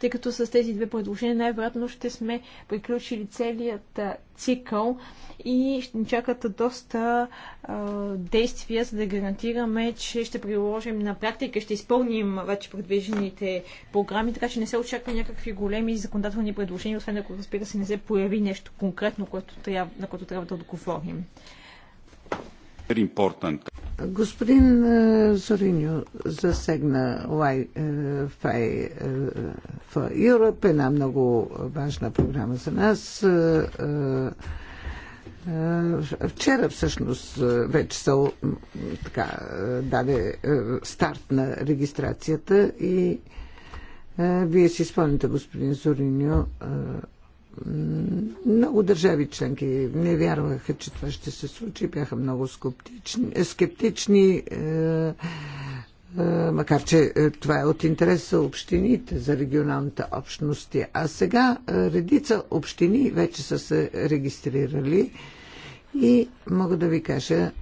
Speaker 2: тъй като с тези две предложения най-вероятно ще сме приключили целият цикъл и ще ни чакат доста а, действия, за да гарантираме, че ще приложим на практика, ще изпълним вече предвижените програми, така че не се очаква някакви големи законодателни предложения, освен ако разбира се не се появи нещо конкретно, което трябва, на което трябва да отговорим.
Speaker 3: Господин е, Зориньо засегна Wi-Fi for е, е, Europe, една много важна програма за нас. Вчера всъщност вече се така, даде старт на регистрацията и вие си спомните, господин Зориньо, много държави членки не вярваха, че това ще се случи, бяха много скептични, е, скептични е, е, макар че това е от интерес общините, за регионалните общности. А сега редица общини вече са се регистрирали и мога да ви кажа,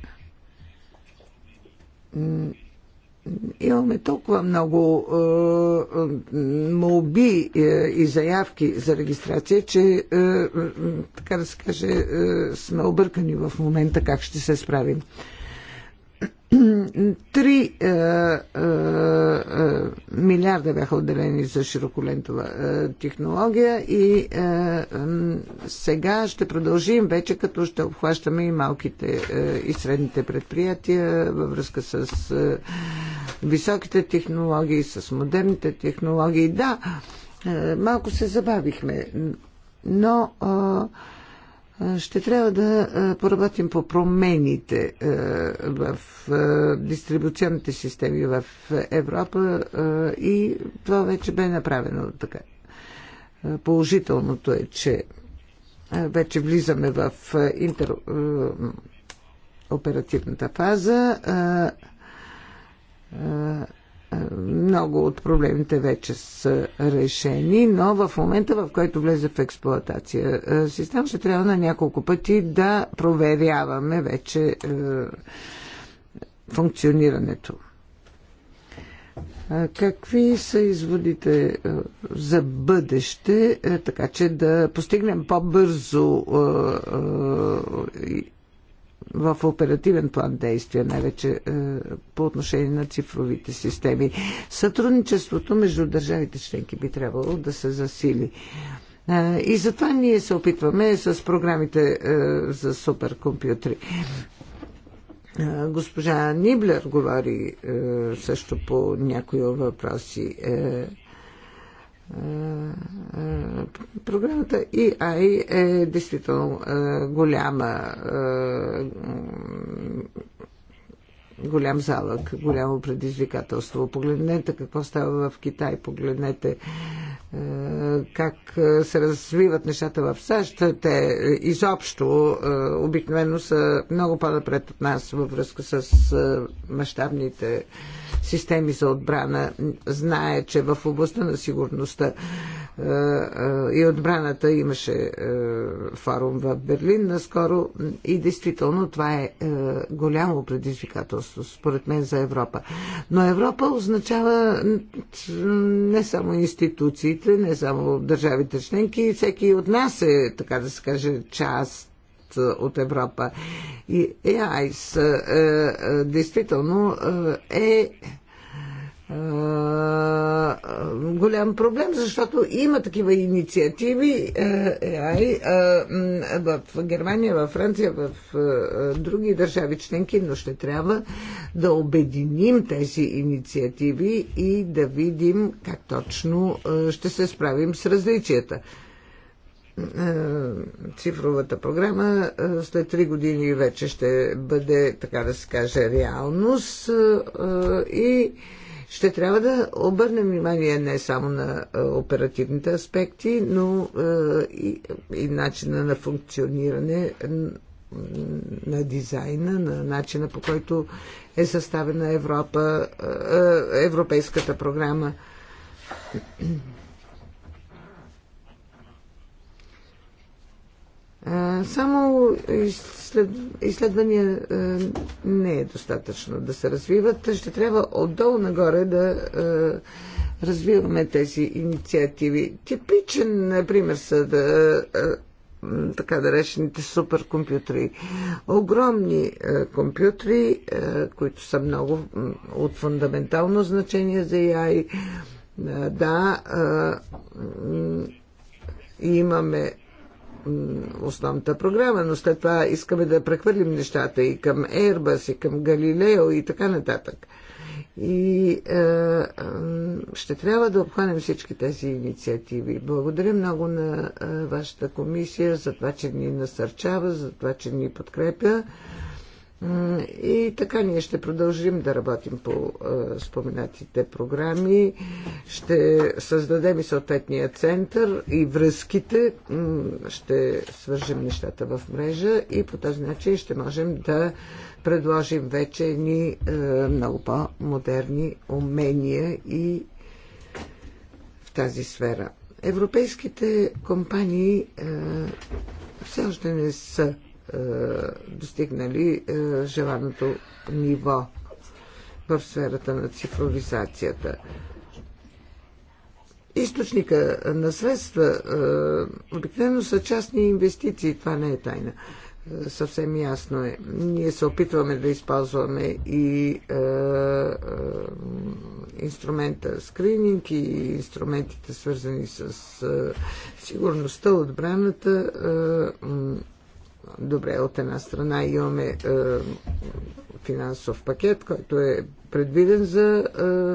Speaker 3: Имаме толкова много е, е, молби е, и заявки за регистрация, че, е, е така да се каже, е, сме объркани в момента как ще се справим. Три е, е, е, милиарда бяха отделени за широколентова е, технология и е, сега ще продължим вече като ще обхващаме и малките е, и средните предприятия във връзка с високите технологии, с модерните технологии. Да, малко се забавихме, но ще трябва да поработим по промените в дистрибуционните системи в Европа и това вече бе направено така. Положителното е, че вече влизаме в интер... оперативната фаза много от проблемите вече са решени, но в момента, в който влезе в експлоатация е, система, ще трябва на няколко пъти да проверяваме вече е, функционирането. Е, какви са изводите за бъдеще, така че да постигнем по-бързо в оперативен план действия, най-вече е, по отношение на цифровите системи. Сътрудничеството между държавите членки би трябвало да се засили. Е, и затова ние се опитваме с програмите е, за суперкомпютри. Госпожа Ниблер говори също по някои въпроси. Програмата EI е действително е, голяма е, голям залък, голямо предизвикателство. Погледнете какво става в Китай, погледнете е, как се развиват нещата в САЩ. Те изобщо обикновено са много по-напред от нас във връзка с мащабните системи за отбрана. Знае, че в областта на сигурността е, е, и отбраната имаше е, форум в Берлин наскоро и действително това е голямо предизвикателство, според мен, за Европа. Но Европа означава не само институциите, не само държавите членки, всеки от нас е, така да се каже, част от Европа. И ЕАЙС е, е, действително е, е голям проблем, защото има такива инициативи ЕАИ в Германия, в Франция, в други държави членки, но ще трябва да обединим тези инициативи и да видим как точно ще се справим с различията. Е, цифровата програма е, след 3 години вече ще бъде, така да се каже, реалност е, и ще трябва да обърнем внимание не само на оперативните аспекти, но и, и начина на функциониране на дизайна, на начина по който е съставена Европа, европейската програма. Само изследвания не е достатъчно да се развиват. Ще трябва отдолу нагоре да развиваме тези инициативи. Типичен например, са да така да да суперкомпютри. Огромни компютри, които са много от фундаментално значение за AI. да, имаме основната програма, но след това искаме да прехвърлим нещата и към Airbus, и към Галилео и така нататък. И е, е, ще трябва да обхванем всички тези инициативи. Благодаря много на е, вашата комисия за това, че ни насърчава, за това, че ни подкрепя. И така ние ще продължим да работим по споменатите програми. Ще създадем и съответния център и връзките. Ще свържем нещата в мрежа и по този начин ще можем да предложим вече ни много по-модерни умения и в тази сфера. Европейските компании все още не са е, достигнали е, желаното ниво в сферата на цифровизацията. Източника на средства е, обикновено са частни инвестиции, това не е тайна. Съвсем ясно е. Ние се опитваме да използваме и е, е, инструмента скрининг и инструментите свързани с е, сигурността, отбраната. Е, добре, от една страна имаме е, финансов пакет, който е предвиден за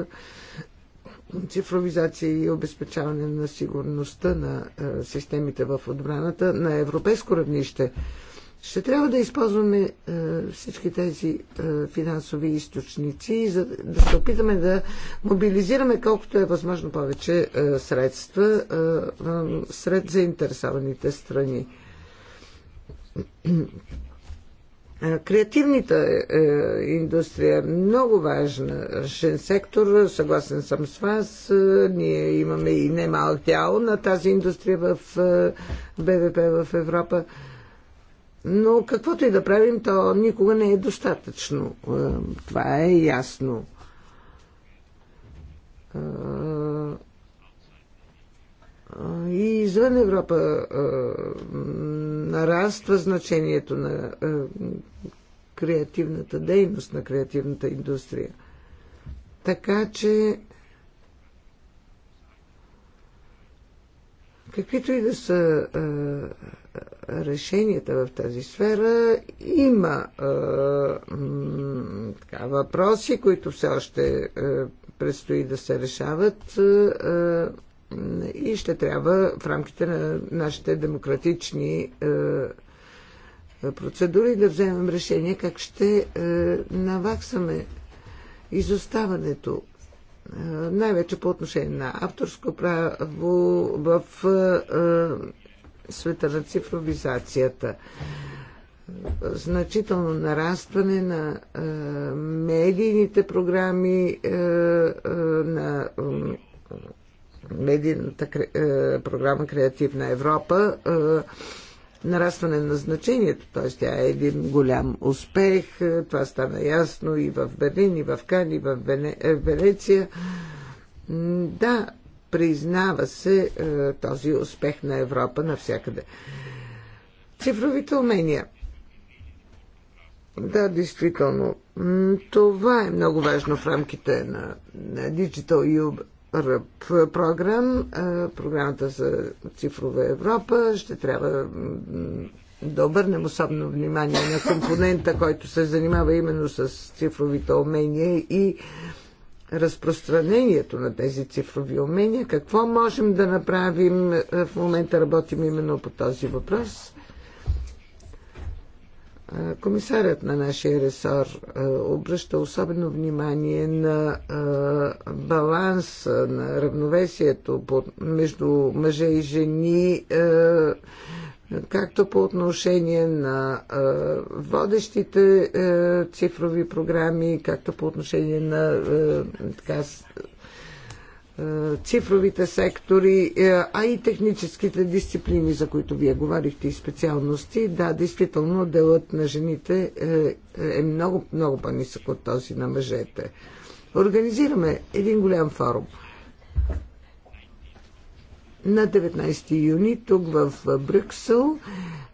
Speaker 3: е, цифровизация и обезпечаване на сигурността на е, системите в отбраната на европейско равнище. Ще трябва да използваме е, всички тези е, финансови източници, за да се опитаме да мобилизираме колкото е възможно повече е, средства е, е сред заинтересованите страни. Креативната е, е, индустрия е много важна. Шен сектор, съгласен съм с вас, е, ние имаме и немал тяло на тази индустрия в БВП в Европа. Но каквото и да правим, то никога не е достатъчно. Това е ясно и извън Европа нараства значението на креативната дейност, на креативната индустрия. Така че каквито и да са решенията в тази сфера, има така, въпроси, които все още предстои да се решават. А, и ще трябва в рамките на нашите демократични е, процедури да вземем решение как ще е, наваксаме изоставането е, най-вече по отношение на авторско право в света на цифровизацията. Значително нарастване на медийните програми, на медийната е, програма Креативна Европа е, нарастване на значението, т.е. тя е един голям успех. Е, това стана ясно и в Берлин, и в Кан, и в Вене... Венеция. Да, признава се този успех на Европа навсякъде. Цифровите умения. Да, действително. Това е много важно в рамките на, на Digital РъП програм, програмата за цифрова Европа, ще трябва да обърнем особено внимание на компонента, който се занимава именно с цифровите умения и разпространението на тези цифрови умения. Какво можем да направим? Е, в момента работим именно по този въпрос. Комисарят на нашия ресор обръща особено внимание на баланс, на равновесието между мъже и жени, както по отношение на водещите цифрови програми, както по отношение на така, е, цифровите сектори, е, а и техническите дисциплини, за които вие говорихте и специалности. Да, действително делът на жените е, е много, много по-нисък от този на мъжете. Организираме един голям форум на 19 юни тук в Брюксел,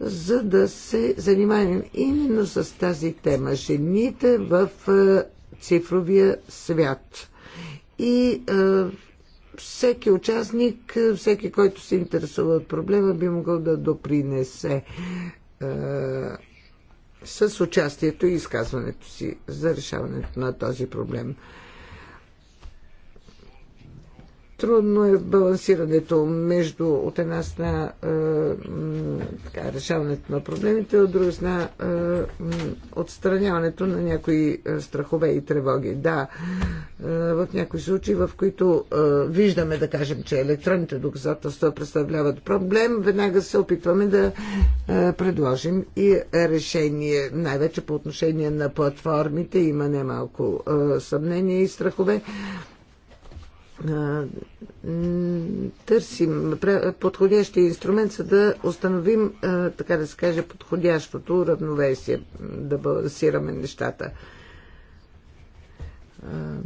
Speaker 3: за да се занимаем именно с тази тема жените в цифровия свят. И е, всеки участник, всеки, който се интересува от проблема, би могъл да допринесе е, с участието и изказването си за решаването на този проблем. Трудно е балансирането между от една страна е, така, решаването на проблемите, от друга страна е, отстраняването на някои е, страхове и тревоги. Да, е, в някои случаи, в които е, виждаме, да кажем, че електронните доказателства представляват проблем, веднага се опитваме да е, предложим и решение, най-вече по отношение на платформите. Има немалко е, съмнения и страхове търсим подходящия инструмент, за да установим, така да се каже, подходящото равновесие, да балансираме нещата.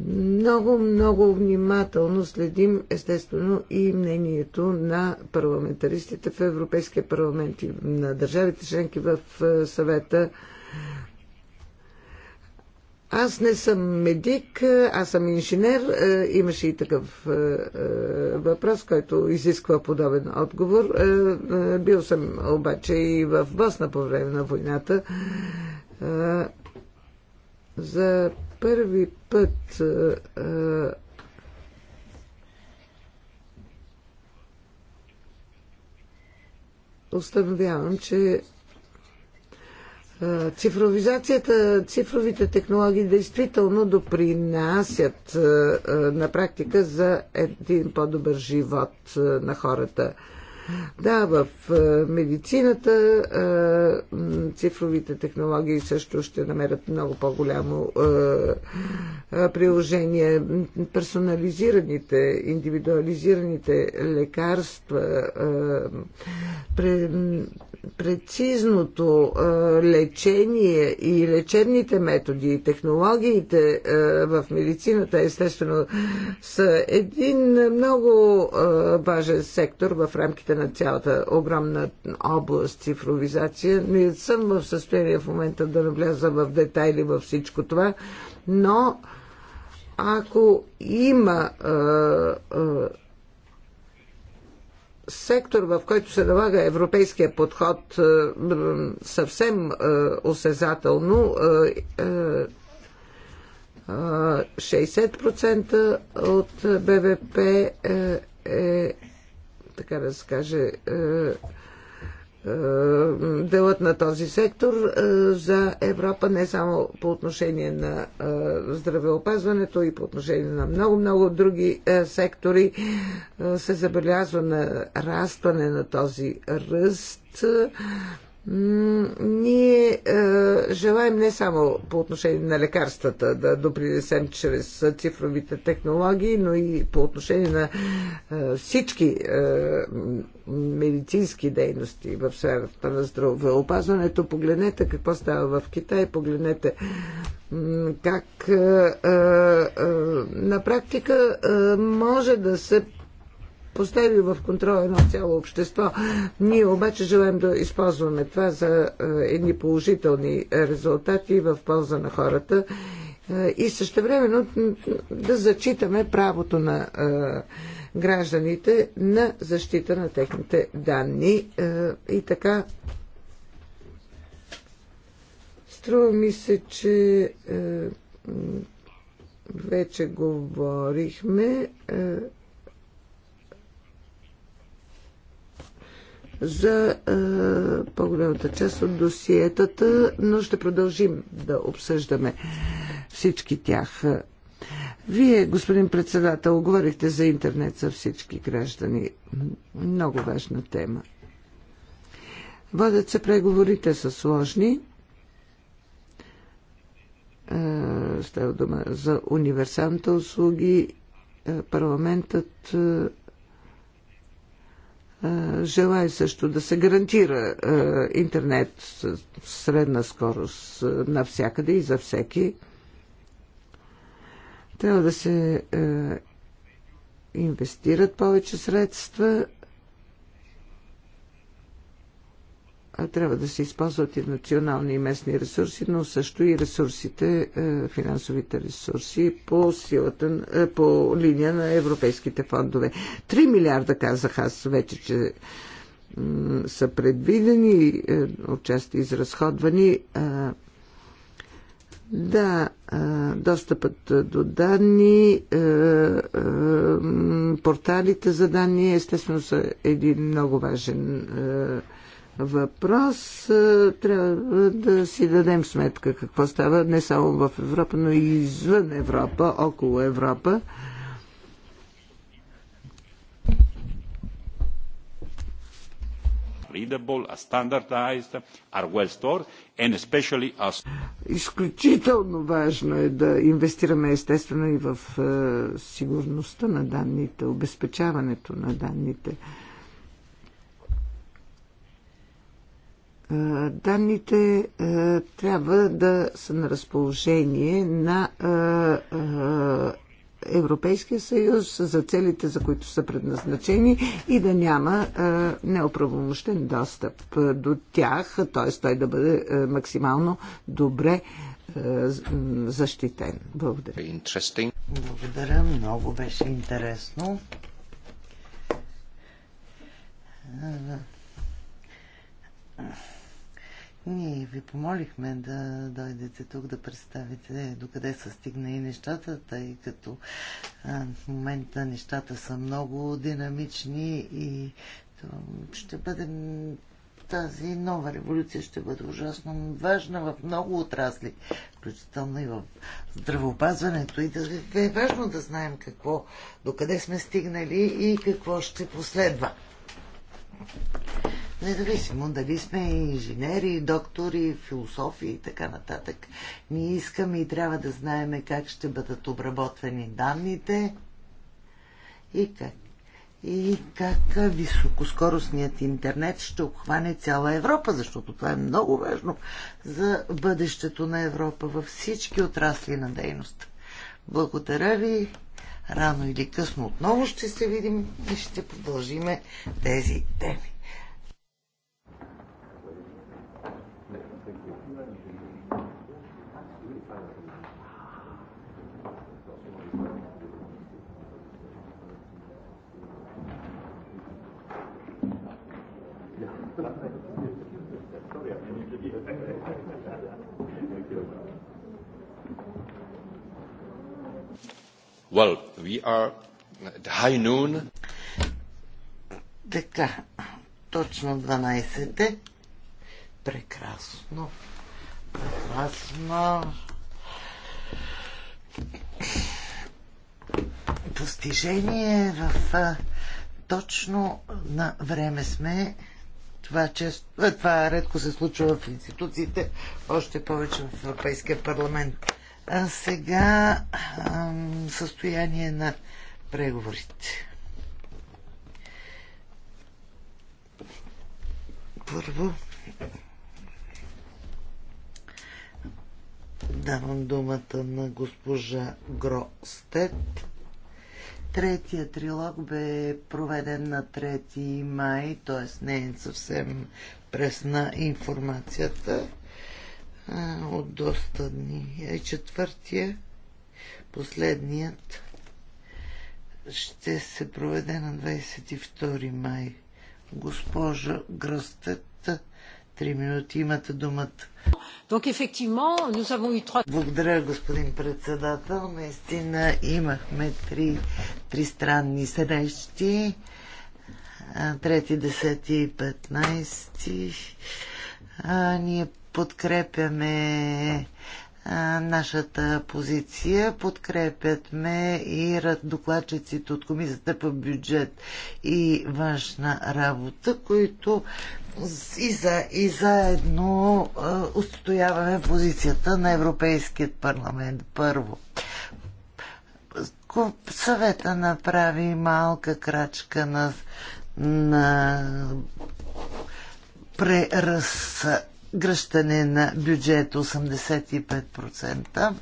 Speaker 3: Много, много внимателно следим, естествено, и мнението на парламентаристите в Европейския парламент и на държавите членки в съвета аз не съм медик, аз съм инженер. Е, имаше и такъв е, е, въпрос, който изисква подобен отговор. Бил съм обаче и в Босна по време на войната. За първи път установявам, че Цифровизацията, цифровите технологии действително допринасят на практика за един по-добър живот на хората. Да, в медицината цифровите технологии също ще намерят много по-голямо приложение. Персонализираните, индивидуализираните лекарства, прецизното лечение и лечебните методи и технологиите в медицината естествено са един много важен сектор в рамките на цялата огромна област цифровизация. Не съм в състояние в момента да навляза в детайли във всичко това, но ако има сектор, в който се налага европейския подход е, съвсем е, осезателно, 60% е, от БВП е, така да се каже, е, делът на този сектор е, за Европа, не само по отношение на е, здравеопазването и по отношение на много-много други сектори, се забелязва на растване на този ръст ние е, желаем не само по отношение на лекарствата да допринесем чрез цифровите технологии, но и по отношение на е, всички е, медицински дейности в сферата на здравеопазването. Погледнете какво става в Китай, погледнете как на практика може да се постави в контрол едно цяло общество. Ние обаче желаем да използваме това за е, едни положителни резултати в полза на хората е, и времено да зачитаме правото на е, гражданите на защита на техните данни и така Струва ми се, че е, вече говорихме е, за е, по-голямата част от досиетата, но ще продължим да обсъждаме всички тях. Вие, господин председател, говорихте за интернет за всички граждани. Много важна тема. Водят се преговорите са сложни. Е, става дума за универсалните услуги. Е, парламентът Желая също да се гарантира интернет с средна скорост навсякъде и за всеки. Трябва да се инвестират повече средства трябва да се използват и национални и местни ресурси, но също и ресурсите, е, финансовите ресурси по силата, е, по линия на европейските фондове. 3 милиарда казах аз вече, че са предвидени, е, отчасти изразходвани. Да, достъпът до данни, порталите за данни, естествено са един много важен въпрос. Е, трябва да си дадем сметка какво става не само в Европа, но и извън Европа, около Европа. Изключително важно е да инвестираме естествено и в е, сигурността на данните, обезпечаването на данните. Е, данните е, трябва да са на разположение на е, Европейския съюз за целите, за които са предназначени и да няма неоправомощен достъп до тях, т.е. той да бъде максимално добре защитен. Благодаря. Благодаря, много беше
Speaker 4: интересно. Uh... Ние ви помолихме да дойдете тук да представите докъде са стигнали нещата, тъй като в момента нещата са много динамични и ще бъде тази нова революция ще бъде ужасно важна в много отрасли, включително и в здравеопазването. И да е важно да знаем какво, докъде сме стигнали и какво ще последва независимо дали сме инженери, доктори, философи и така нататък. Ние искаме и трябва да знаеме как ще бъдат обработвани данните и как и как високоскоростният интернет ще обхване цяла Европа, защото това е много важно за бъдещето на Европа във всички отрасли на дейност. Благодаря ви. Рано или късно
Speaker 3: отново ще се видим и ще продължиме тези теми.
Speaker 1: Well, we are at high noon.
Speaker 4: Така, точно 12-те. Прекрасно. Прекрасно. Постижение в а, точно на време сме. Това, че, това редко се случва в институциите, още повече в Европейския парламент. А сега състояние на преговорите. Първо давам думата на госпожа Гростет. Третия трилог бе проведен на 3 май, т.е. не е съвсем пресна информацията а, от доста дни. И е, четвъртия, последният, ще се проведе на 22 май. Госпожа Гръстет, 3 минути имате думата.
Speaker 2: Donc, effectivement, nous avons eu
Speaker 4: 3... Благодаря, господин председател. Наистина имахме три, три странни срещи. трети, 10 и 15. А, ние подкрепяме нашата позиция. Подкрепят ме и докладчиците от Комисията по бюджет и външна работа, които и, за, и заедно устояваме позицията на Европейският парламент първо. Съвета направи малка крачка на, на преразсъ гръщане на бюджет 85%.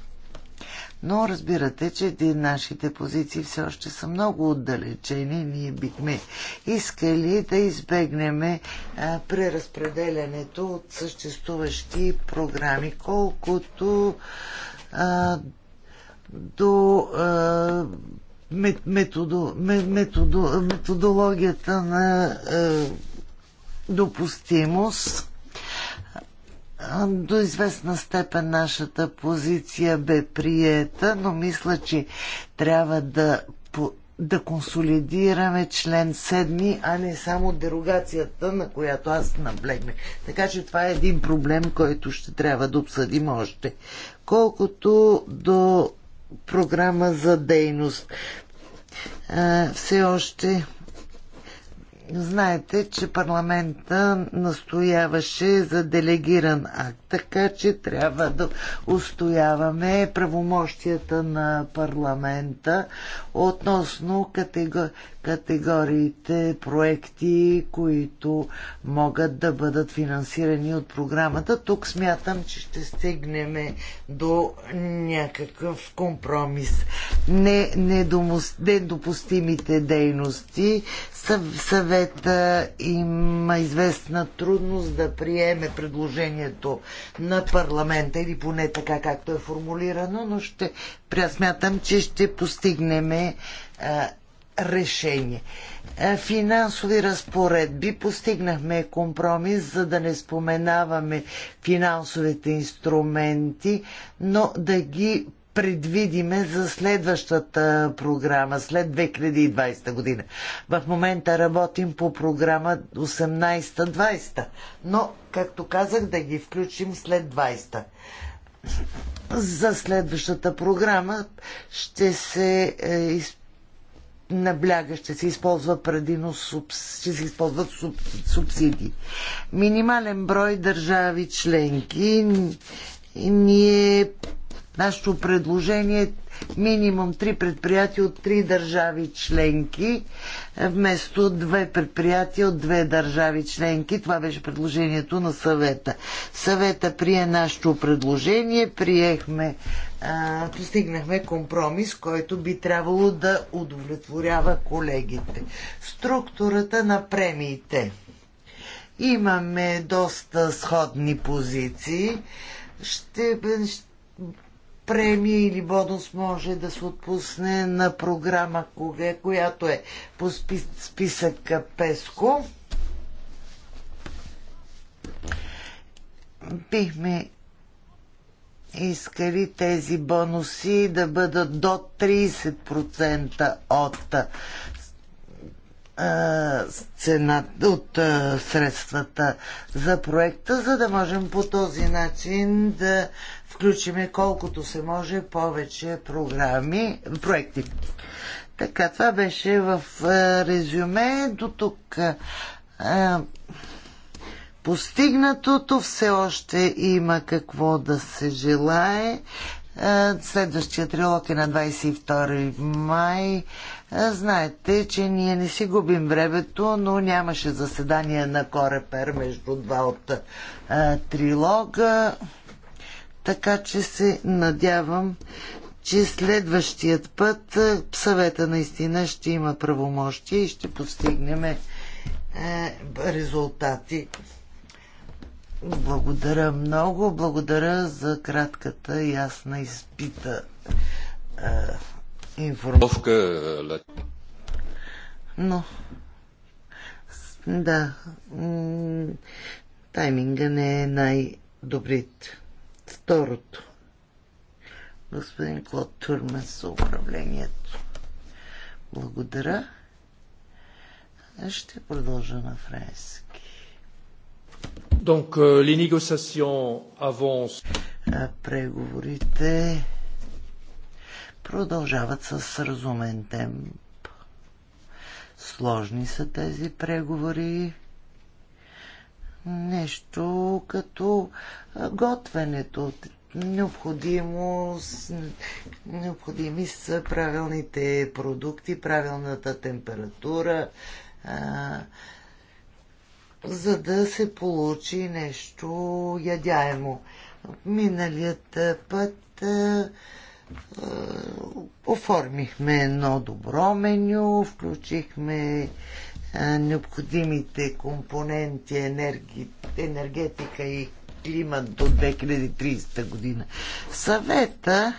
Speaker 4: Но разбирате, че нашите позиции все още са много отдалечени. Ние бихме искали да избегнем преразпределянето от съществуващи програми, колкото а, до а, методо, методо, методологията на а, допустимост до известна степен нашата позиция бе приета, но мисля, че трябва да, да консолидираме член 7, а не само дерогацията, на която аз наблегнах. Така че това е един проблем, който ще трябва да обсъдим още. Колкото до програма за дейност, все още Знаете, че парламента настояваше за делегиран акт, така че трябва да устояваме правомощията на парламента относно категориите проекти, които могат да бъдат финансирани от програмата. Тук смятам, че ще стигнем до някакъв компромис. Не, недопустимите дейности съвета има известна трудност да приеме предложението на парламента или поне така както е формулирано, но ще смятам, че ще постигнем е, решение. Е, финансови разпоредби постигнахме компромис, за да не споменаваме финансовите инструменти, но да ги предвидиме за следващата програма след 2020 година. В момента работим по програма 18-20, но, както казах, да ги включим след 20. За следващата програма ще се е, набляга, ще се използва предино ще се използват суб... субсидии. Минимален брой държави членки ние нашето предложение е минимум три предприятия от три държави членки, е, вместо две предприятия от две държави членки. Това беше предложението на съвета. Съвета прие нашето предложение, приехме, а, постигнахме компромис, който би трябвало да удовлетворява колегите. Структурата на премиите. Имаме доста сходни позиции. Ще, ще премия или бонус може да се отпусне на програма КОГЕ, която е по списък ПЕСКО. Бихме искали тези бонуси да бъдат до 30% от цена от средствата за проекта, за да можем по този начин да включиме колкото се може повече програми, проекти. Така, това беше в е, резюме. До тук е, е, постигнатото все още има какво да се желае. Следващия трилог е на 22 май. Знаете, че ние не си губим времето, но нямаше заседание на Корепер между два от трилога. Така че се надявам, че следващият път е, съвета наистина ще има правомощие и ще постигнем е, резултати. Благодаря много, благодаря за кратката, ясна изпита е,
Speaker 1: информация.
Speaker 4: Но, да, тайминга не е най добрит Второто. Господин Клод Турмен за управлението. Благодаря. Ще продължа на френски. Donc, euh, les négociations avancent. Преговорите продължават с разумен темп. Сложни са тези преговори нещо като готвенето. необходимост, необходими са правилните продукти, правилната температура, а, за да се получи нещо ядяемо. Миналият път а, оформихме едно добро меню, включихме необходимите компоненти енерги, енергетика и климат до 2030 година. Съвета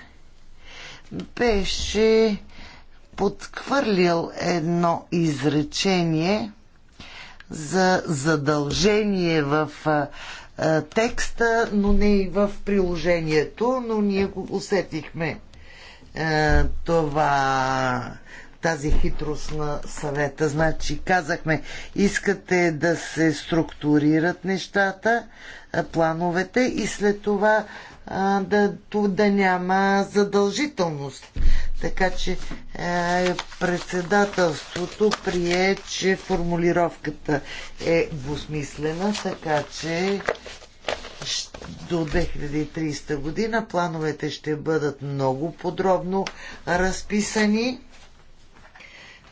Speaker 4: беше подхвърлил едно изречение за задължение в текста, но не и в приложението, но ние го усетихме това тази хитрост на съвета. Значи казахме, искате да се структурират нещата, плановете и след това да, да няма задължителност. Така че е, председателството прие, че формулировката е двусмислена, така че до 2030 година плановете ще бъдат много подробно разписани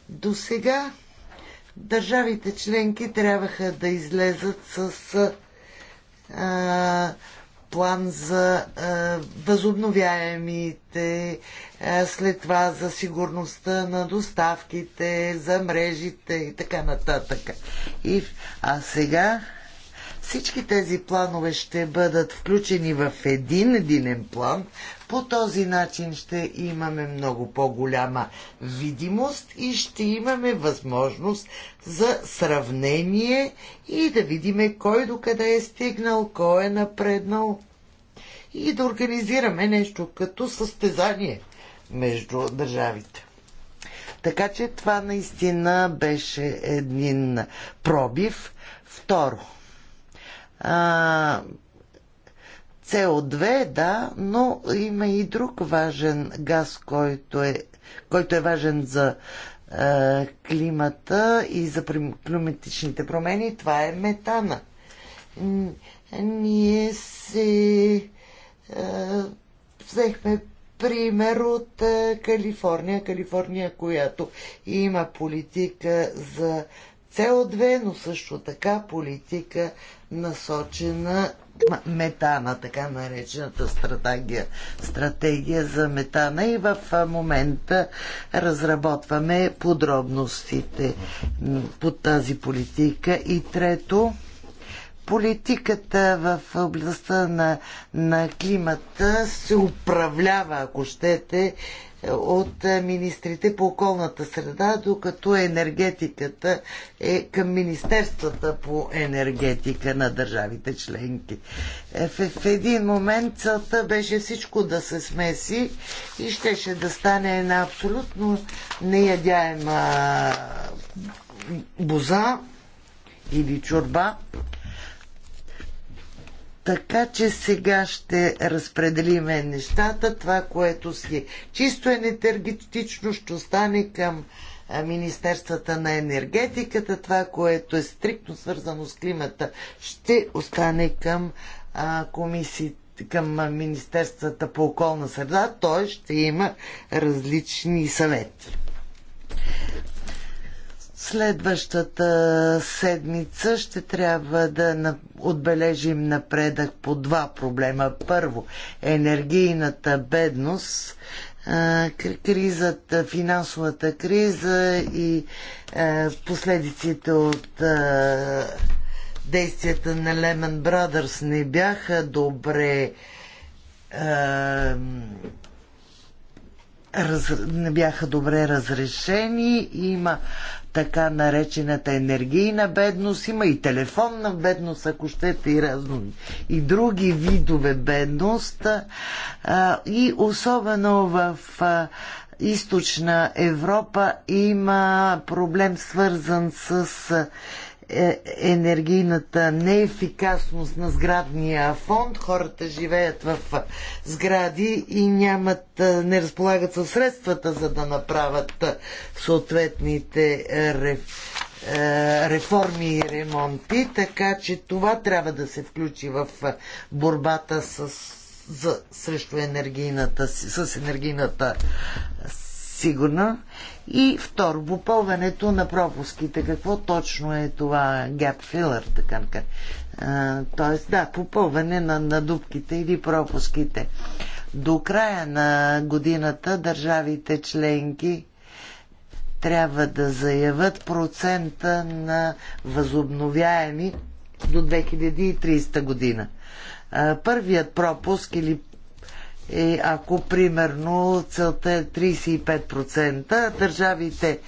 Speaker 4: до сега държавите членки трябваха да излезат с а, план за а, възобновяемите, а, след това за сигурността на доставките, за мрежите и така нататък. И, а сега всички тези планове ще бъдат включени в един единен план, по този начин ще имаме много по-голяма видимост и ще имаме възможност за сравнение и да видиме кой докъде е стигнал, кой е напреднал и да организираме нещо като състезание между държавите. Така че това наистина беше един пробив. Второ, а, CO2, да, но има и друг важен газ, който е, който е важен за е, климата и за климатичните промени. Това е метана. Ние се е, взехме пример от е, Калифорния. Калифорния, която има политика за CO2, но също така политика насочена метана, така наречената стратегия, стратегия за метана и в момента разработваме подробностите по тази политика. И трето, политиката в областта на, на климата се управлява, ако щете, от е, министрите по околната среда, докато енергетиката е към Министерствата по енергетика на държавите членки. Е, в, един момент целта беше всичко да се смеси и щеше да стане една абсолютно неядяема боза или чорба. Така че сега ще разпределиме нещата. Това, което си чисто енергетично, ще остане към Министерствата на енергетиката. Това, което е стриктно свързано с климата, ще остане към комисиите към Министерствата по околна среда, той ще има различни съвети. Следващата седмица ще трябва да отбележим напредък по два проблема. Първо, енергийната бедност, кризата, финансовата криза и последиците от действията на Lehman Brothers не бяха добре не бяха добре разрешени. Има така наречената енергийна бедност, има и телефонна бедност, ако щете, и, разно, и други видове бедност. И особено в източна Европа има проблем свързан с е, енергийната неефикасност на сградния фонд. Хората живеят в сгради и нямат, е, не разполагат със средствата, за да направят е, съответните реформи и ремонти, така че това трябва да се включи в борбата с, за, срещу енергийната, с енергийната сигурна. И второ, попълването на пропуските. Какво точно е това gap filler, така така? Тоест, да, попълване на, на дубките или пропуските. До края на годината държавите членки трябва да заявят процента на възобновяеми до 2030 година. Първият пропуск или е, ако примерно целта е 35%, държавите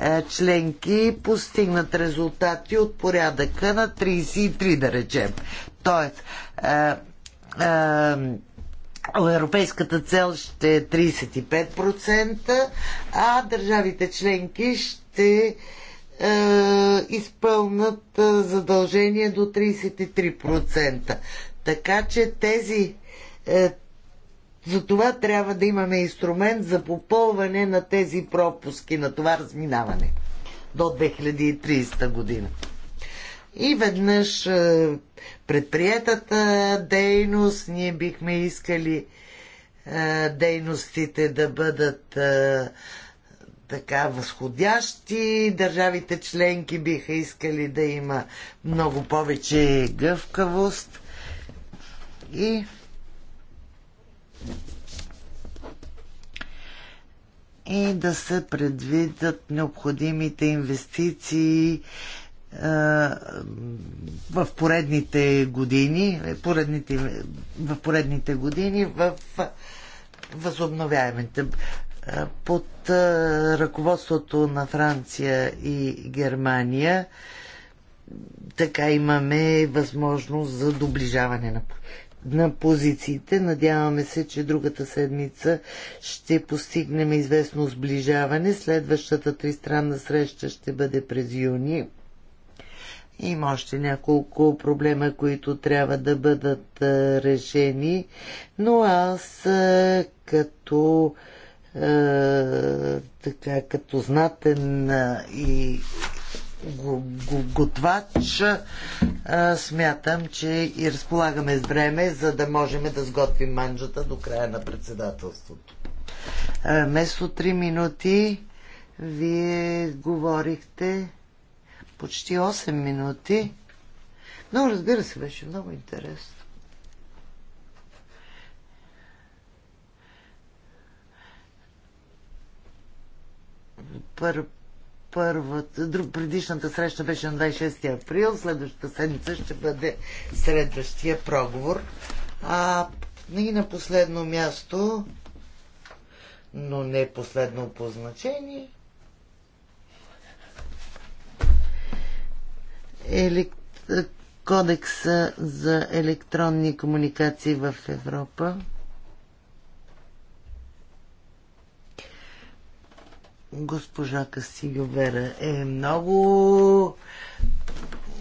Speaker 4: е, членки постигнат резултати от порядъка на 33, да речем. Тоест, е, е, европейската цел ще е 35%, а държавите членки ще е, изпълнат е, задължение до 33%. Така че тези е, затова трябва да имаме инструмент за попълване на тези пропуски, на това разминаване до 2030 година. И веднъж е, предприятата дейност, ние бихме искали е, дейностите да бъдат е, така възходящи. Държавите членки биха искали да има много повече гъвкавост. И и да се предвидят необходимите инвестиции в поредните години, поредните, в поредните години в възобновяемите. Под ръководството на Франция и Германия така имаме възможност за доближаване на на позициите. Надяваме се, че другата седмица ще постигнем известно сближаване. Следващата тристранна среща ще бъде през юни. Има още няколко проблема, които трябва да бъдат решени, но аз като така, като знатен и готвач. Смятам, че и разполагаме с време, за да можем да сготвим манджата до края на председателството. Место 3 минути вие говорихте почти 8 минути. Но разбира се, беше много интересно. Пър, първата, друг, предишната среща беше на 26 април, следващата седмица ще бъде следващия проговор. А и на последно място, но не последно по значение, кодекса за електронни комуникации в Европа. госпожа Касиговера е много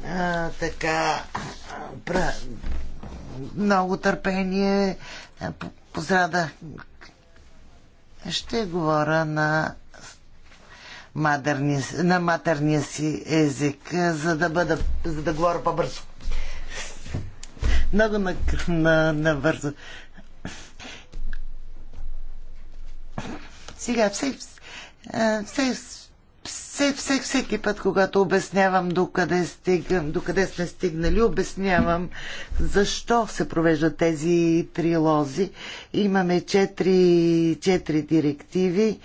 Speaker 4: а, така пра, много търпение позрада ще говоря на матерния, на матерния си език, за да, бъда, за да говоря по-бързо. Много на, На, на бързо. Сега, всеки, е, все, все, все, всеки път, когато обяснявам докъде, стигам, докъде сме стигнали, обяснявам защо се провеждат тези трилози. Имаме четири, четири директиви,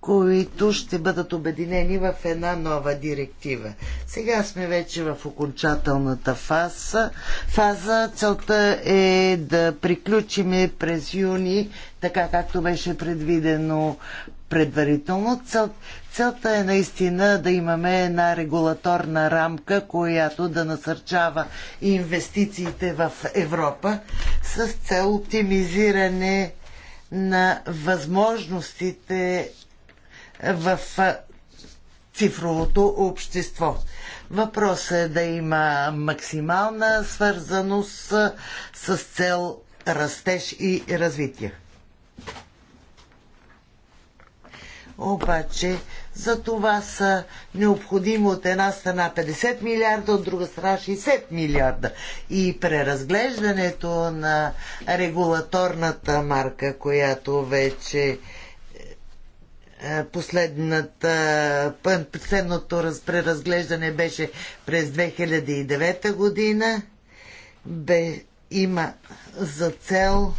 Speaker 4: които ще бъдат обединени в една нова директива. Сега сме вече в окончателната фаза. фаза. Целта е да приключиме през юни, така както беше предвидено предварително. Цел, целта е наистина да имаме една регулаторна рамка, която да насърчава инвестициите в Европа с цел оптимизиране на възможностите в цифровото общество. Въпросът е да има максимална свързаност с цел растеж и развитие. Обаче за това са необходимо от една страна 50 милиарда, от друга страна 60 милиарда. И преразглеждането на регулаторната марка, която вече е, последната, последното преразглеждане беше през 2009 година. Бе, има за цел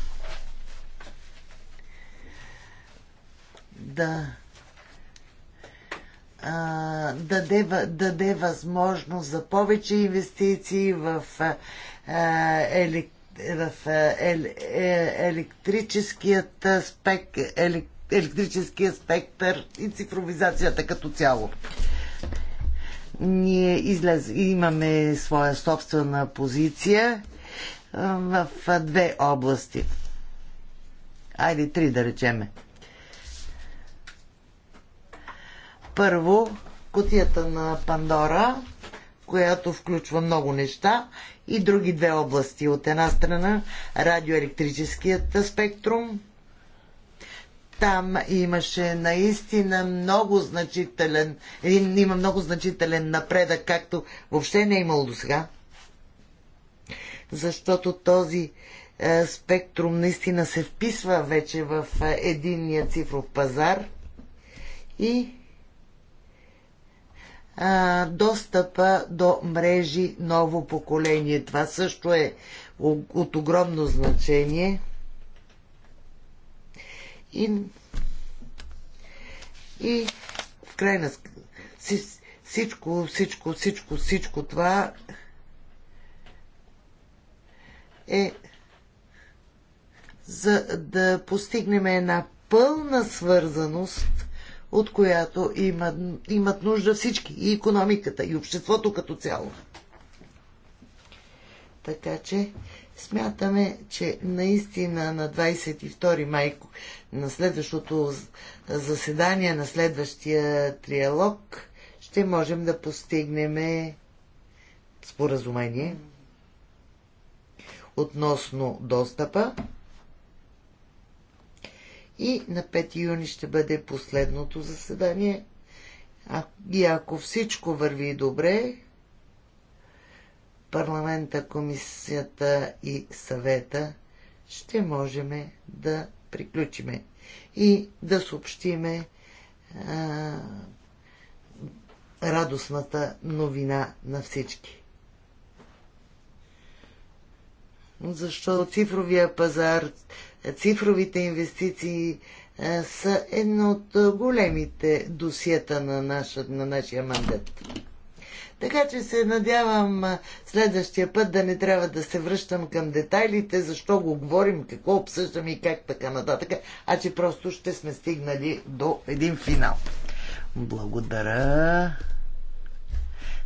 Speaker 4: да даде, даде възможност за повече инвестиции в, а, елек, в ел, е, електрическият спек, елек, електрическия спектър и цифровизацията като цяло. Ние излез, имаме своя собствена позиция в две области. Айде три да речеме. Първо, кутията на Пандора, която включва много неща и други две области. От една страна радиоелектрическият спектрум. Там имаше наистина много значителен, има много значителен напредък, както въобще не е имало до сега. Защото този е, спектрум наистина се вписва вече в е, единния цифров пазар и а, достъпа до мрежи ново поколение. Това също е от огромно значение. И, и в крайна всичко, всичко, всичко, всичко това е за да постигнем една пълна свързаност от която имат, имат нужда всички, и економиката, и обществото като цяло. Така че смятаме, че наистина на 22 май на следващото заседание, на следващия триалог, ще можем да постигнем споразумение относно достъпа и на 5 юни ще бъде последното заседание. А, и ако всичко върви добре, парламента, комисията и съвета ще можем да приключиме и да съобщиме а, радостната новина на всички. Защо цифровия пазар цифровите инвестиции са едно от големите досиета на, наша, на нашия мандат. Така че се надявам следващия път да не трябва да се връщам към детайлите, защо го говорим, какво обсъждаме и как така нататък, а че просто ще сме стигнали до един финал. Благодаря.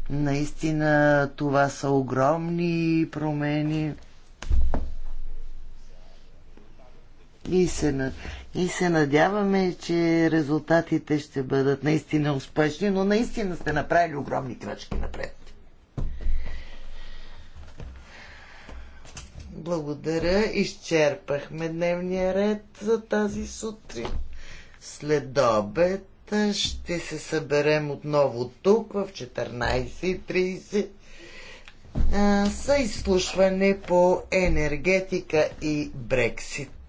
Speaker 4: Наистина това са огромни промени и се, и се надяваме, че резултатите ще бъдат наистина успешни, но наистина сте направили огромни крачки напред. Благодаря. Изчерпахме дневния ред за тази сутрин. След обед ще се съберем отново тук в 14.30 за изслушване по енергетика и Брексит.